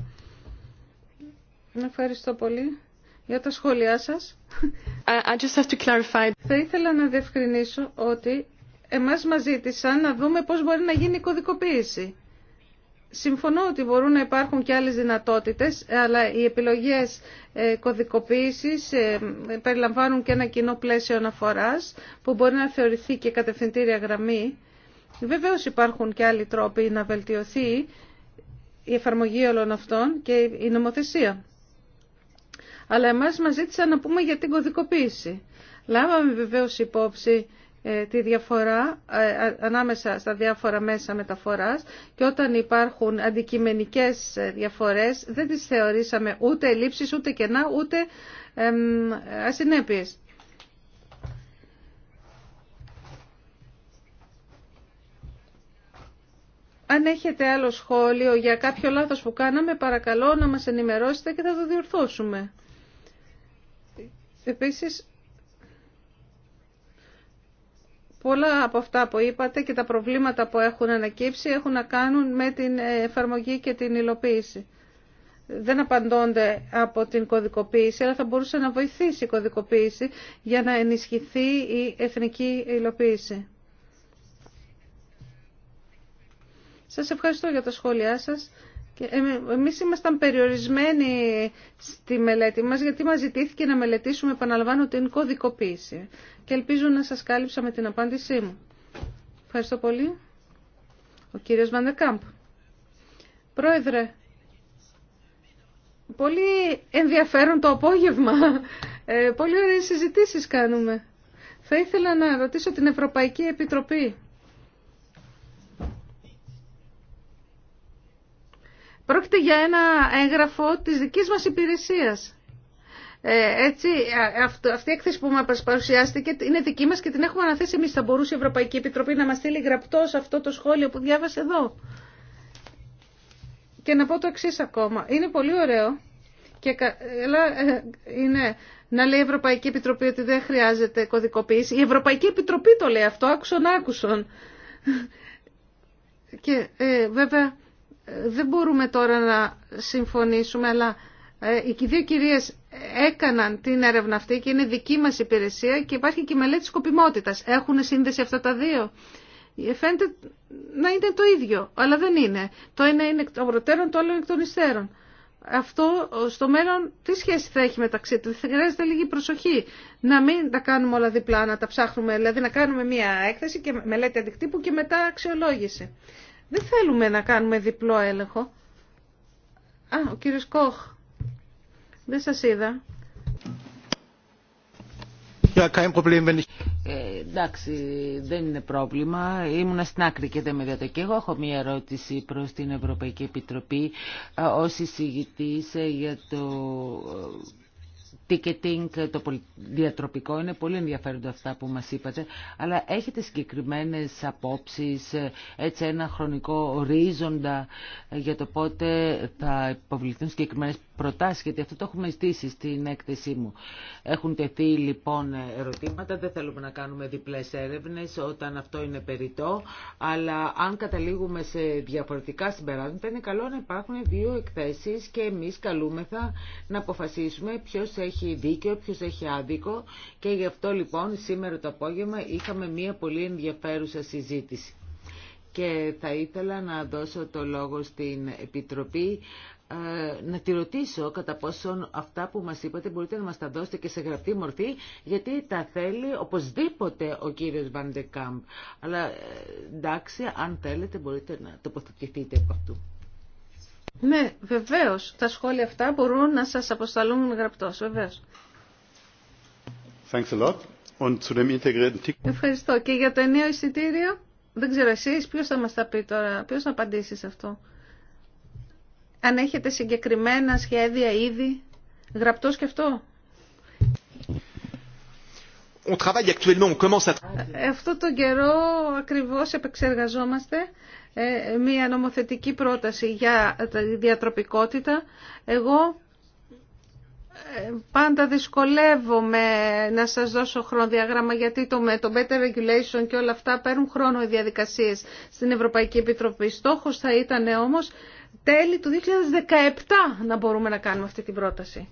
Ευχαριστώ πολύ για τα σχόλιά σας. I just have to clarify. Θα ήθελα να διευκρινίσω ότι εμάς μας ζήτησαν να δούμε πώς μπορεί να γίνει η κωδικοποίηση. Συμφωνώ ότι μπορούν να υπάρχουν και άλλες δυνατότητες, αλλά οι επιλογές ε, κωδικοποίησης ε, περιλαμβάνουν και ένα κοινό πλαίσιο αναφοράς που μπορεί να θεωρηθεί και κατευθυντήρια γραμμή Βεβαίω υπάρχουν και άλλοι τρόποι να βελτιωθεί η εφαρμογή όλων αυτών και η νομοθεσία. Αλλά εμάς μα ζήτησαν να πούμε για την κωδικοποίηση. Λάβαμε βεβαίω υπόψη ε, τη διαφορά ε, ανάμεσα στα διάφορα μέσα μεταφοράς και όταν υπάρχουν αντικειμενικές ε, διαφορές δεν τις θεωρήσαμε ούτε ελλείψεις, ούτε κενά, ούτε ασυνέπειες. Αν έχετε άλλο σχόλιο για κάποιο λάθος που κάναμε, παρακαλώ να μας ενημερώσετε και θα το διορθώσουμε. Επίσης, πολλά από αυτά που είπατε και τα προβλήματα που έχουν ανακύψει έχουν να κάνουν με την εφαρμογή και την υλοποίηση. Δεν απαντώνται από την κωδικοποίηση, αλλά θα μπορούσε να βοηθήσει η κωδικοποίηση για να ενισχυθεί η εθνική υλοποίηση. Σας ευχαριστώ για τα σχόλιά σας. Εμείς ήμασταν περιορισμένοι στη μελέτη μας γιατί μας ζητήθηκε να μελετήσουμε, επαναλαμβάνω, την κωδικοποίηση. Και ελπίζω να σας κάλυψα με την απάντησή μου. Ευχαριστώ πολύ. Ο κύριος Βαντεκάμπ. Πρόεδρε, πολύ ενδιαφέρον το απόγευμα. Ε, πολύ ωραίες συζητήσεις κάνουμε. Θα ήθελα να ρωτήσω την Ευρωπαϊκή Επιτροπή. Πρόκειται για ένα έγγραφο της δικής μας υπηρεσίας. Ε, έτσι, αυτό, αυτή η έκθεση που μας παρουσιάστηκε είναι δική μας και την έχουμε αναθέσει εμείς. Θα μπορούσε η Ευρωπαϊκή Επιτροπή να μας στείλει γραπτό σε αυτό το σχόλιο που διάβασε εδώ. Και να πω το εξή ακόμα. Είναι πολύ ωραίο και ε, είναι να λέει η Ευρωπαϊκή Επιτροπή ότι δεν χρειάζεται κωδικοποίηση. Η Ευρωπαϊκή Επιτροπή το λέει αυτό, άκουσον άκουσον. Και ε, βέβαια δεν μπορούμε τώρα να συμφωνήσουμε, αλλά ε, οι δύο κυρίες έκαναν την έρευνα αυτή και είναι δική μας υπηρεσία και υπάρχει και η μελέτη σκοπιμότητας. Έχουν σύνδεση αυτά τα δύο. Ε, φαίνεται να είναι το ίδιο, αλλά δεν είναι. Το ένα είναι εκ των προτέρων, το άλλο είναι εκ των υστέρων. Αυτό στο μέλλον τι σχέση θα έχει μεταξύ του. Χρειάζεται λίγη προσοχή. Να μην τα κάνουμε όλα διπλά, να τα ψάχνουμε. Δηλαδή να κάνουμε μία έκθεση και μελέτη αντικτύπου και μετά αξιολόγηση. Δεν θέλουμε να κάνουμε διπλό έλεγχο. Α, ο κύριος Κόχ. Δεν σας είδα. kein problem, wenn ich... Ε, εντάξει, δεν είναι πρόβλημα. Ήμουνα στην άκρη και δεν με είδατε. εγώ έχω μία ερώτηση προς την Ευρωπαϊκή Επιτροπή ε, ως εισηγητής ε, για το ticketing, το διατροπικό, είναι πολύ ενδιαφέροντα αυτά που μας είπατε, αλλά έχετε συγκεκριμένες απόψεις, ε, έτσι ένα χρονικό ορίζοντα ε, για το πότε θα υποβληθούν συγκεκριμένες προτάσεις, γιατί αυτό το έχουμε ζητήσει στην έκθεσή μου. Έχουν τεθεί λοιπόν ερωτήματα, δεν θέλουμε να κάνουμε διπλές έρευνες όταν αυτό είναι περιττό, αλλά αν καταλήγουμε σε διαφορετικά συμπεράσματα, είναι καλό να υπάρχουν δύο εκθέσεις και εμείς καλούμεθα να αποφασίσουμε ποιος έχει έχει δίκιο, ποιος έχει άδικο και γι' αυτό λοιπόν σήμερα το απόγευμα είχαμε μία πολύ ενδιαφέρουσα συζήτηση. Και θα ήθελα να δώσω το λόγο στην Επιτροπή ε, να τη ρωτήσω κατά πόσον αυτά που μας είπατε μπορείτε να μας τα δώσετε και σε γραπτή μορφή γιατί τα θέλει οπωσδήποτε ο κύριος Βαντεκάμπ αλλά ε, εντάξει αν θέλετε μπορείτε να τοποθετηθείτε από αυτού. Ναι, βεβαίως. Τα σχόλια αυτά μπορούν να σας αποσταλούν γραπτό, βεβαίω. Ευχαριστώ. Και για το ενίο εισιτήριο, δεν ξέρω εσεί ποιο θα μας τα πει τώρα, ποιος θα απαντήσει σε αυτό. Αν έχετε συγκεκριμένα σχέδια ήδη, γραπτό και αυτό. On travaille actuellement, on commence à... Ε, αυτό τον καιρό ακριβώς επεξεργαζόμαστε ε, μία νομοθετική πρόταση για τη διατροπικότητα. Εγώ ε, πάντα δυσκολεύομαι να σας δώσω χρονοδιάγραμμα γιατί το, με το Better Regulation και όλα αυτά παίρνουν χρόνο οι διαδικασίες στην Ευρωπαϊκή Επιτροπή. Στόχος θα ήταν όμως τέλη του 2017 να μπορούμε να κάνουμε αυτή την πρόταση.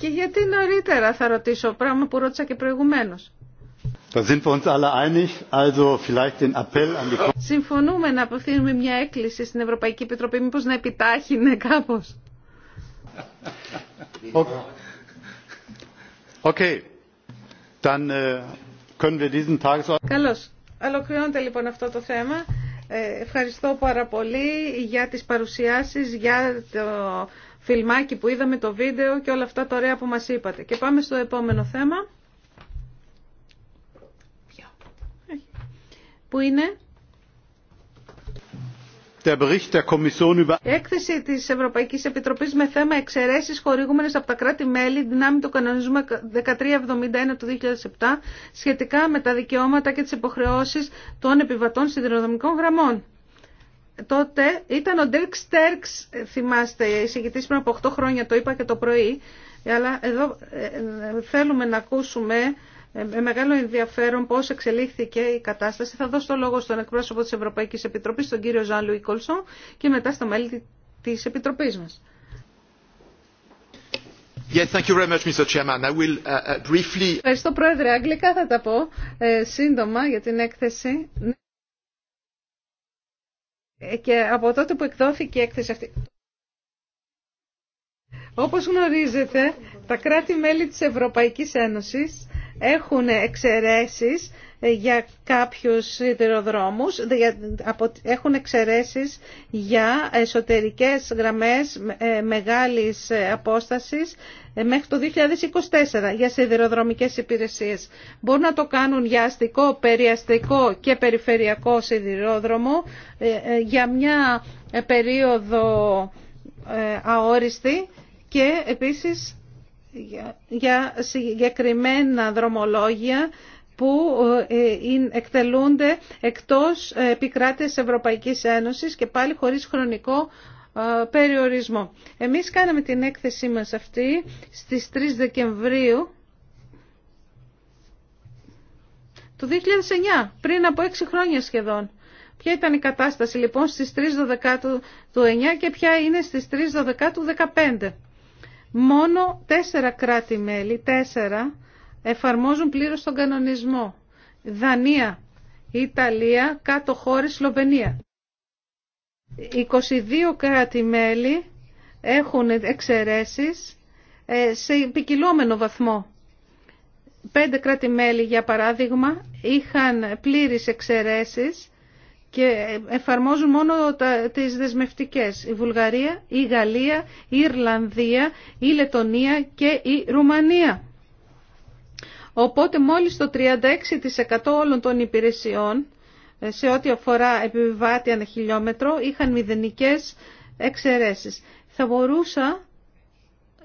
Και γιατί νωρίτερα θα ρωτήσω, πράγμα που ρώτησα και προηγουμένως. Συμφωνούμε να απευθύνουμε μια έκκληση στην Ευρωπαϊκή Επιτροπή, μήπως να επιτάχυνε κάπως. Καλώ. Dann, äh, λοιπόν αυτό το θέμα. Ε, ευχαριστώ πάρα πολύ για τις παρουσιάσεις, για το φιλμάκι που είδαμε, το βίντεο και όλα αυτά τα ωραία που μας είπατε. Και πάμε στο επόμενο θέμα, ε, που είναι η έκθεση τη Ευρωπαϊκή Επιτροπή με θέμα εξαιρέσει χορηγούμενε από τα κράτη-μέλη δυνάμει του κανονισμού 1371 του 2007 σχετικά με τα δικαιώματα και τι υποχρεώσει των επιβατών σιδηροδρομικών γραμμών. Τότε ήταν ο Ντέρκ Στέρξ, θυμάστε, εισηγητή πριν από 8 χρόνια, το είπα και το πρωί, αλλά εδώ ε, ε, θέλουμε να ακούσουμε ε, με μεγάλο ενδιαφέρον πώς εξελίχθηκε η κατάσταση. Θα δώσω το λόγο στον εκπρόσωπο της Ευρωπαϊκής Επιτροπής, τον κύριο Ζαν Κολσόν, και μετά στα μέλη της Επιτροπής μας. Yes, thank you very much, Mr. Chairman. I will, uh, uh, Ευχαριστώ, Πρόεδρε. Αγγλικά θα τα πω ε, σύντομα για την έκθεση. Ε, και από τότε που εκδόθηκε η έκθεση αυτή... Όπως γνωρίζετε, τα κράτη-μέλη της Ευρωπαϊκής Ένωσης έχουν εξαιρέσεις ε, για κάποιους σιδηροδρόμους, έχουν εξαιρέσεις για εσωτερικές γραμμές ε, μεγάλης ε, απόστασης μέχρι το 2024 για σιδηροδρομικές υπηρεσίες. Μπορούν να το κάνουν για αστικό, περιαστικό και περιφερειακό σιδηρόδρομο για μια περίοδο αόριστη και επίσης για συγκεκριμένα δρομολόγια που ε, εκτελούνται εκτός ε, επικράτειας Ευρωπαϊκής Ένωσης και πάλι χωρίς χρονικό ε, περιορισμό. Εμείς κάναμε την έκθεσή μας αυτή στις 3 Δεκεμβρίου του 2009, πριν από 6 χρόνια σχεδόν. Ποια ήταν η κατάσταση λοιπόν στις 3 του 9 και ποια είναι στις 3 του 15 μόνο τέσσερα κράτη-μέλη, τέσσερα, εφαρμόζουν πλήρως τον κανονισμό. Δανία, Ιταλία, κάτω χώρες, Σλοβενία. 22 κράτη-μέλη έχουν εξαιρέσεις ε, σε επικυλωμενο βαθμο βαθμό. Πέντε κράτη-μέλη, για παράδειγμα, είχαν πλήρεις εξαιρέσεις και εφαρμόζουν μόνο τα, τις δεσμευτικές. Η Βουλγαρία, η Γαλλία, η Ιρλανδία, η Λετωνία και η Ρουμανία. Οπότε μόλις το 36% όλων των υπηρεσιών ε, σε ό,τι αφορά επιβάτη ανά χιλιόμετρο είχαν μηδενικές εξαιρέσεις. Θα μπορούσα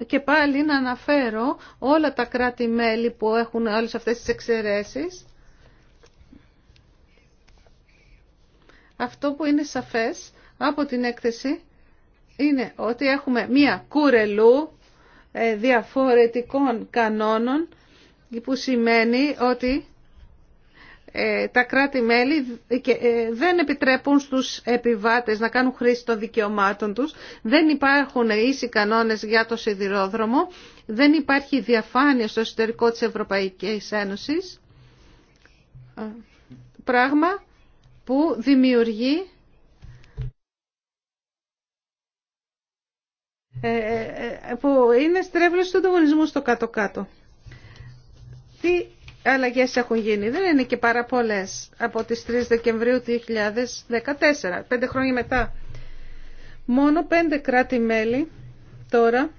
και πάλι να αναφέρω όλα τα κράτη-μέλη που έχουν όλες αυτές τις εξαιρέσεις Αυτό που είναι σαφές από την έκθεση είναι ότι έχουμε μία κουρελού ε, διαφορετικών κανόνων που σημαίνει ότι ε, τα κράτη-μέλη ε, δεν επιτρέπουν στους επιβάτες να κάνουν χρήση των δικαιωμάτων τους, δεν υπάρχουν ίσοι κανόνες για το σιδηρόδρομο, δεν υπάρχει διαφάνεια στο εσωτερικό της Ευρωπαϊκής Ένωσης, πράγμα που δημιουργεί ε, ε, ε, που είναι στρέβλος του ανταγωνισμού στο κάτω-κάτω. Τι αλλαγές έχουν γίνει. Δεν είναι και πάρα πολλέ από τις 3 Δεκεμβρίου 2014, πέντε χρόνια μετά. Μόνο πέντε κράτη-μέλη τώρα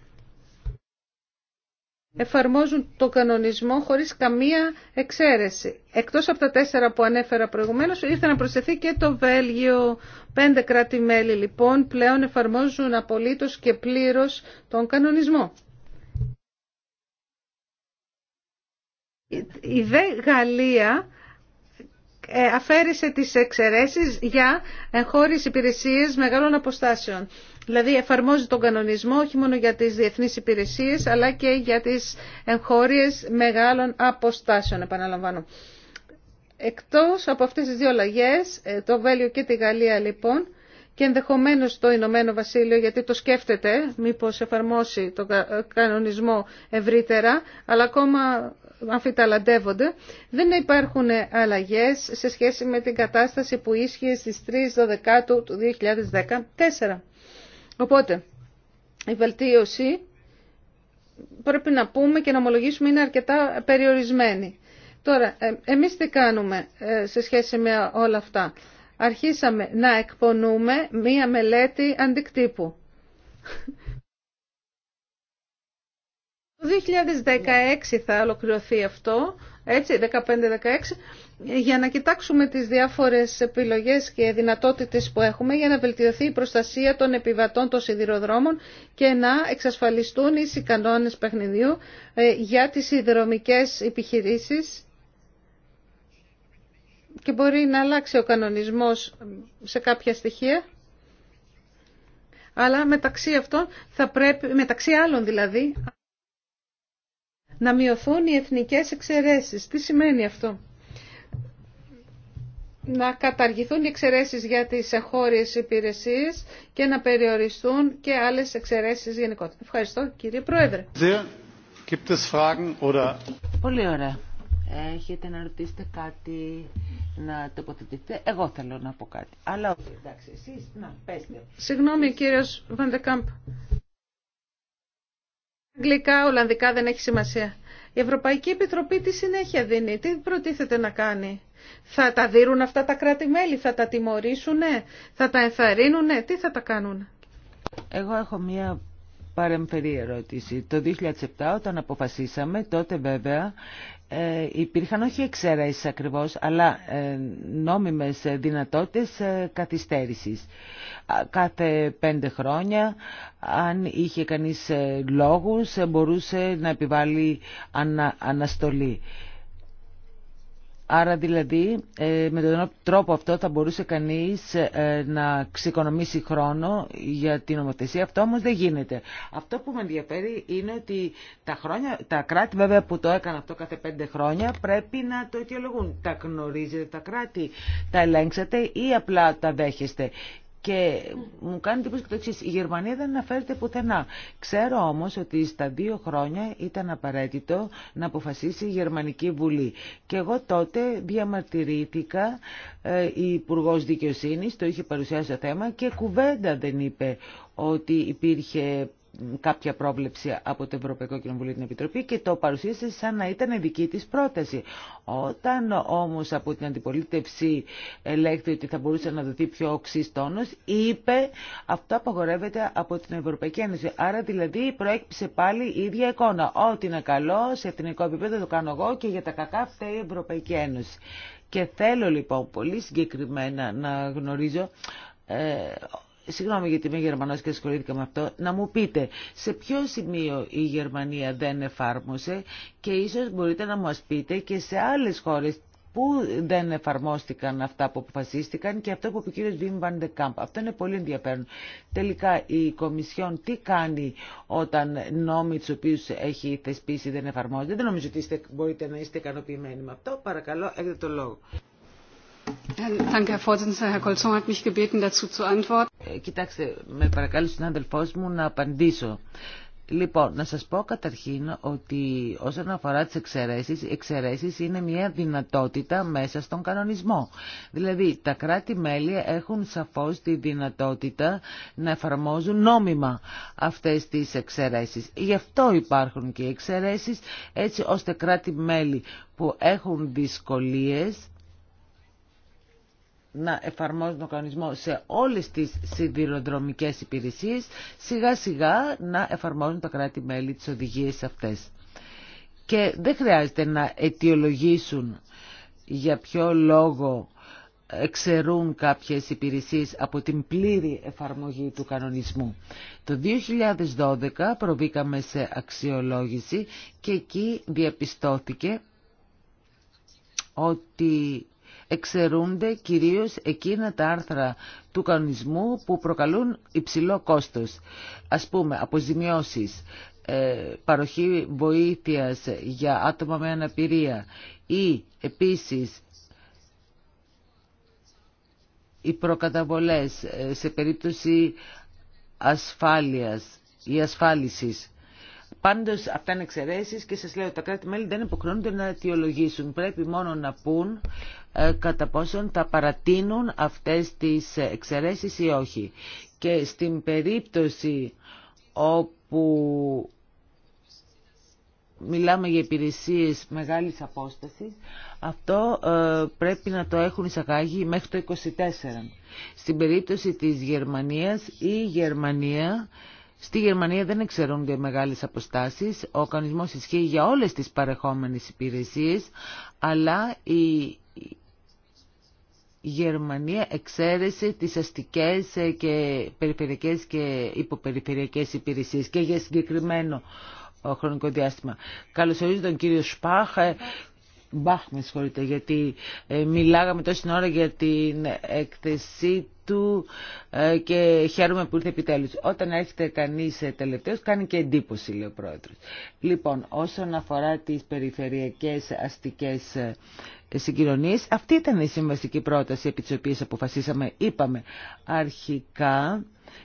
εφαρμόζουν τον κανονισμό χωρίς καμία εξαίρεση. Εκτός από τα τέσσερα που ανέφερα προηγουμένως, ήρθε να προσθεθεί και το Βέλγιο. Πέντε κράτη-μέλη λοιπόν πλέον εφαρμόζουν απολύτως και πλήρως τον κανονισμό. Η δε Γαλλία ε, αφαίρεσε τις εξαιρέσεις για εγχώριες υπηρεσίες μεγάλων αποστάσεων. Δηλαδή εφαρμόζει τον κανονισμό όχι μόνο για τις διεθνείς υπηρεσίες αλλά και για τις εγχώριες μεγάλων αποστάσεων, επαναλαμβάνω. Εκτός από αυτές τις δύο αλλαγέ, ε, το Βέλιο και τη Γαλλία λοιπόν, και ενδεχομένω το Ηνωμένο Βασίλειο, γιατί το σκέφτεται, μήπω εφαρμόσει τον ε, κανονισμό ευρύτερα, αλλά ακόμα αμφιταλαντεύονται, δεν υπάρχουν αλλαγέ σε σχέση με την κατάσταση που ίσχυε στι 3 Δεκάτου του 2014. Οπότε, η βελτίωση πρέπει να πούμε και να ομολογήσουμε είναι αρκετά περιορισμένη. Τώρα, ε, εμείς τι κάνουμε ε, σε σχέση με όλα αυτά. Αρχίσαμε να εκπονούμε μία μελέτη αντικτύπου. Το 2016 θα ολοκληρωθεί αυτό, έτσι, 15-16, για να κοιτάξουμε τις διάφορες επιλογές και δυνατότητες που έχουμε για να βελτιωθεί η προστασία των επιβατών των σιδηροδρόμων και να εξασφαλιστούν οι κανόνες παιχνιδιού ε, για τις σιδηρομικές επιχειρήσεις και μπορεί να αλλάξει ο κανονισμός σε κάποια στοιχεία. Αλλά μεταξύ αυτών θα πρέπει, μεταξύ άλλων δηλαδή, να μειωθούν οι εθνικές εξαιρέσεις. Τι σημαίνει αυτό να καταργηθούν οι εξαιρέσει για τις εχώριες υπηρεσίες και να περιοριστούν και άλλες εξαιρέσει γενικότερα. Ευχαριστώ κύριε Πρόεδρε. Πολύ ωραία. Έχετε να ρωτήσετε κάτι, να τοποθετηθείτε. Εγώ θέλω να πω κάτι. Αλλά εντάξει, εσείς να πέστε. Συγγνώμη κύριος Βαντεκάμπ. Αγγλικά, Ολλανδικά δεν έχει σημασία. Η Ευρωπαϊκή Επιτροπή τι συνέχεια δίνει, τι προτίθεται να κάνει. Θα τα δίνουν αυτά τα κράτη-μέλη, θα τα τιμωρήσουν, θα τα ενθαρρύνουν, τι θα τα κάνουν. Εγώ έχω μία παρεμφερή ερώτηση. Το 2007 όταν αποφασίσαμε, τότε βέβαια ε, υπήρχαν όχι εξαίρεσεις ακριβώς, αλλά ε, νόμιμες δυνατότητες ε, καθυστέρησης. Κάθε πέντε χρόνια, αν είχε κανείς ε, λόγους, μπορούσε να επιβάλει αναστολή. Άρα δηλαδή ε, με τον τρόπο αυτό θα μπορούσε κανείς ε, να ξεκονομήσει χρόνο για την νομοθεσία. Αυτό όμως δεν γίνεται. Αυτό που με ενδιαφέρει είναι ότι τα, χρόνια, τα κράτη βέβαια που το έκανα αυτό κάθε πέντε χρόνια πρέπει να το αιτιολογούν. Τα γνωρίζετε τα κράτη, τα ελέγξατε ή απλά τα δέχεστε. Και μου κάνει εντύπωση και το εξή. Η Γερμανία δεν αναφέρεται πουθενά. Ξέρω όμω ότι στα δύο χρόνια ήταν απαραίτητο να αποφασίσει η Γερμανική Βουλή. Και εγώ τότε διαμαρτυρήθηκα. Ε, η Υπουργό Δικαιοσύνη το είχε παρουσιάσει το θέμα και κουβέντα δεν είπε ότι υπήρχε κάποια πρόβλεψη από το Ευρωπαϊκό Κοινοβουλίο την Επιτροπή και το παρουσίασε σαν να ήταν δική της πρόταση. Όταν όμως από την αντιπολίτευση ελέγχθη ότι θα μπορούσε να δοθεί πιο οξύς τόνος, είπε αυτό απαγορεύεται από την Ευρωπαϊκή Ένωση. Άρα δηλαδή προέκυψε πάλι η ίδια εικόνα. Ό,τι είναι καλό σε εθνικό επίπεδο το κάνω εγώ και για τα κακά φταίει η Ευρωπαϊκή Ένωση. Και θέλω λοιπόν πολύ συγκεκριμένα να γνωρίζω ε, συγγνώμη γιατί είμαι Γερμανός και ασχολήθηκα με αυτό, να μου πείτε σε ποιο σημείο η Γερμανία δεν εφάρμοσε και ίσως μπορείτε να μας πείτε και σε άλλες χώρες που δεν εφαρμόστηκαν αυτά που αποφασίστηκαν και αυτό που είπε ο κύριος Βίμ Βαντεκάμπ. Αυτό είναι πολύ ενδιαφέρον. Τελικά η Κομισιόν τι κάνει όταν νόμοι του οποίου έχει θεσπίσει δεν εφαρμόζονται. Δεν νομίζω ότι είστε, μπορείτε να είστε ικανοποιημένοι με αυτό. Παρακαλώ, έχετε το λόγο. Κοιτάξτε, με παρακάλεσε ο συνάδελφό μου να απαντήσω. Λοιπόν, να σας πω καταρχήν ότι όσον αφορά τις εξαιρέσεις, οι εξαιρέσεις είναι μια δυνατότητα μέσα στον κανονισμό. Δηλαδή, τα κράτη-μέλη έχουν σαφώς τη δυνατότητα να εφαρμόζουν νόμιμα αυτές τις εξαιρέσεις. Γι' αυτό υπάρχουν και οι εξαιρέσεις, έτσι ώστε κράτη-μέλη που έχουν δυσκολίες να εφαρμόζουν τον κανονισμό σε όλες τις σιδηροδρομικές υπηρεσίες, σιγά σιγά να εφαρμόζουν τα κράτη-μέλη τις οδηγίες αυτές. Και δεν χρειάζεται να αιτιολογήσουν για ποιο λόγο εξαιρούν κάποιες υπηρεσίες από την πλήρη εφαρμογή του κανονισμού. Το 2012 προβήκαμε σε αξιολόγηση και εκεί διαπιστώθηκε ότι εξαιρούνται κυρίως εκείνα τα άρθρα του κανονισμού που προκαλούν υψηλό κόστος. Ας πούμε, αποζημιώσεις, ε, παροχή βοήθειας για άτομα με αναπηρία ή επίσης οι προκαταβολές ε, σε περίπτωση ασφάλειας ή ασφάλισης. Πάντω αυτά είναι εξαιρέσει και σα λέω ότι τα κράτη-μέλη δεν υποχρεώνονται να αιτιολογήσουν. Πρέπει μόνο να πούν ε, κατά πόσον θα παρατείνουν αυτέ τις ε, εξαιρέσει ή όχι. Και στην περίπτωση όπου μιλάμε για υπηρεσίε μεγάλη απόσταση, αυτό ε, πρέπει να το έχουν εισαγάγει μέχρι το 24. Στην περίπτωση της Γερμανίας, η Γερμανία Στη Γερμανία δεν εξαιρούνται μεγάλες αποστάσεις. Ο κανονισμός ισχύει για όλες τις παρεχόμενες υπηρεσίες, αλλά η Γερμανία εξαίρεσε τις αστικές ε, και περιφερειακές και υποπεριφερειακές υπηρεσίες και για συγκεκριμένο ε, χρονικό διάστημα. Καλωσορίζω τον κύριο Σπάχ ε, Μπαχ, με συγχωρείτε, γιατί ε, μιλάγαμε τόση ώρα για την έκθεσή του ε, και χαίρομαι που ήρθε επιτέλους. Όταν έρχεται κανείς ε, τελευταίος κάνει και εντύπωση, λέει ο πρόεδρος. Λοιπόν, όσον αφορά τις περιφερειακές αστικές συγκοινωνίες, αυτή ήταν η συμβαστική πρόταση επί της οποίας αποφασίσαμε, είπαμε αρχικά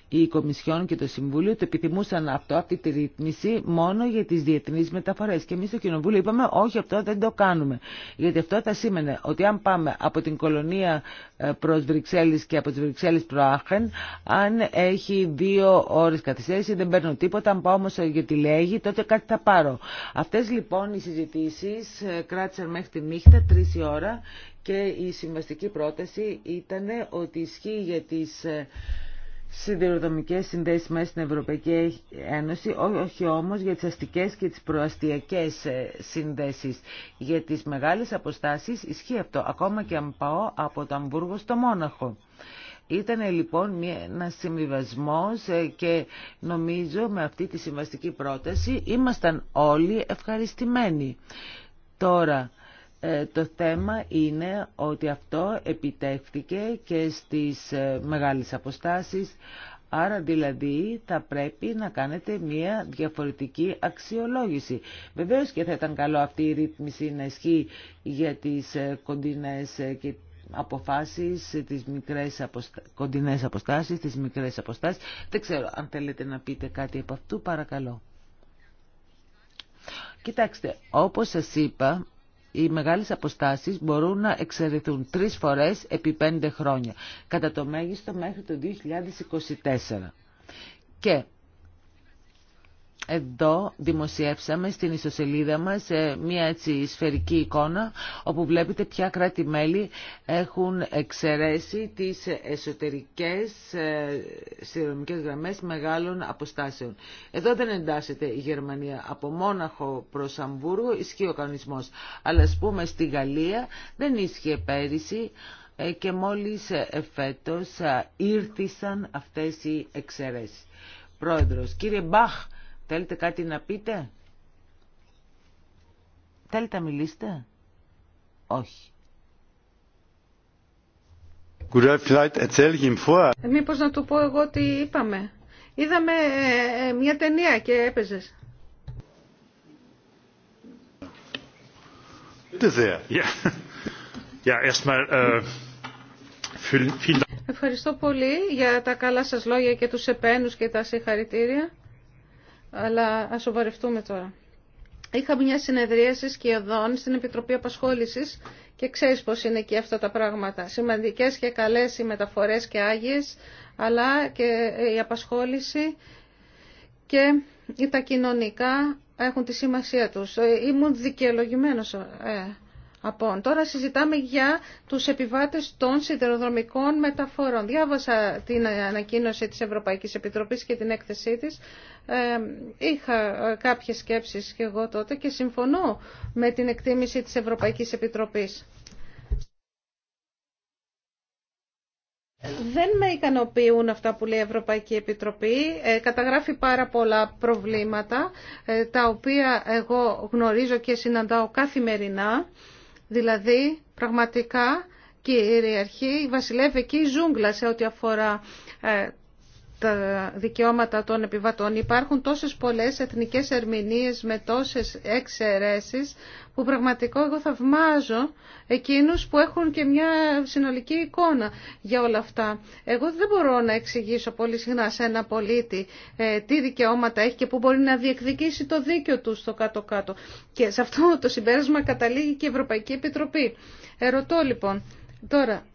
η Κομισιόν και το Συμβούλιο το επιθυμούσαν αυτό, αυτή τη ρύθμιση, μόνο για τι διεθνεί μεταφορέ. Και εμεί στο Κοινοβούλιο είπαμε, όχι αυτό δεν το κάνουμε. Γιατί αυτό θα σήμαινε ότι αν πάμε από την κολονία ε, προ Βρυξέλλε και από τι Βρυξέλλε προ Άχεν, αν έχει δύο ώρε καθυστέρηση δεν παίρνω τίποτα, αν πάω όμω για τη Λέγη, τότε κάτι θα πάρω. Αυτέ λοιπόν οι συζητήσει ε, κράτησαν μέχρι τη νύχτα, τρει η ώρα, και η συμβαστική πρόταση ήταν ότι ισχύει για τις ε, σιδηροδρομικές συνδέσεις μέσα στην Ευρωπαϊκή Ένωση, όχι όμως για τις αστικές και τις προαστιακές ε, συνδέσεις. Για τις μεγάλες αποστάσεις ισχύει αυτό, ακόμα και αν πάω από το Αμβούργο στο Μόναχο. Ήταν λοιπόν ένα συμβιβασμό ε, και νομίζω με αυτή τη συμβαστική πρόταση ήμασταν όλοι ευχαριστημένοι. Τώρα, ε, το θέμα είναι ότι αυτό επιτεύχθηκε και στις ε, μεγάλες αποστάσεις, Άρα δηλαδή θα πρέπει να κάνετε μια διαφορετική αξιολόγηση. Βεβαίως και θα ήταν καλό αυτή η ρύθμιση να ισχύει για τις ε, κοντινές και αποφάσεις, τις μικρές αποστα... κοντινές αποστάσεις, τις μικρές αποστάσεις. Δεν ξέρω αν θέλετε να πείτε κάτι από αυτού, παρακαλώ. Κοιτάξτε, όπως σας είπα, οι μεγάλες αποστάσεις μπορούν να εξαιρεθούν τρεις φορές επί πέντε χρόνια, κατά το μέγιστο μέχρι το 2024. Και εδώ δημοσιεύσαμε στην ιστοσελίδα μας ε, μια έτσι σφαιρική εικόνα όπου βλέπετε ποια κράτη-μέλη έχουν εξαιρέσει τις εσωτερικές ε, σειρονομικές γραμμές μεγάλων αποστάσεων. Εδώ δεν εντάσσεται η Γερμανία. Από Μόναχο προς Αμβούργο ισχύει ο κανονισμός. Αλλά ας πούμε στη Γαλλία δεν ίσχυε πέρυσι ε, και μόλις φέτος ήρθησαν αυτές οι εξαιρέσεις. Πρόεδρος, κύριε Μπαχ, Θέλετε κάτι να πείτε? Θέλετε να μιλήσετε? Όχι. Ε, μήπως να του πω εγώ τι είπαμε. Είδαμε ε, ε, μια ταινία και έπαιζες. Äh, Ευχαριστώ πολύ για τα καλά σας λόγια και τους επένους και τα συγχαρητήρια. Αλλά ας σοβαρευτούμε τώρα. Είχα μια συνεδρία και στην Επιτροπή Απασχόλησης και ξέρεις πώς είναι και αυτά τα πράγματα. Σημαντικές και καλές οι μεταφορές και άγιες, αλλά και η απασχόληση και τα κοινωνικά έχουν τη σημασία τους. Ε, ήμουν δικαιολογημένος. Ε, Λοιπόν, τώρα συζητάμε για τους επιβάτες των σιδηροδρομικών μεταφορών. Διάβασα την ανακοίνωση της Ευρωπαϊκής Επιτροπής και την έκθεσή της. είχα ε, κάποιες σκέψεις και εγώ τότε και συμφωνώ με την εκτίμηση της Ευρωπαϊκής Επιτροπής. Δεν με ικανοποιούν αυτά που λέει η Ευρωπαϊκή Επιτροπή. Ε, καταγράφει πάρα πολλά προβλήματα, ε, τα οποία εγώ γνωρίζω και συναντάω καθημερινά. Δηλαδή, πραγματικά κυριαρχεί, βασιλεύει εκεί η ζούγκλα σε ό,τι αφορά ε, τα δικαιώματα των επιβατών. Υπάρχουν τόσες πολλές εθνικές ερμηνείες με τόσες εξαιρέσεις που πραγματικό εγώ θαυμάζω εκείνους που έχουν και μια συνολική εικόνα για όλα αυτά. Εγώ δεν μπορώ να εξηγήσω πολύ συχνά σε ένα πολίτη ε, τι δικαιώματα έχει και που μπορεί να διεκδικήσει το δίκιο του στο κάτω-κάτω. Και σε αυτό το συμπέρασμα καταλήγει και η Ευρωπαϊκή Επιτροπή. Ερωτώ λοιπόν τώρα...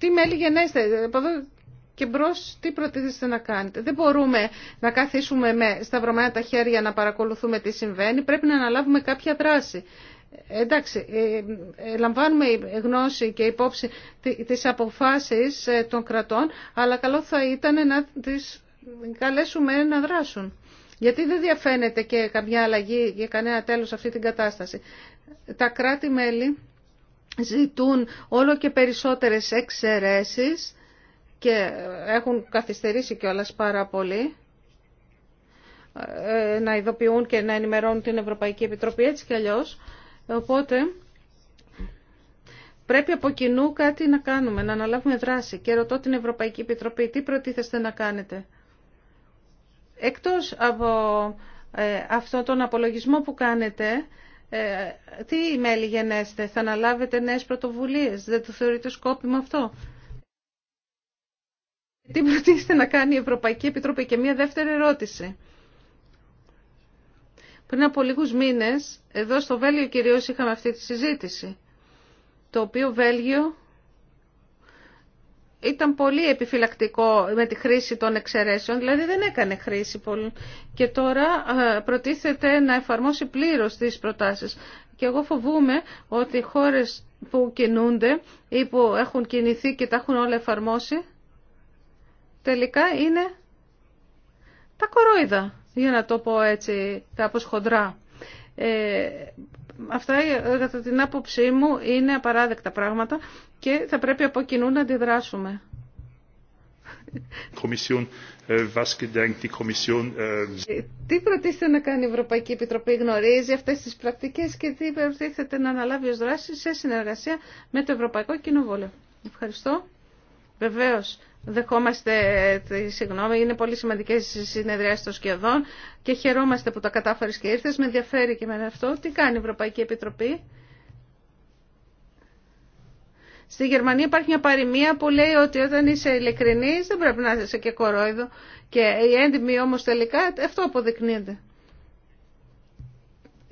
Τι μέλη γενέστε, ναι, από εδώ και μπρο τι προτίθεστε να κάνετε. Δεν μπορούμε να καθίσουμε με σταυρωμένα τα χέρια να παρακολουθούμε τι συμβαίνει. Πρέπει να αναλάβουμε κάποια δράση. Εντάξει, ε, ε, λαμβάνουμε γνώση και υπόψη της αποφάσεις ε, των κρατών, αλλά καλό θα ήταν να τι καλέσουμε να δράσουν. Γιατί δεν διαφαίνεται και καμιά αλλαγή για κανένα τέλος αυτή την κατάσταση. Τα κράτη-μέλη ζητούν όλο και περισσότερες εξαιρέσεις και έχουν καθυστερήσει κιόλα πάρα πολύ ε, να ειδοποιούν και να ενημερώνουν την Ευρωπαϊκή Επιτροπή έτσι κι αλλιώς. Οπότε πρέπει από κοινού κάτι να κάνουμε, να αναλάβουμε δράση. Και ρωτώ την Ευρωπαϊκή Επιτροπή τι προτίθεστε να κάνετε. Εκτός από ε, αυτό τον απολογισμό που κάνετε, ε, τι μέλη γενέστε, θα αναλάβετε νέες πρωτοβουλίες, δεν το θεωρείτε σκόπιμο αυτό. Τι προτίθεται να κάνει η Ευρωπαϊκή Επιτροπή και μία δεύτερη ερώτηση. Πριν από λίγους μήνες, εδώ στο Βέλγιο κυρίως είχαμε αυτή τη συζήτηση, το οποίο Βέλγιο ήταν πολύ επιφυλακτικό με τη χρήση των εξαιρέσεων, δηλαδή δεν έκανε χρήση πολύ. Και τώρα προτίθεται να εφαρμόσει πλήρως τις προτάσεις. Και εγώ φοβούμαι ότι οι χώρες που κινούνται ή που έχουν κινηθεί και τα έχουν όλα εφαρμόσει, τελικά είναι τα κορόιδα, για να το πω έτσι κάπως χοντρά. Ε, αυτά κατά την άποψή μου είναι απαράδεκτα πράγματα και θα πρέπει από κοινού να αντιδράσουμε. Ε, ε, τι προτίθεται να κάνει η Ευρωπαϊκή Επιτροπή, γνωρίζει αυτές τις πρακτικές και τι προτίθεται να αναλάβει ως δράση σε συνεργασία με το Ευρωπαϊκό Κοινοβούλιο. Ευχαριστώ. Βεβαίω, δεχόμαστε τη συγγνώμη, είναι πολύ σημαντικέ οι συνεδριάσει των σκιωδών και χαιρόμαστε που τα κατάφερε και ήρθε Με ενδιαφέρει και με αυτό. Τι κάνει η Ευρωπαϊκή Επιτροπή. Στη Γερμανία υπάρχει μια παροιμία που λέει ότι όταν είσαι ειλικρινή δεν πρέπει να είσαι και κορόιδο και η έντιμη όμω τελικά αυτό αποδεικνύεται.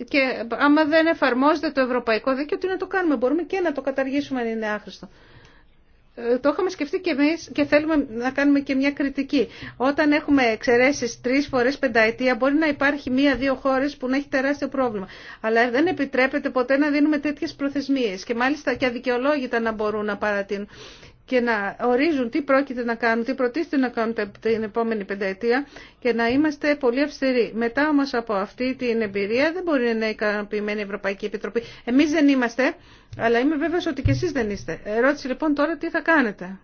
Και άμα δεν εφαρμόζεται το ευρωπαϊκό δίκαιο, τι να το κάνουμε. Μπορούμε και να το καταργήσουμε αν είναι άχρηστο το είχαμε σκεφτεί και εμείς και θέλουμε να κάνουμε και μια κριτική. Όταν έχουμε εξαιρέσει τρει φορές πενταετία μπορεί να υπάρχει μία-δύο χώρε που να έχει τεράστιο πρόβλημα. Αλλά δεν επιτρέπεται ποτέ να δίνουμε τέτοιες προθεσμίες και μάλιστα και αδικαιολόγητα να μπορούν να παρατείνουν και να ορίζουν τι πρόκειται να κάνουν, τι προτίθεται να κάνουν την επόμενη πενταετία και να είμαστε πολύ αυστηροί. Μετά όμως από αυτή την εμπειρία δεν μπορεί να είναι ικανοποιημένη η Ευρωπαϊκή Επιτροπή. Εμείς δεν είμαστε, αλλά είμαι βέβαιος ότι και εσείς δεν είστε. Ερώτηση λοιπόν τώρα τι θα κάνετε.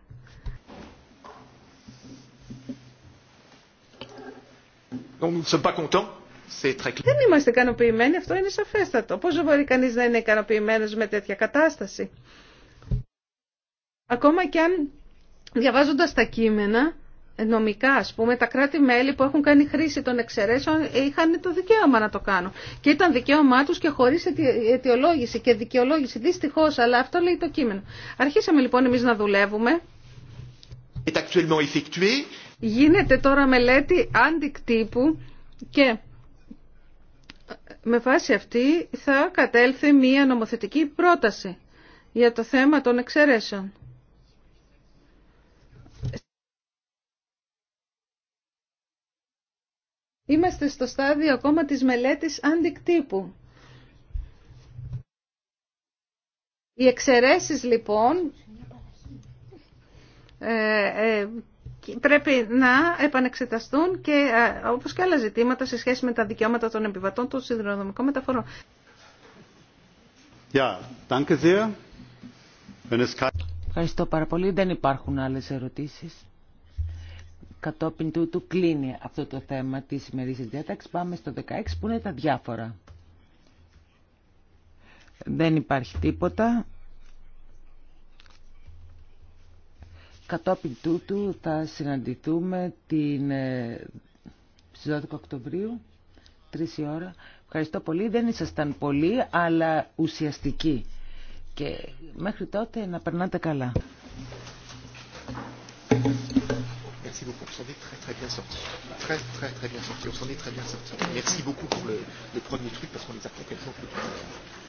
Δεν είμαστε ικανοποιημένοι, αυτό είναι σαφέστατο. Πώς μπορεί κανείς να είναι ικανοποιημένος με τέτοια κατάσταση. Ακόμα και αν διαβάζοντας τα κείμενα, νομικά ας πούμε, τα κράτη-μέλη που έχουν κάνει χρήση των εξαιρέσεων είχαν το δικαίωμα να το κάνουν. Και ήταν δικαίωμά τους και χωρίς αιτιολόγηση και δικαιολόγηση. Δυστυχώς, αλλά αυτό λέει το κείμενο. Αρχίσαμε λοιπόν εμείς να δουλεύουμε. Γίνεται τώρα μελέτη αντικτύπου και ε, με βάση αυτή θα κατέλθει μία νομοθετική πρόταση για το θέμα των εξαιρέσεων. Είμαστε στο στάδιο ακόμα της μελέτης αντικτύπου. Οι εξαιρέσει λοιπόν ε, ε, πρέπει να επανεξεταστούν και ε, όπως και άλλα ζητήματα σε σχέση με τα δικαιώματα των επιβατών των συνδρομικών μεταφορών. Ευχαριστώ πάρα πολύ. Δεν υπάρχουν άλλες ερωτήσεις. Κατόπιν τούτου κλείνει αυτό το θέμα της ημερήσιας διάταξης. Πάμε στο 16 που είναι τα διάφορα. Δεν υπάρχει τίποτα. Κατόπιν τούτου θα συναντηθούμε την, 12 ε, Οκτωβρίου, 3 η ώρα. Ευχαριστώ πολύ. Δεν ήσασταν πολύ αλλά ουσιαστικοί. Και μέχρι τότε να περνάτε καλά. Merci beaucoup. Vous s'en est très très bien sorti. Très très très bien sorti. On s'en est très bien sorti. Merci beaucoup pour le, le premier truc parce qu'on les a complètement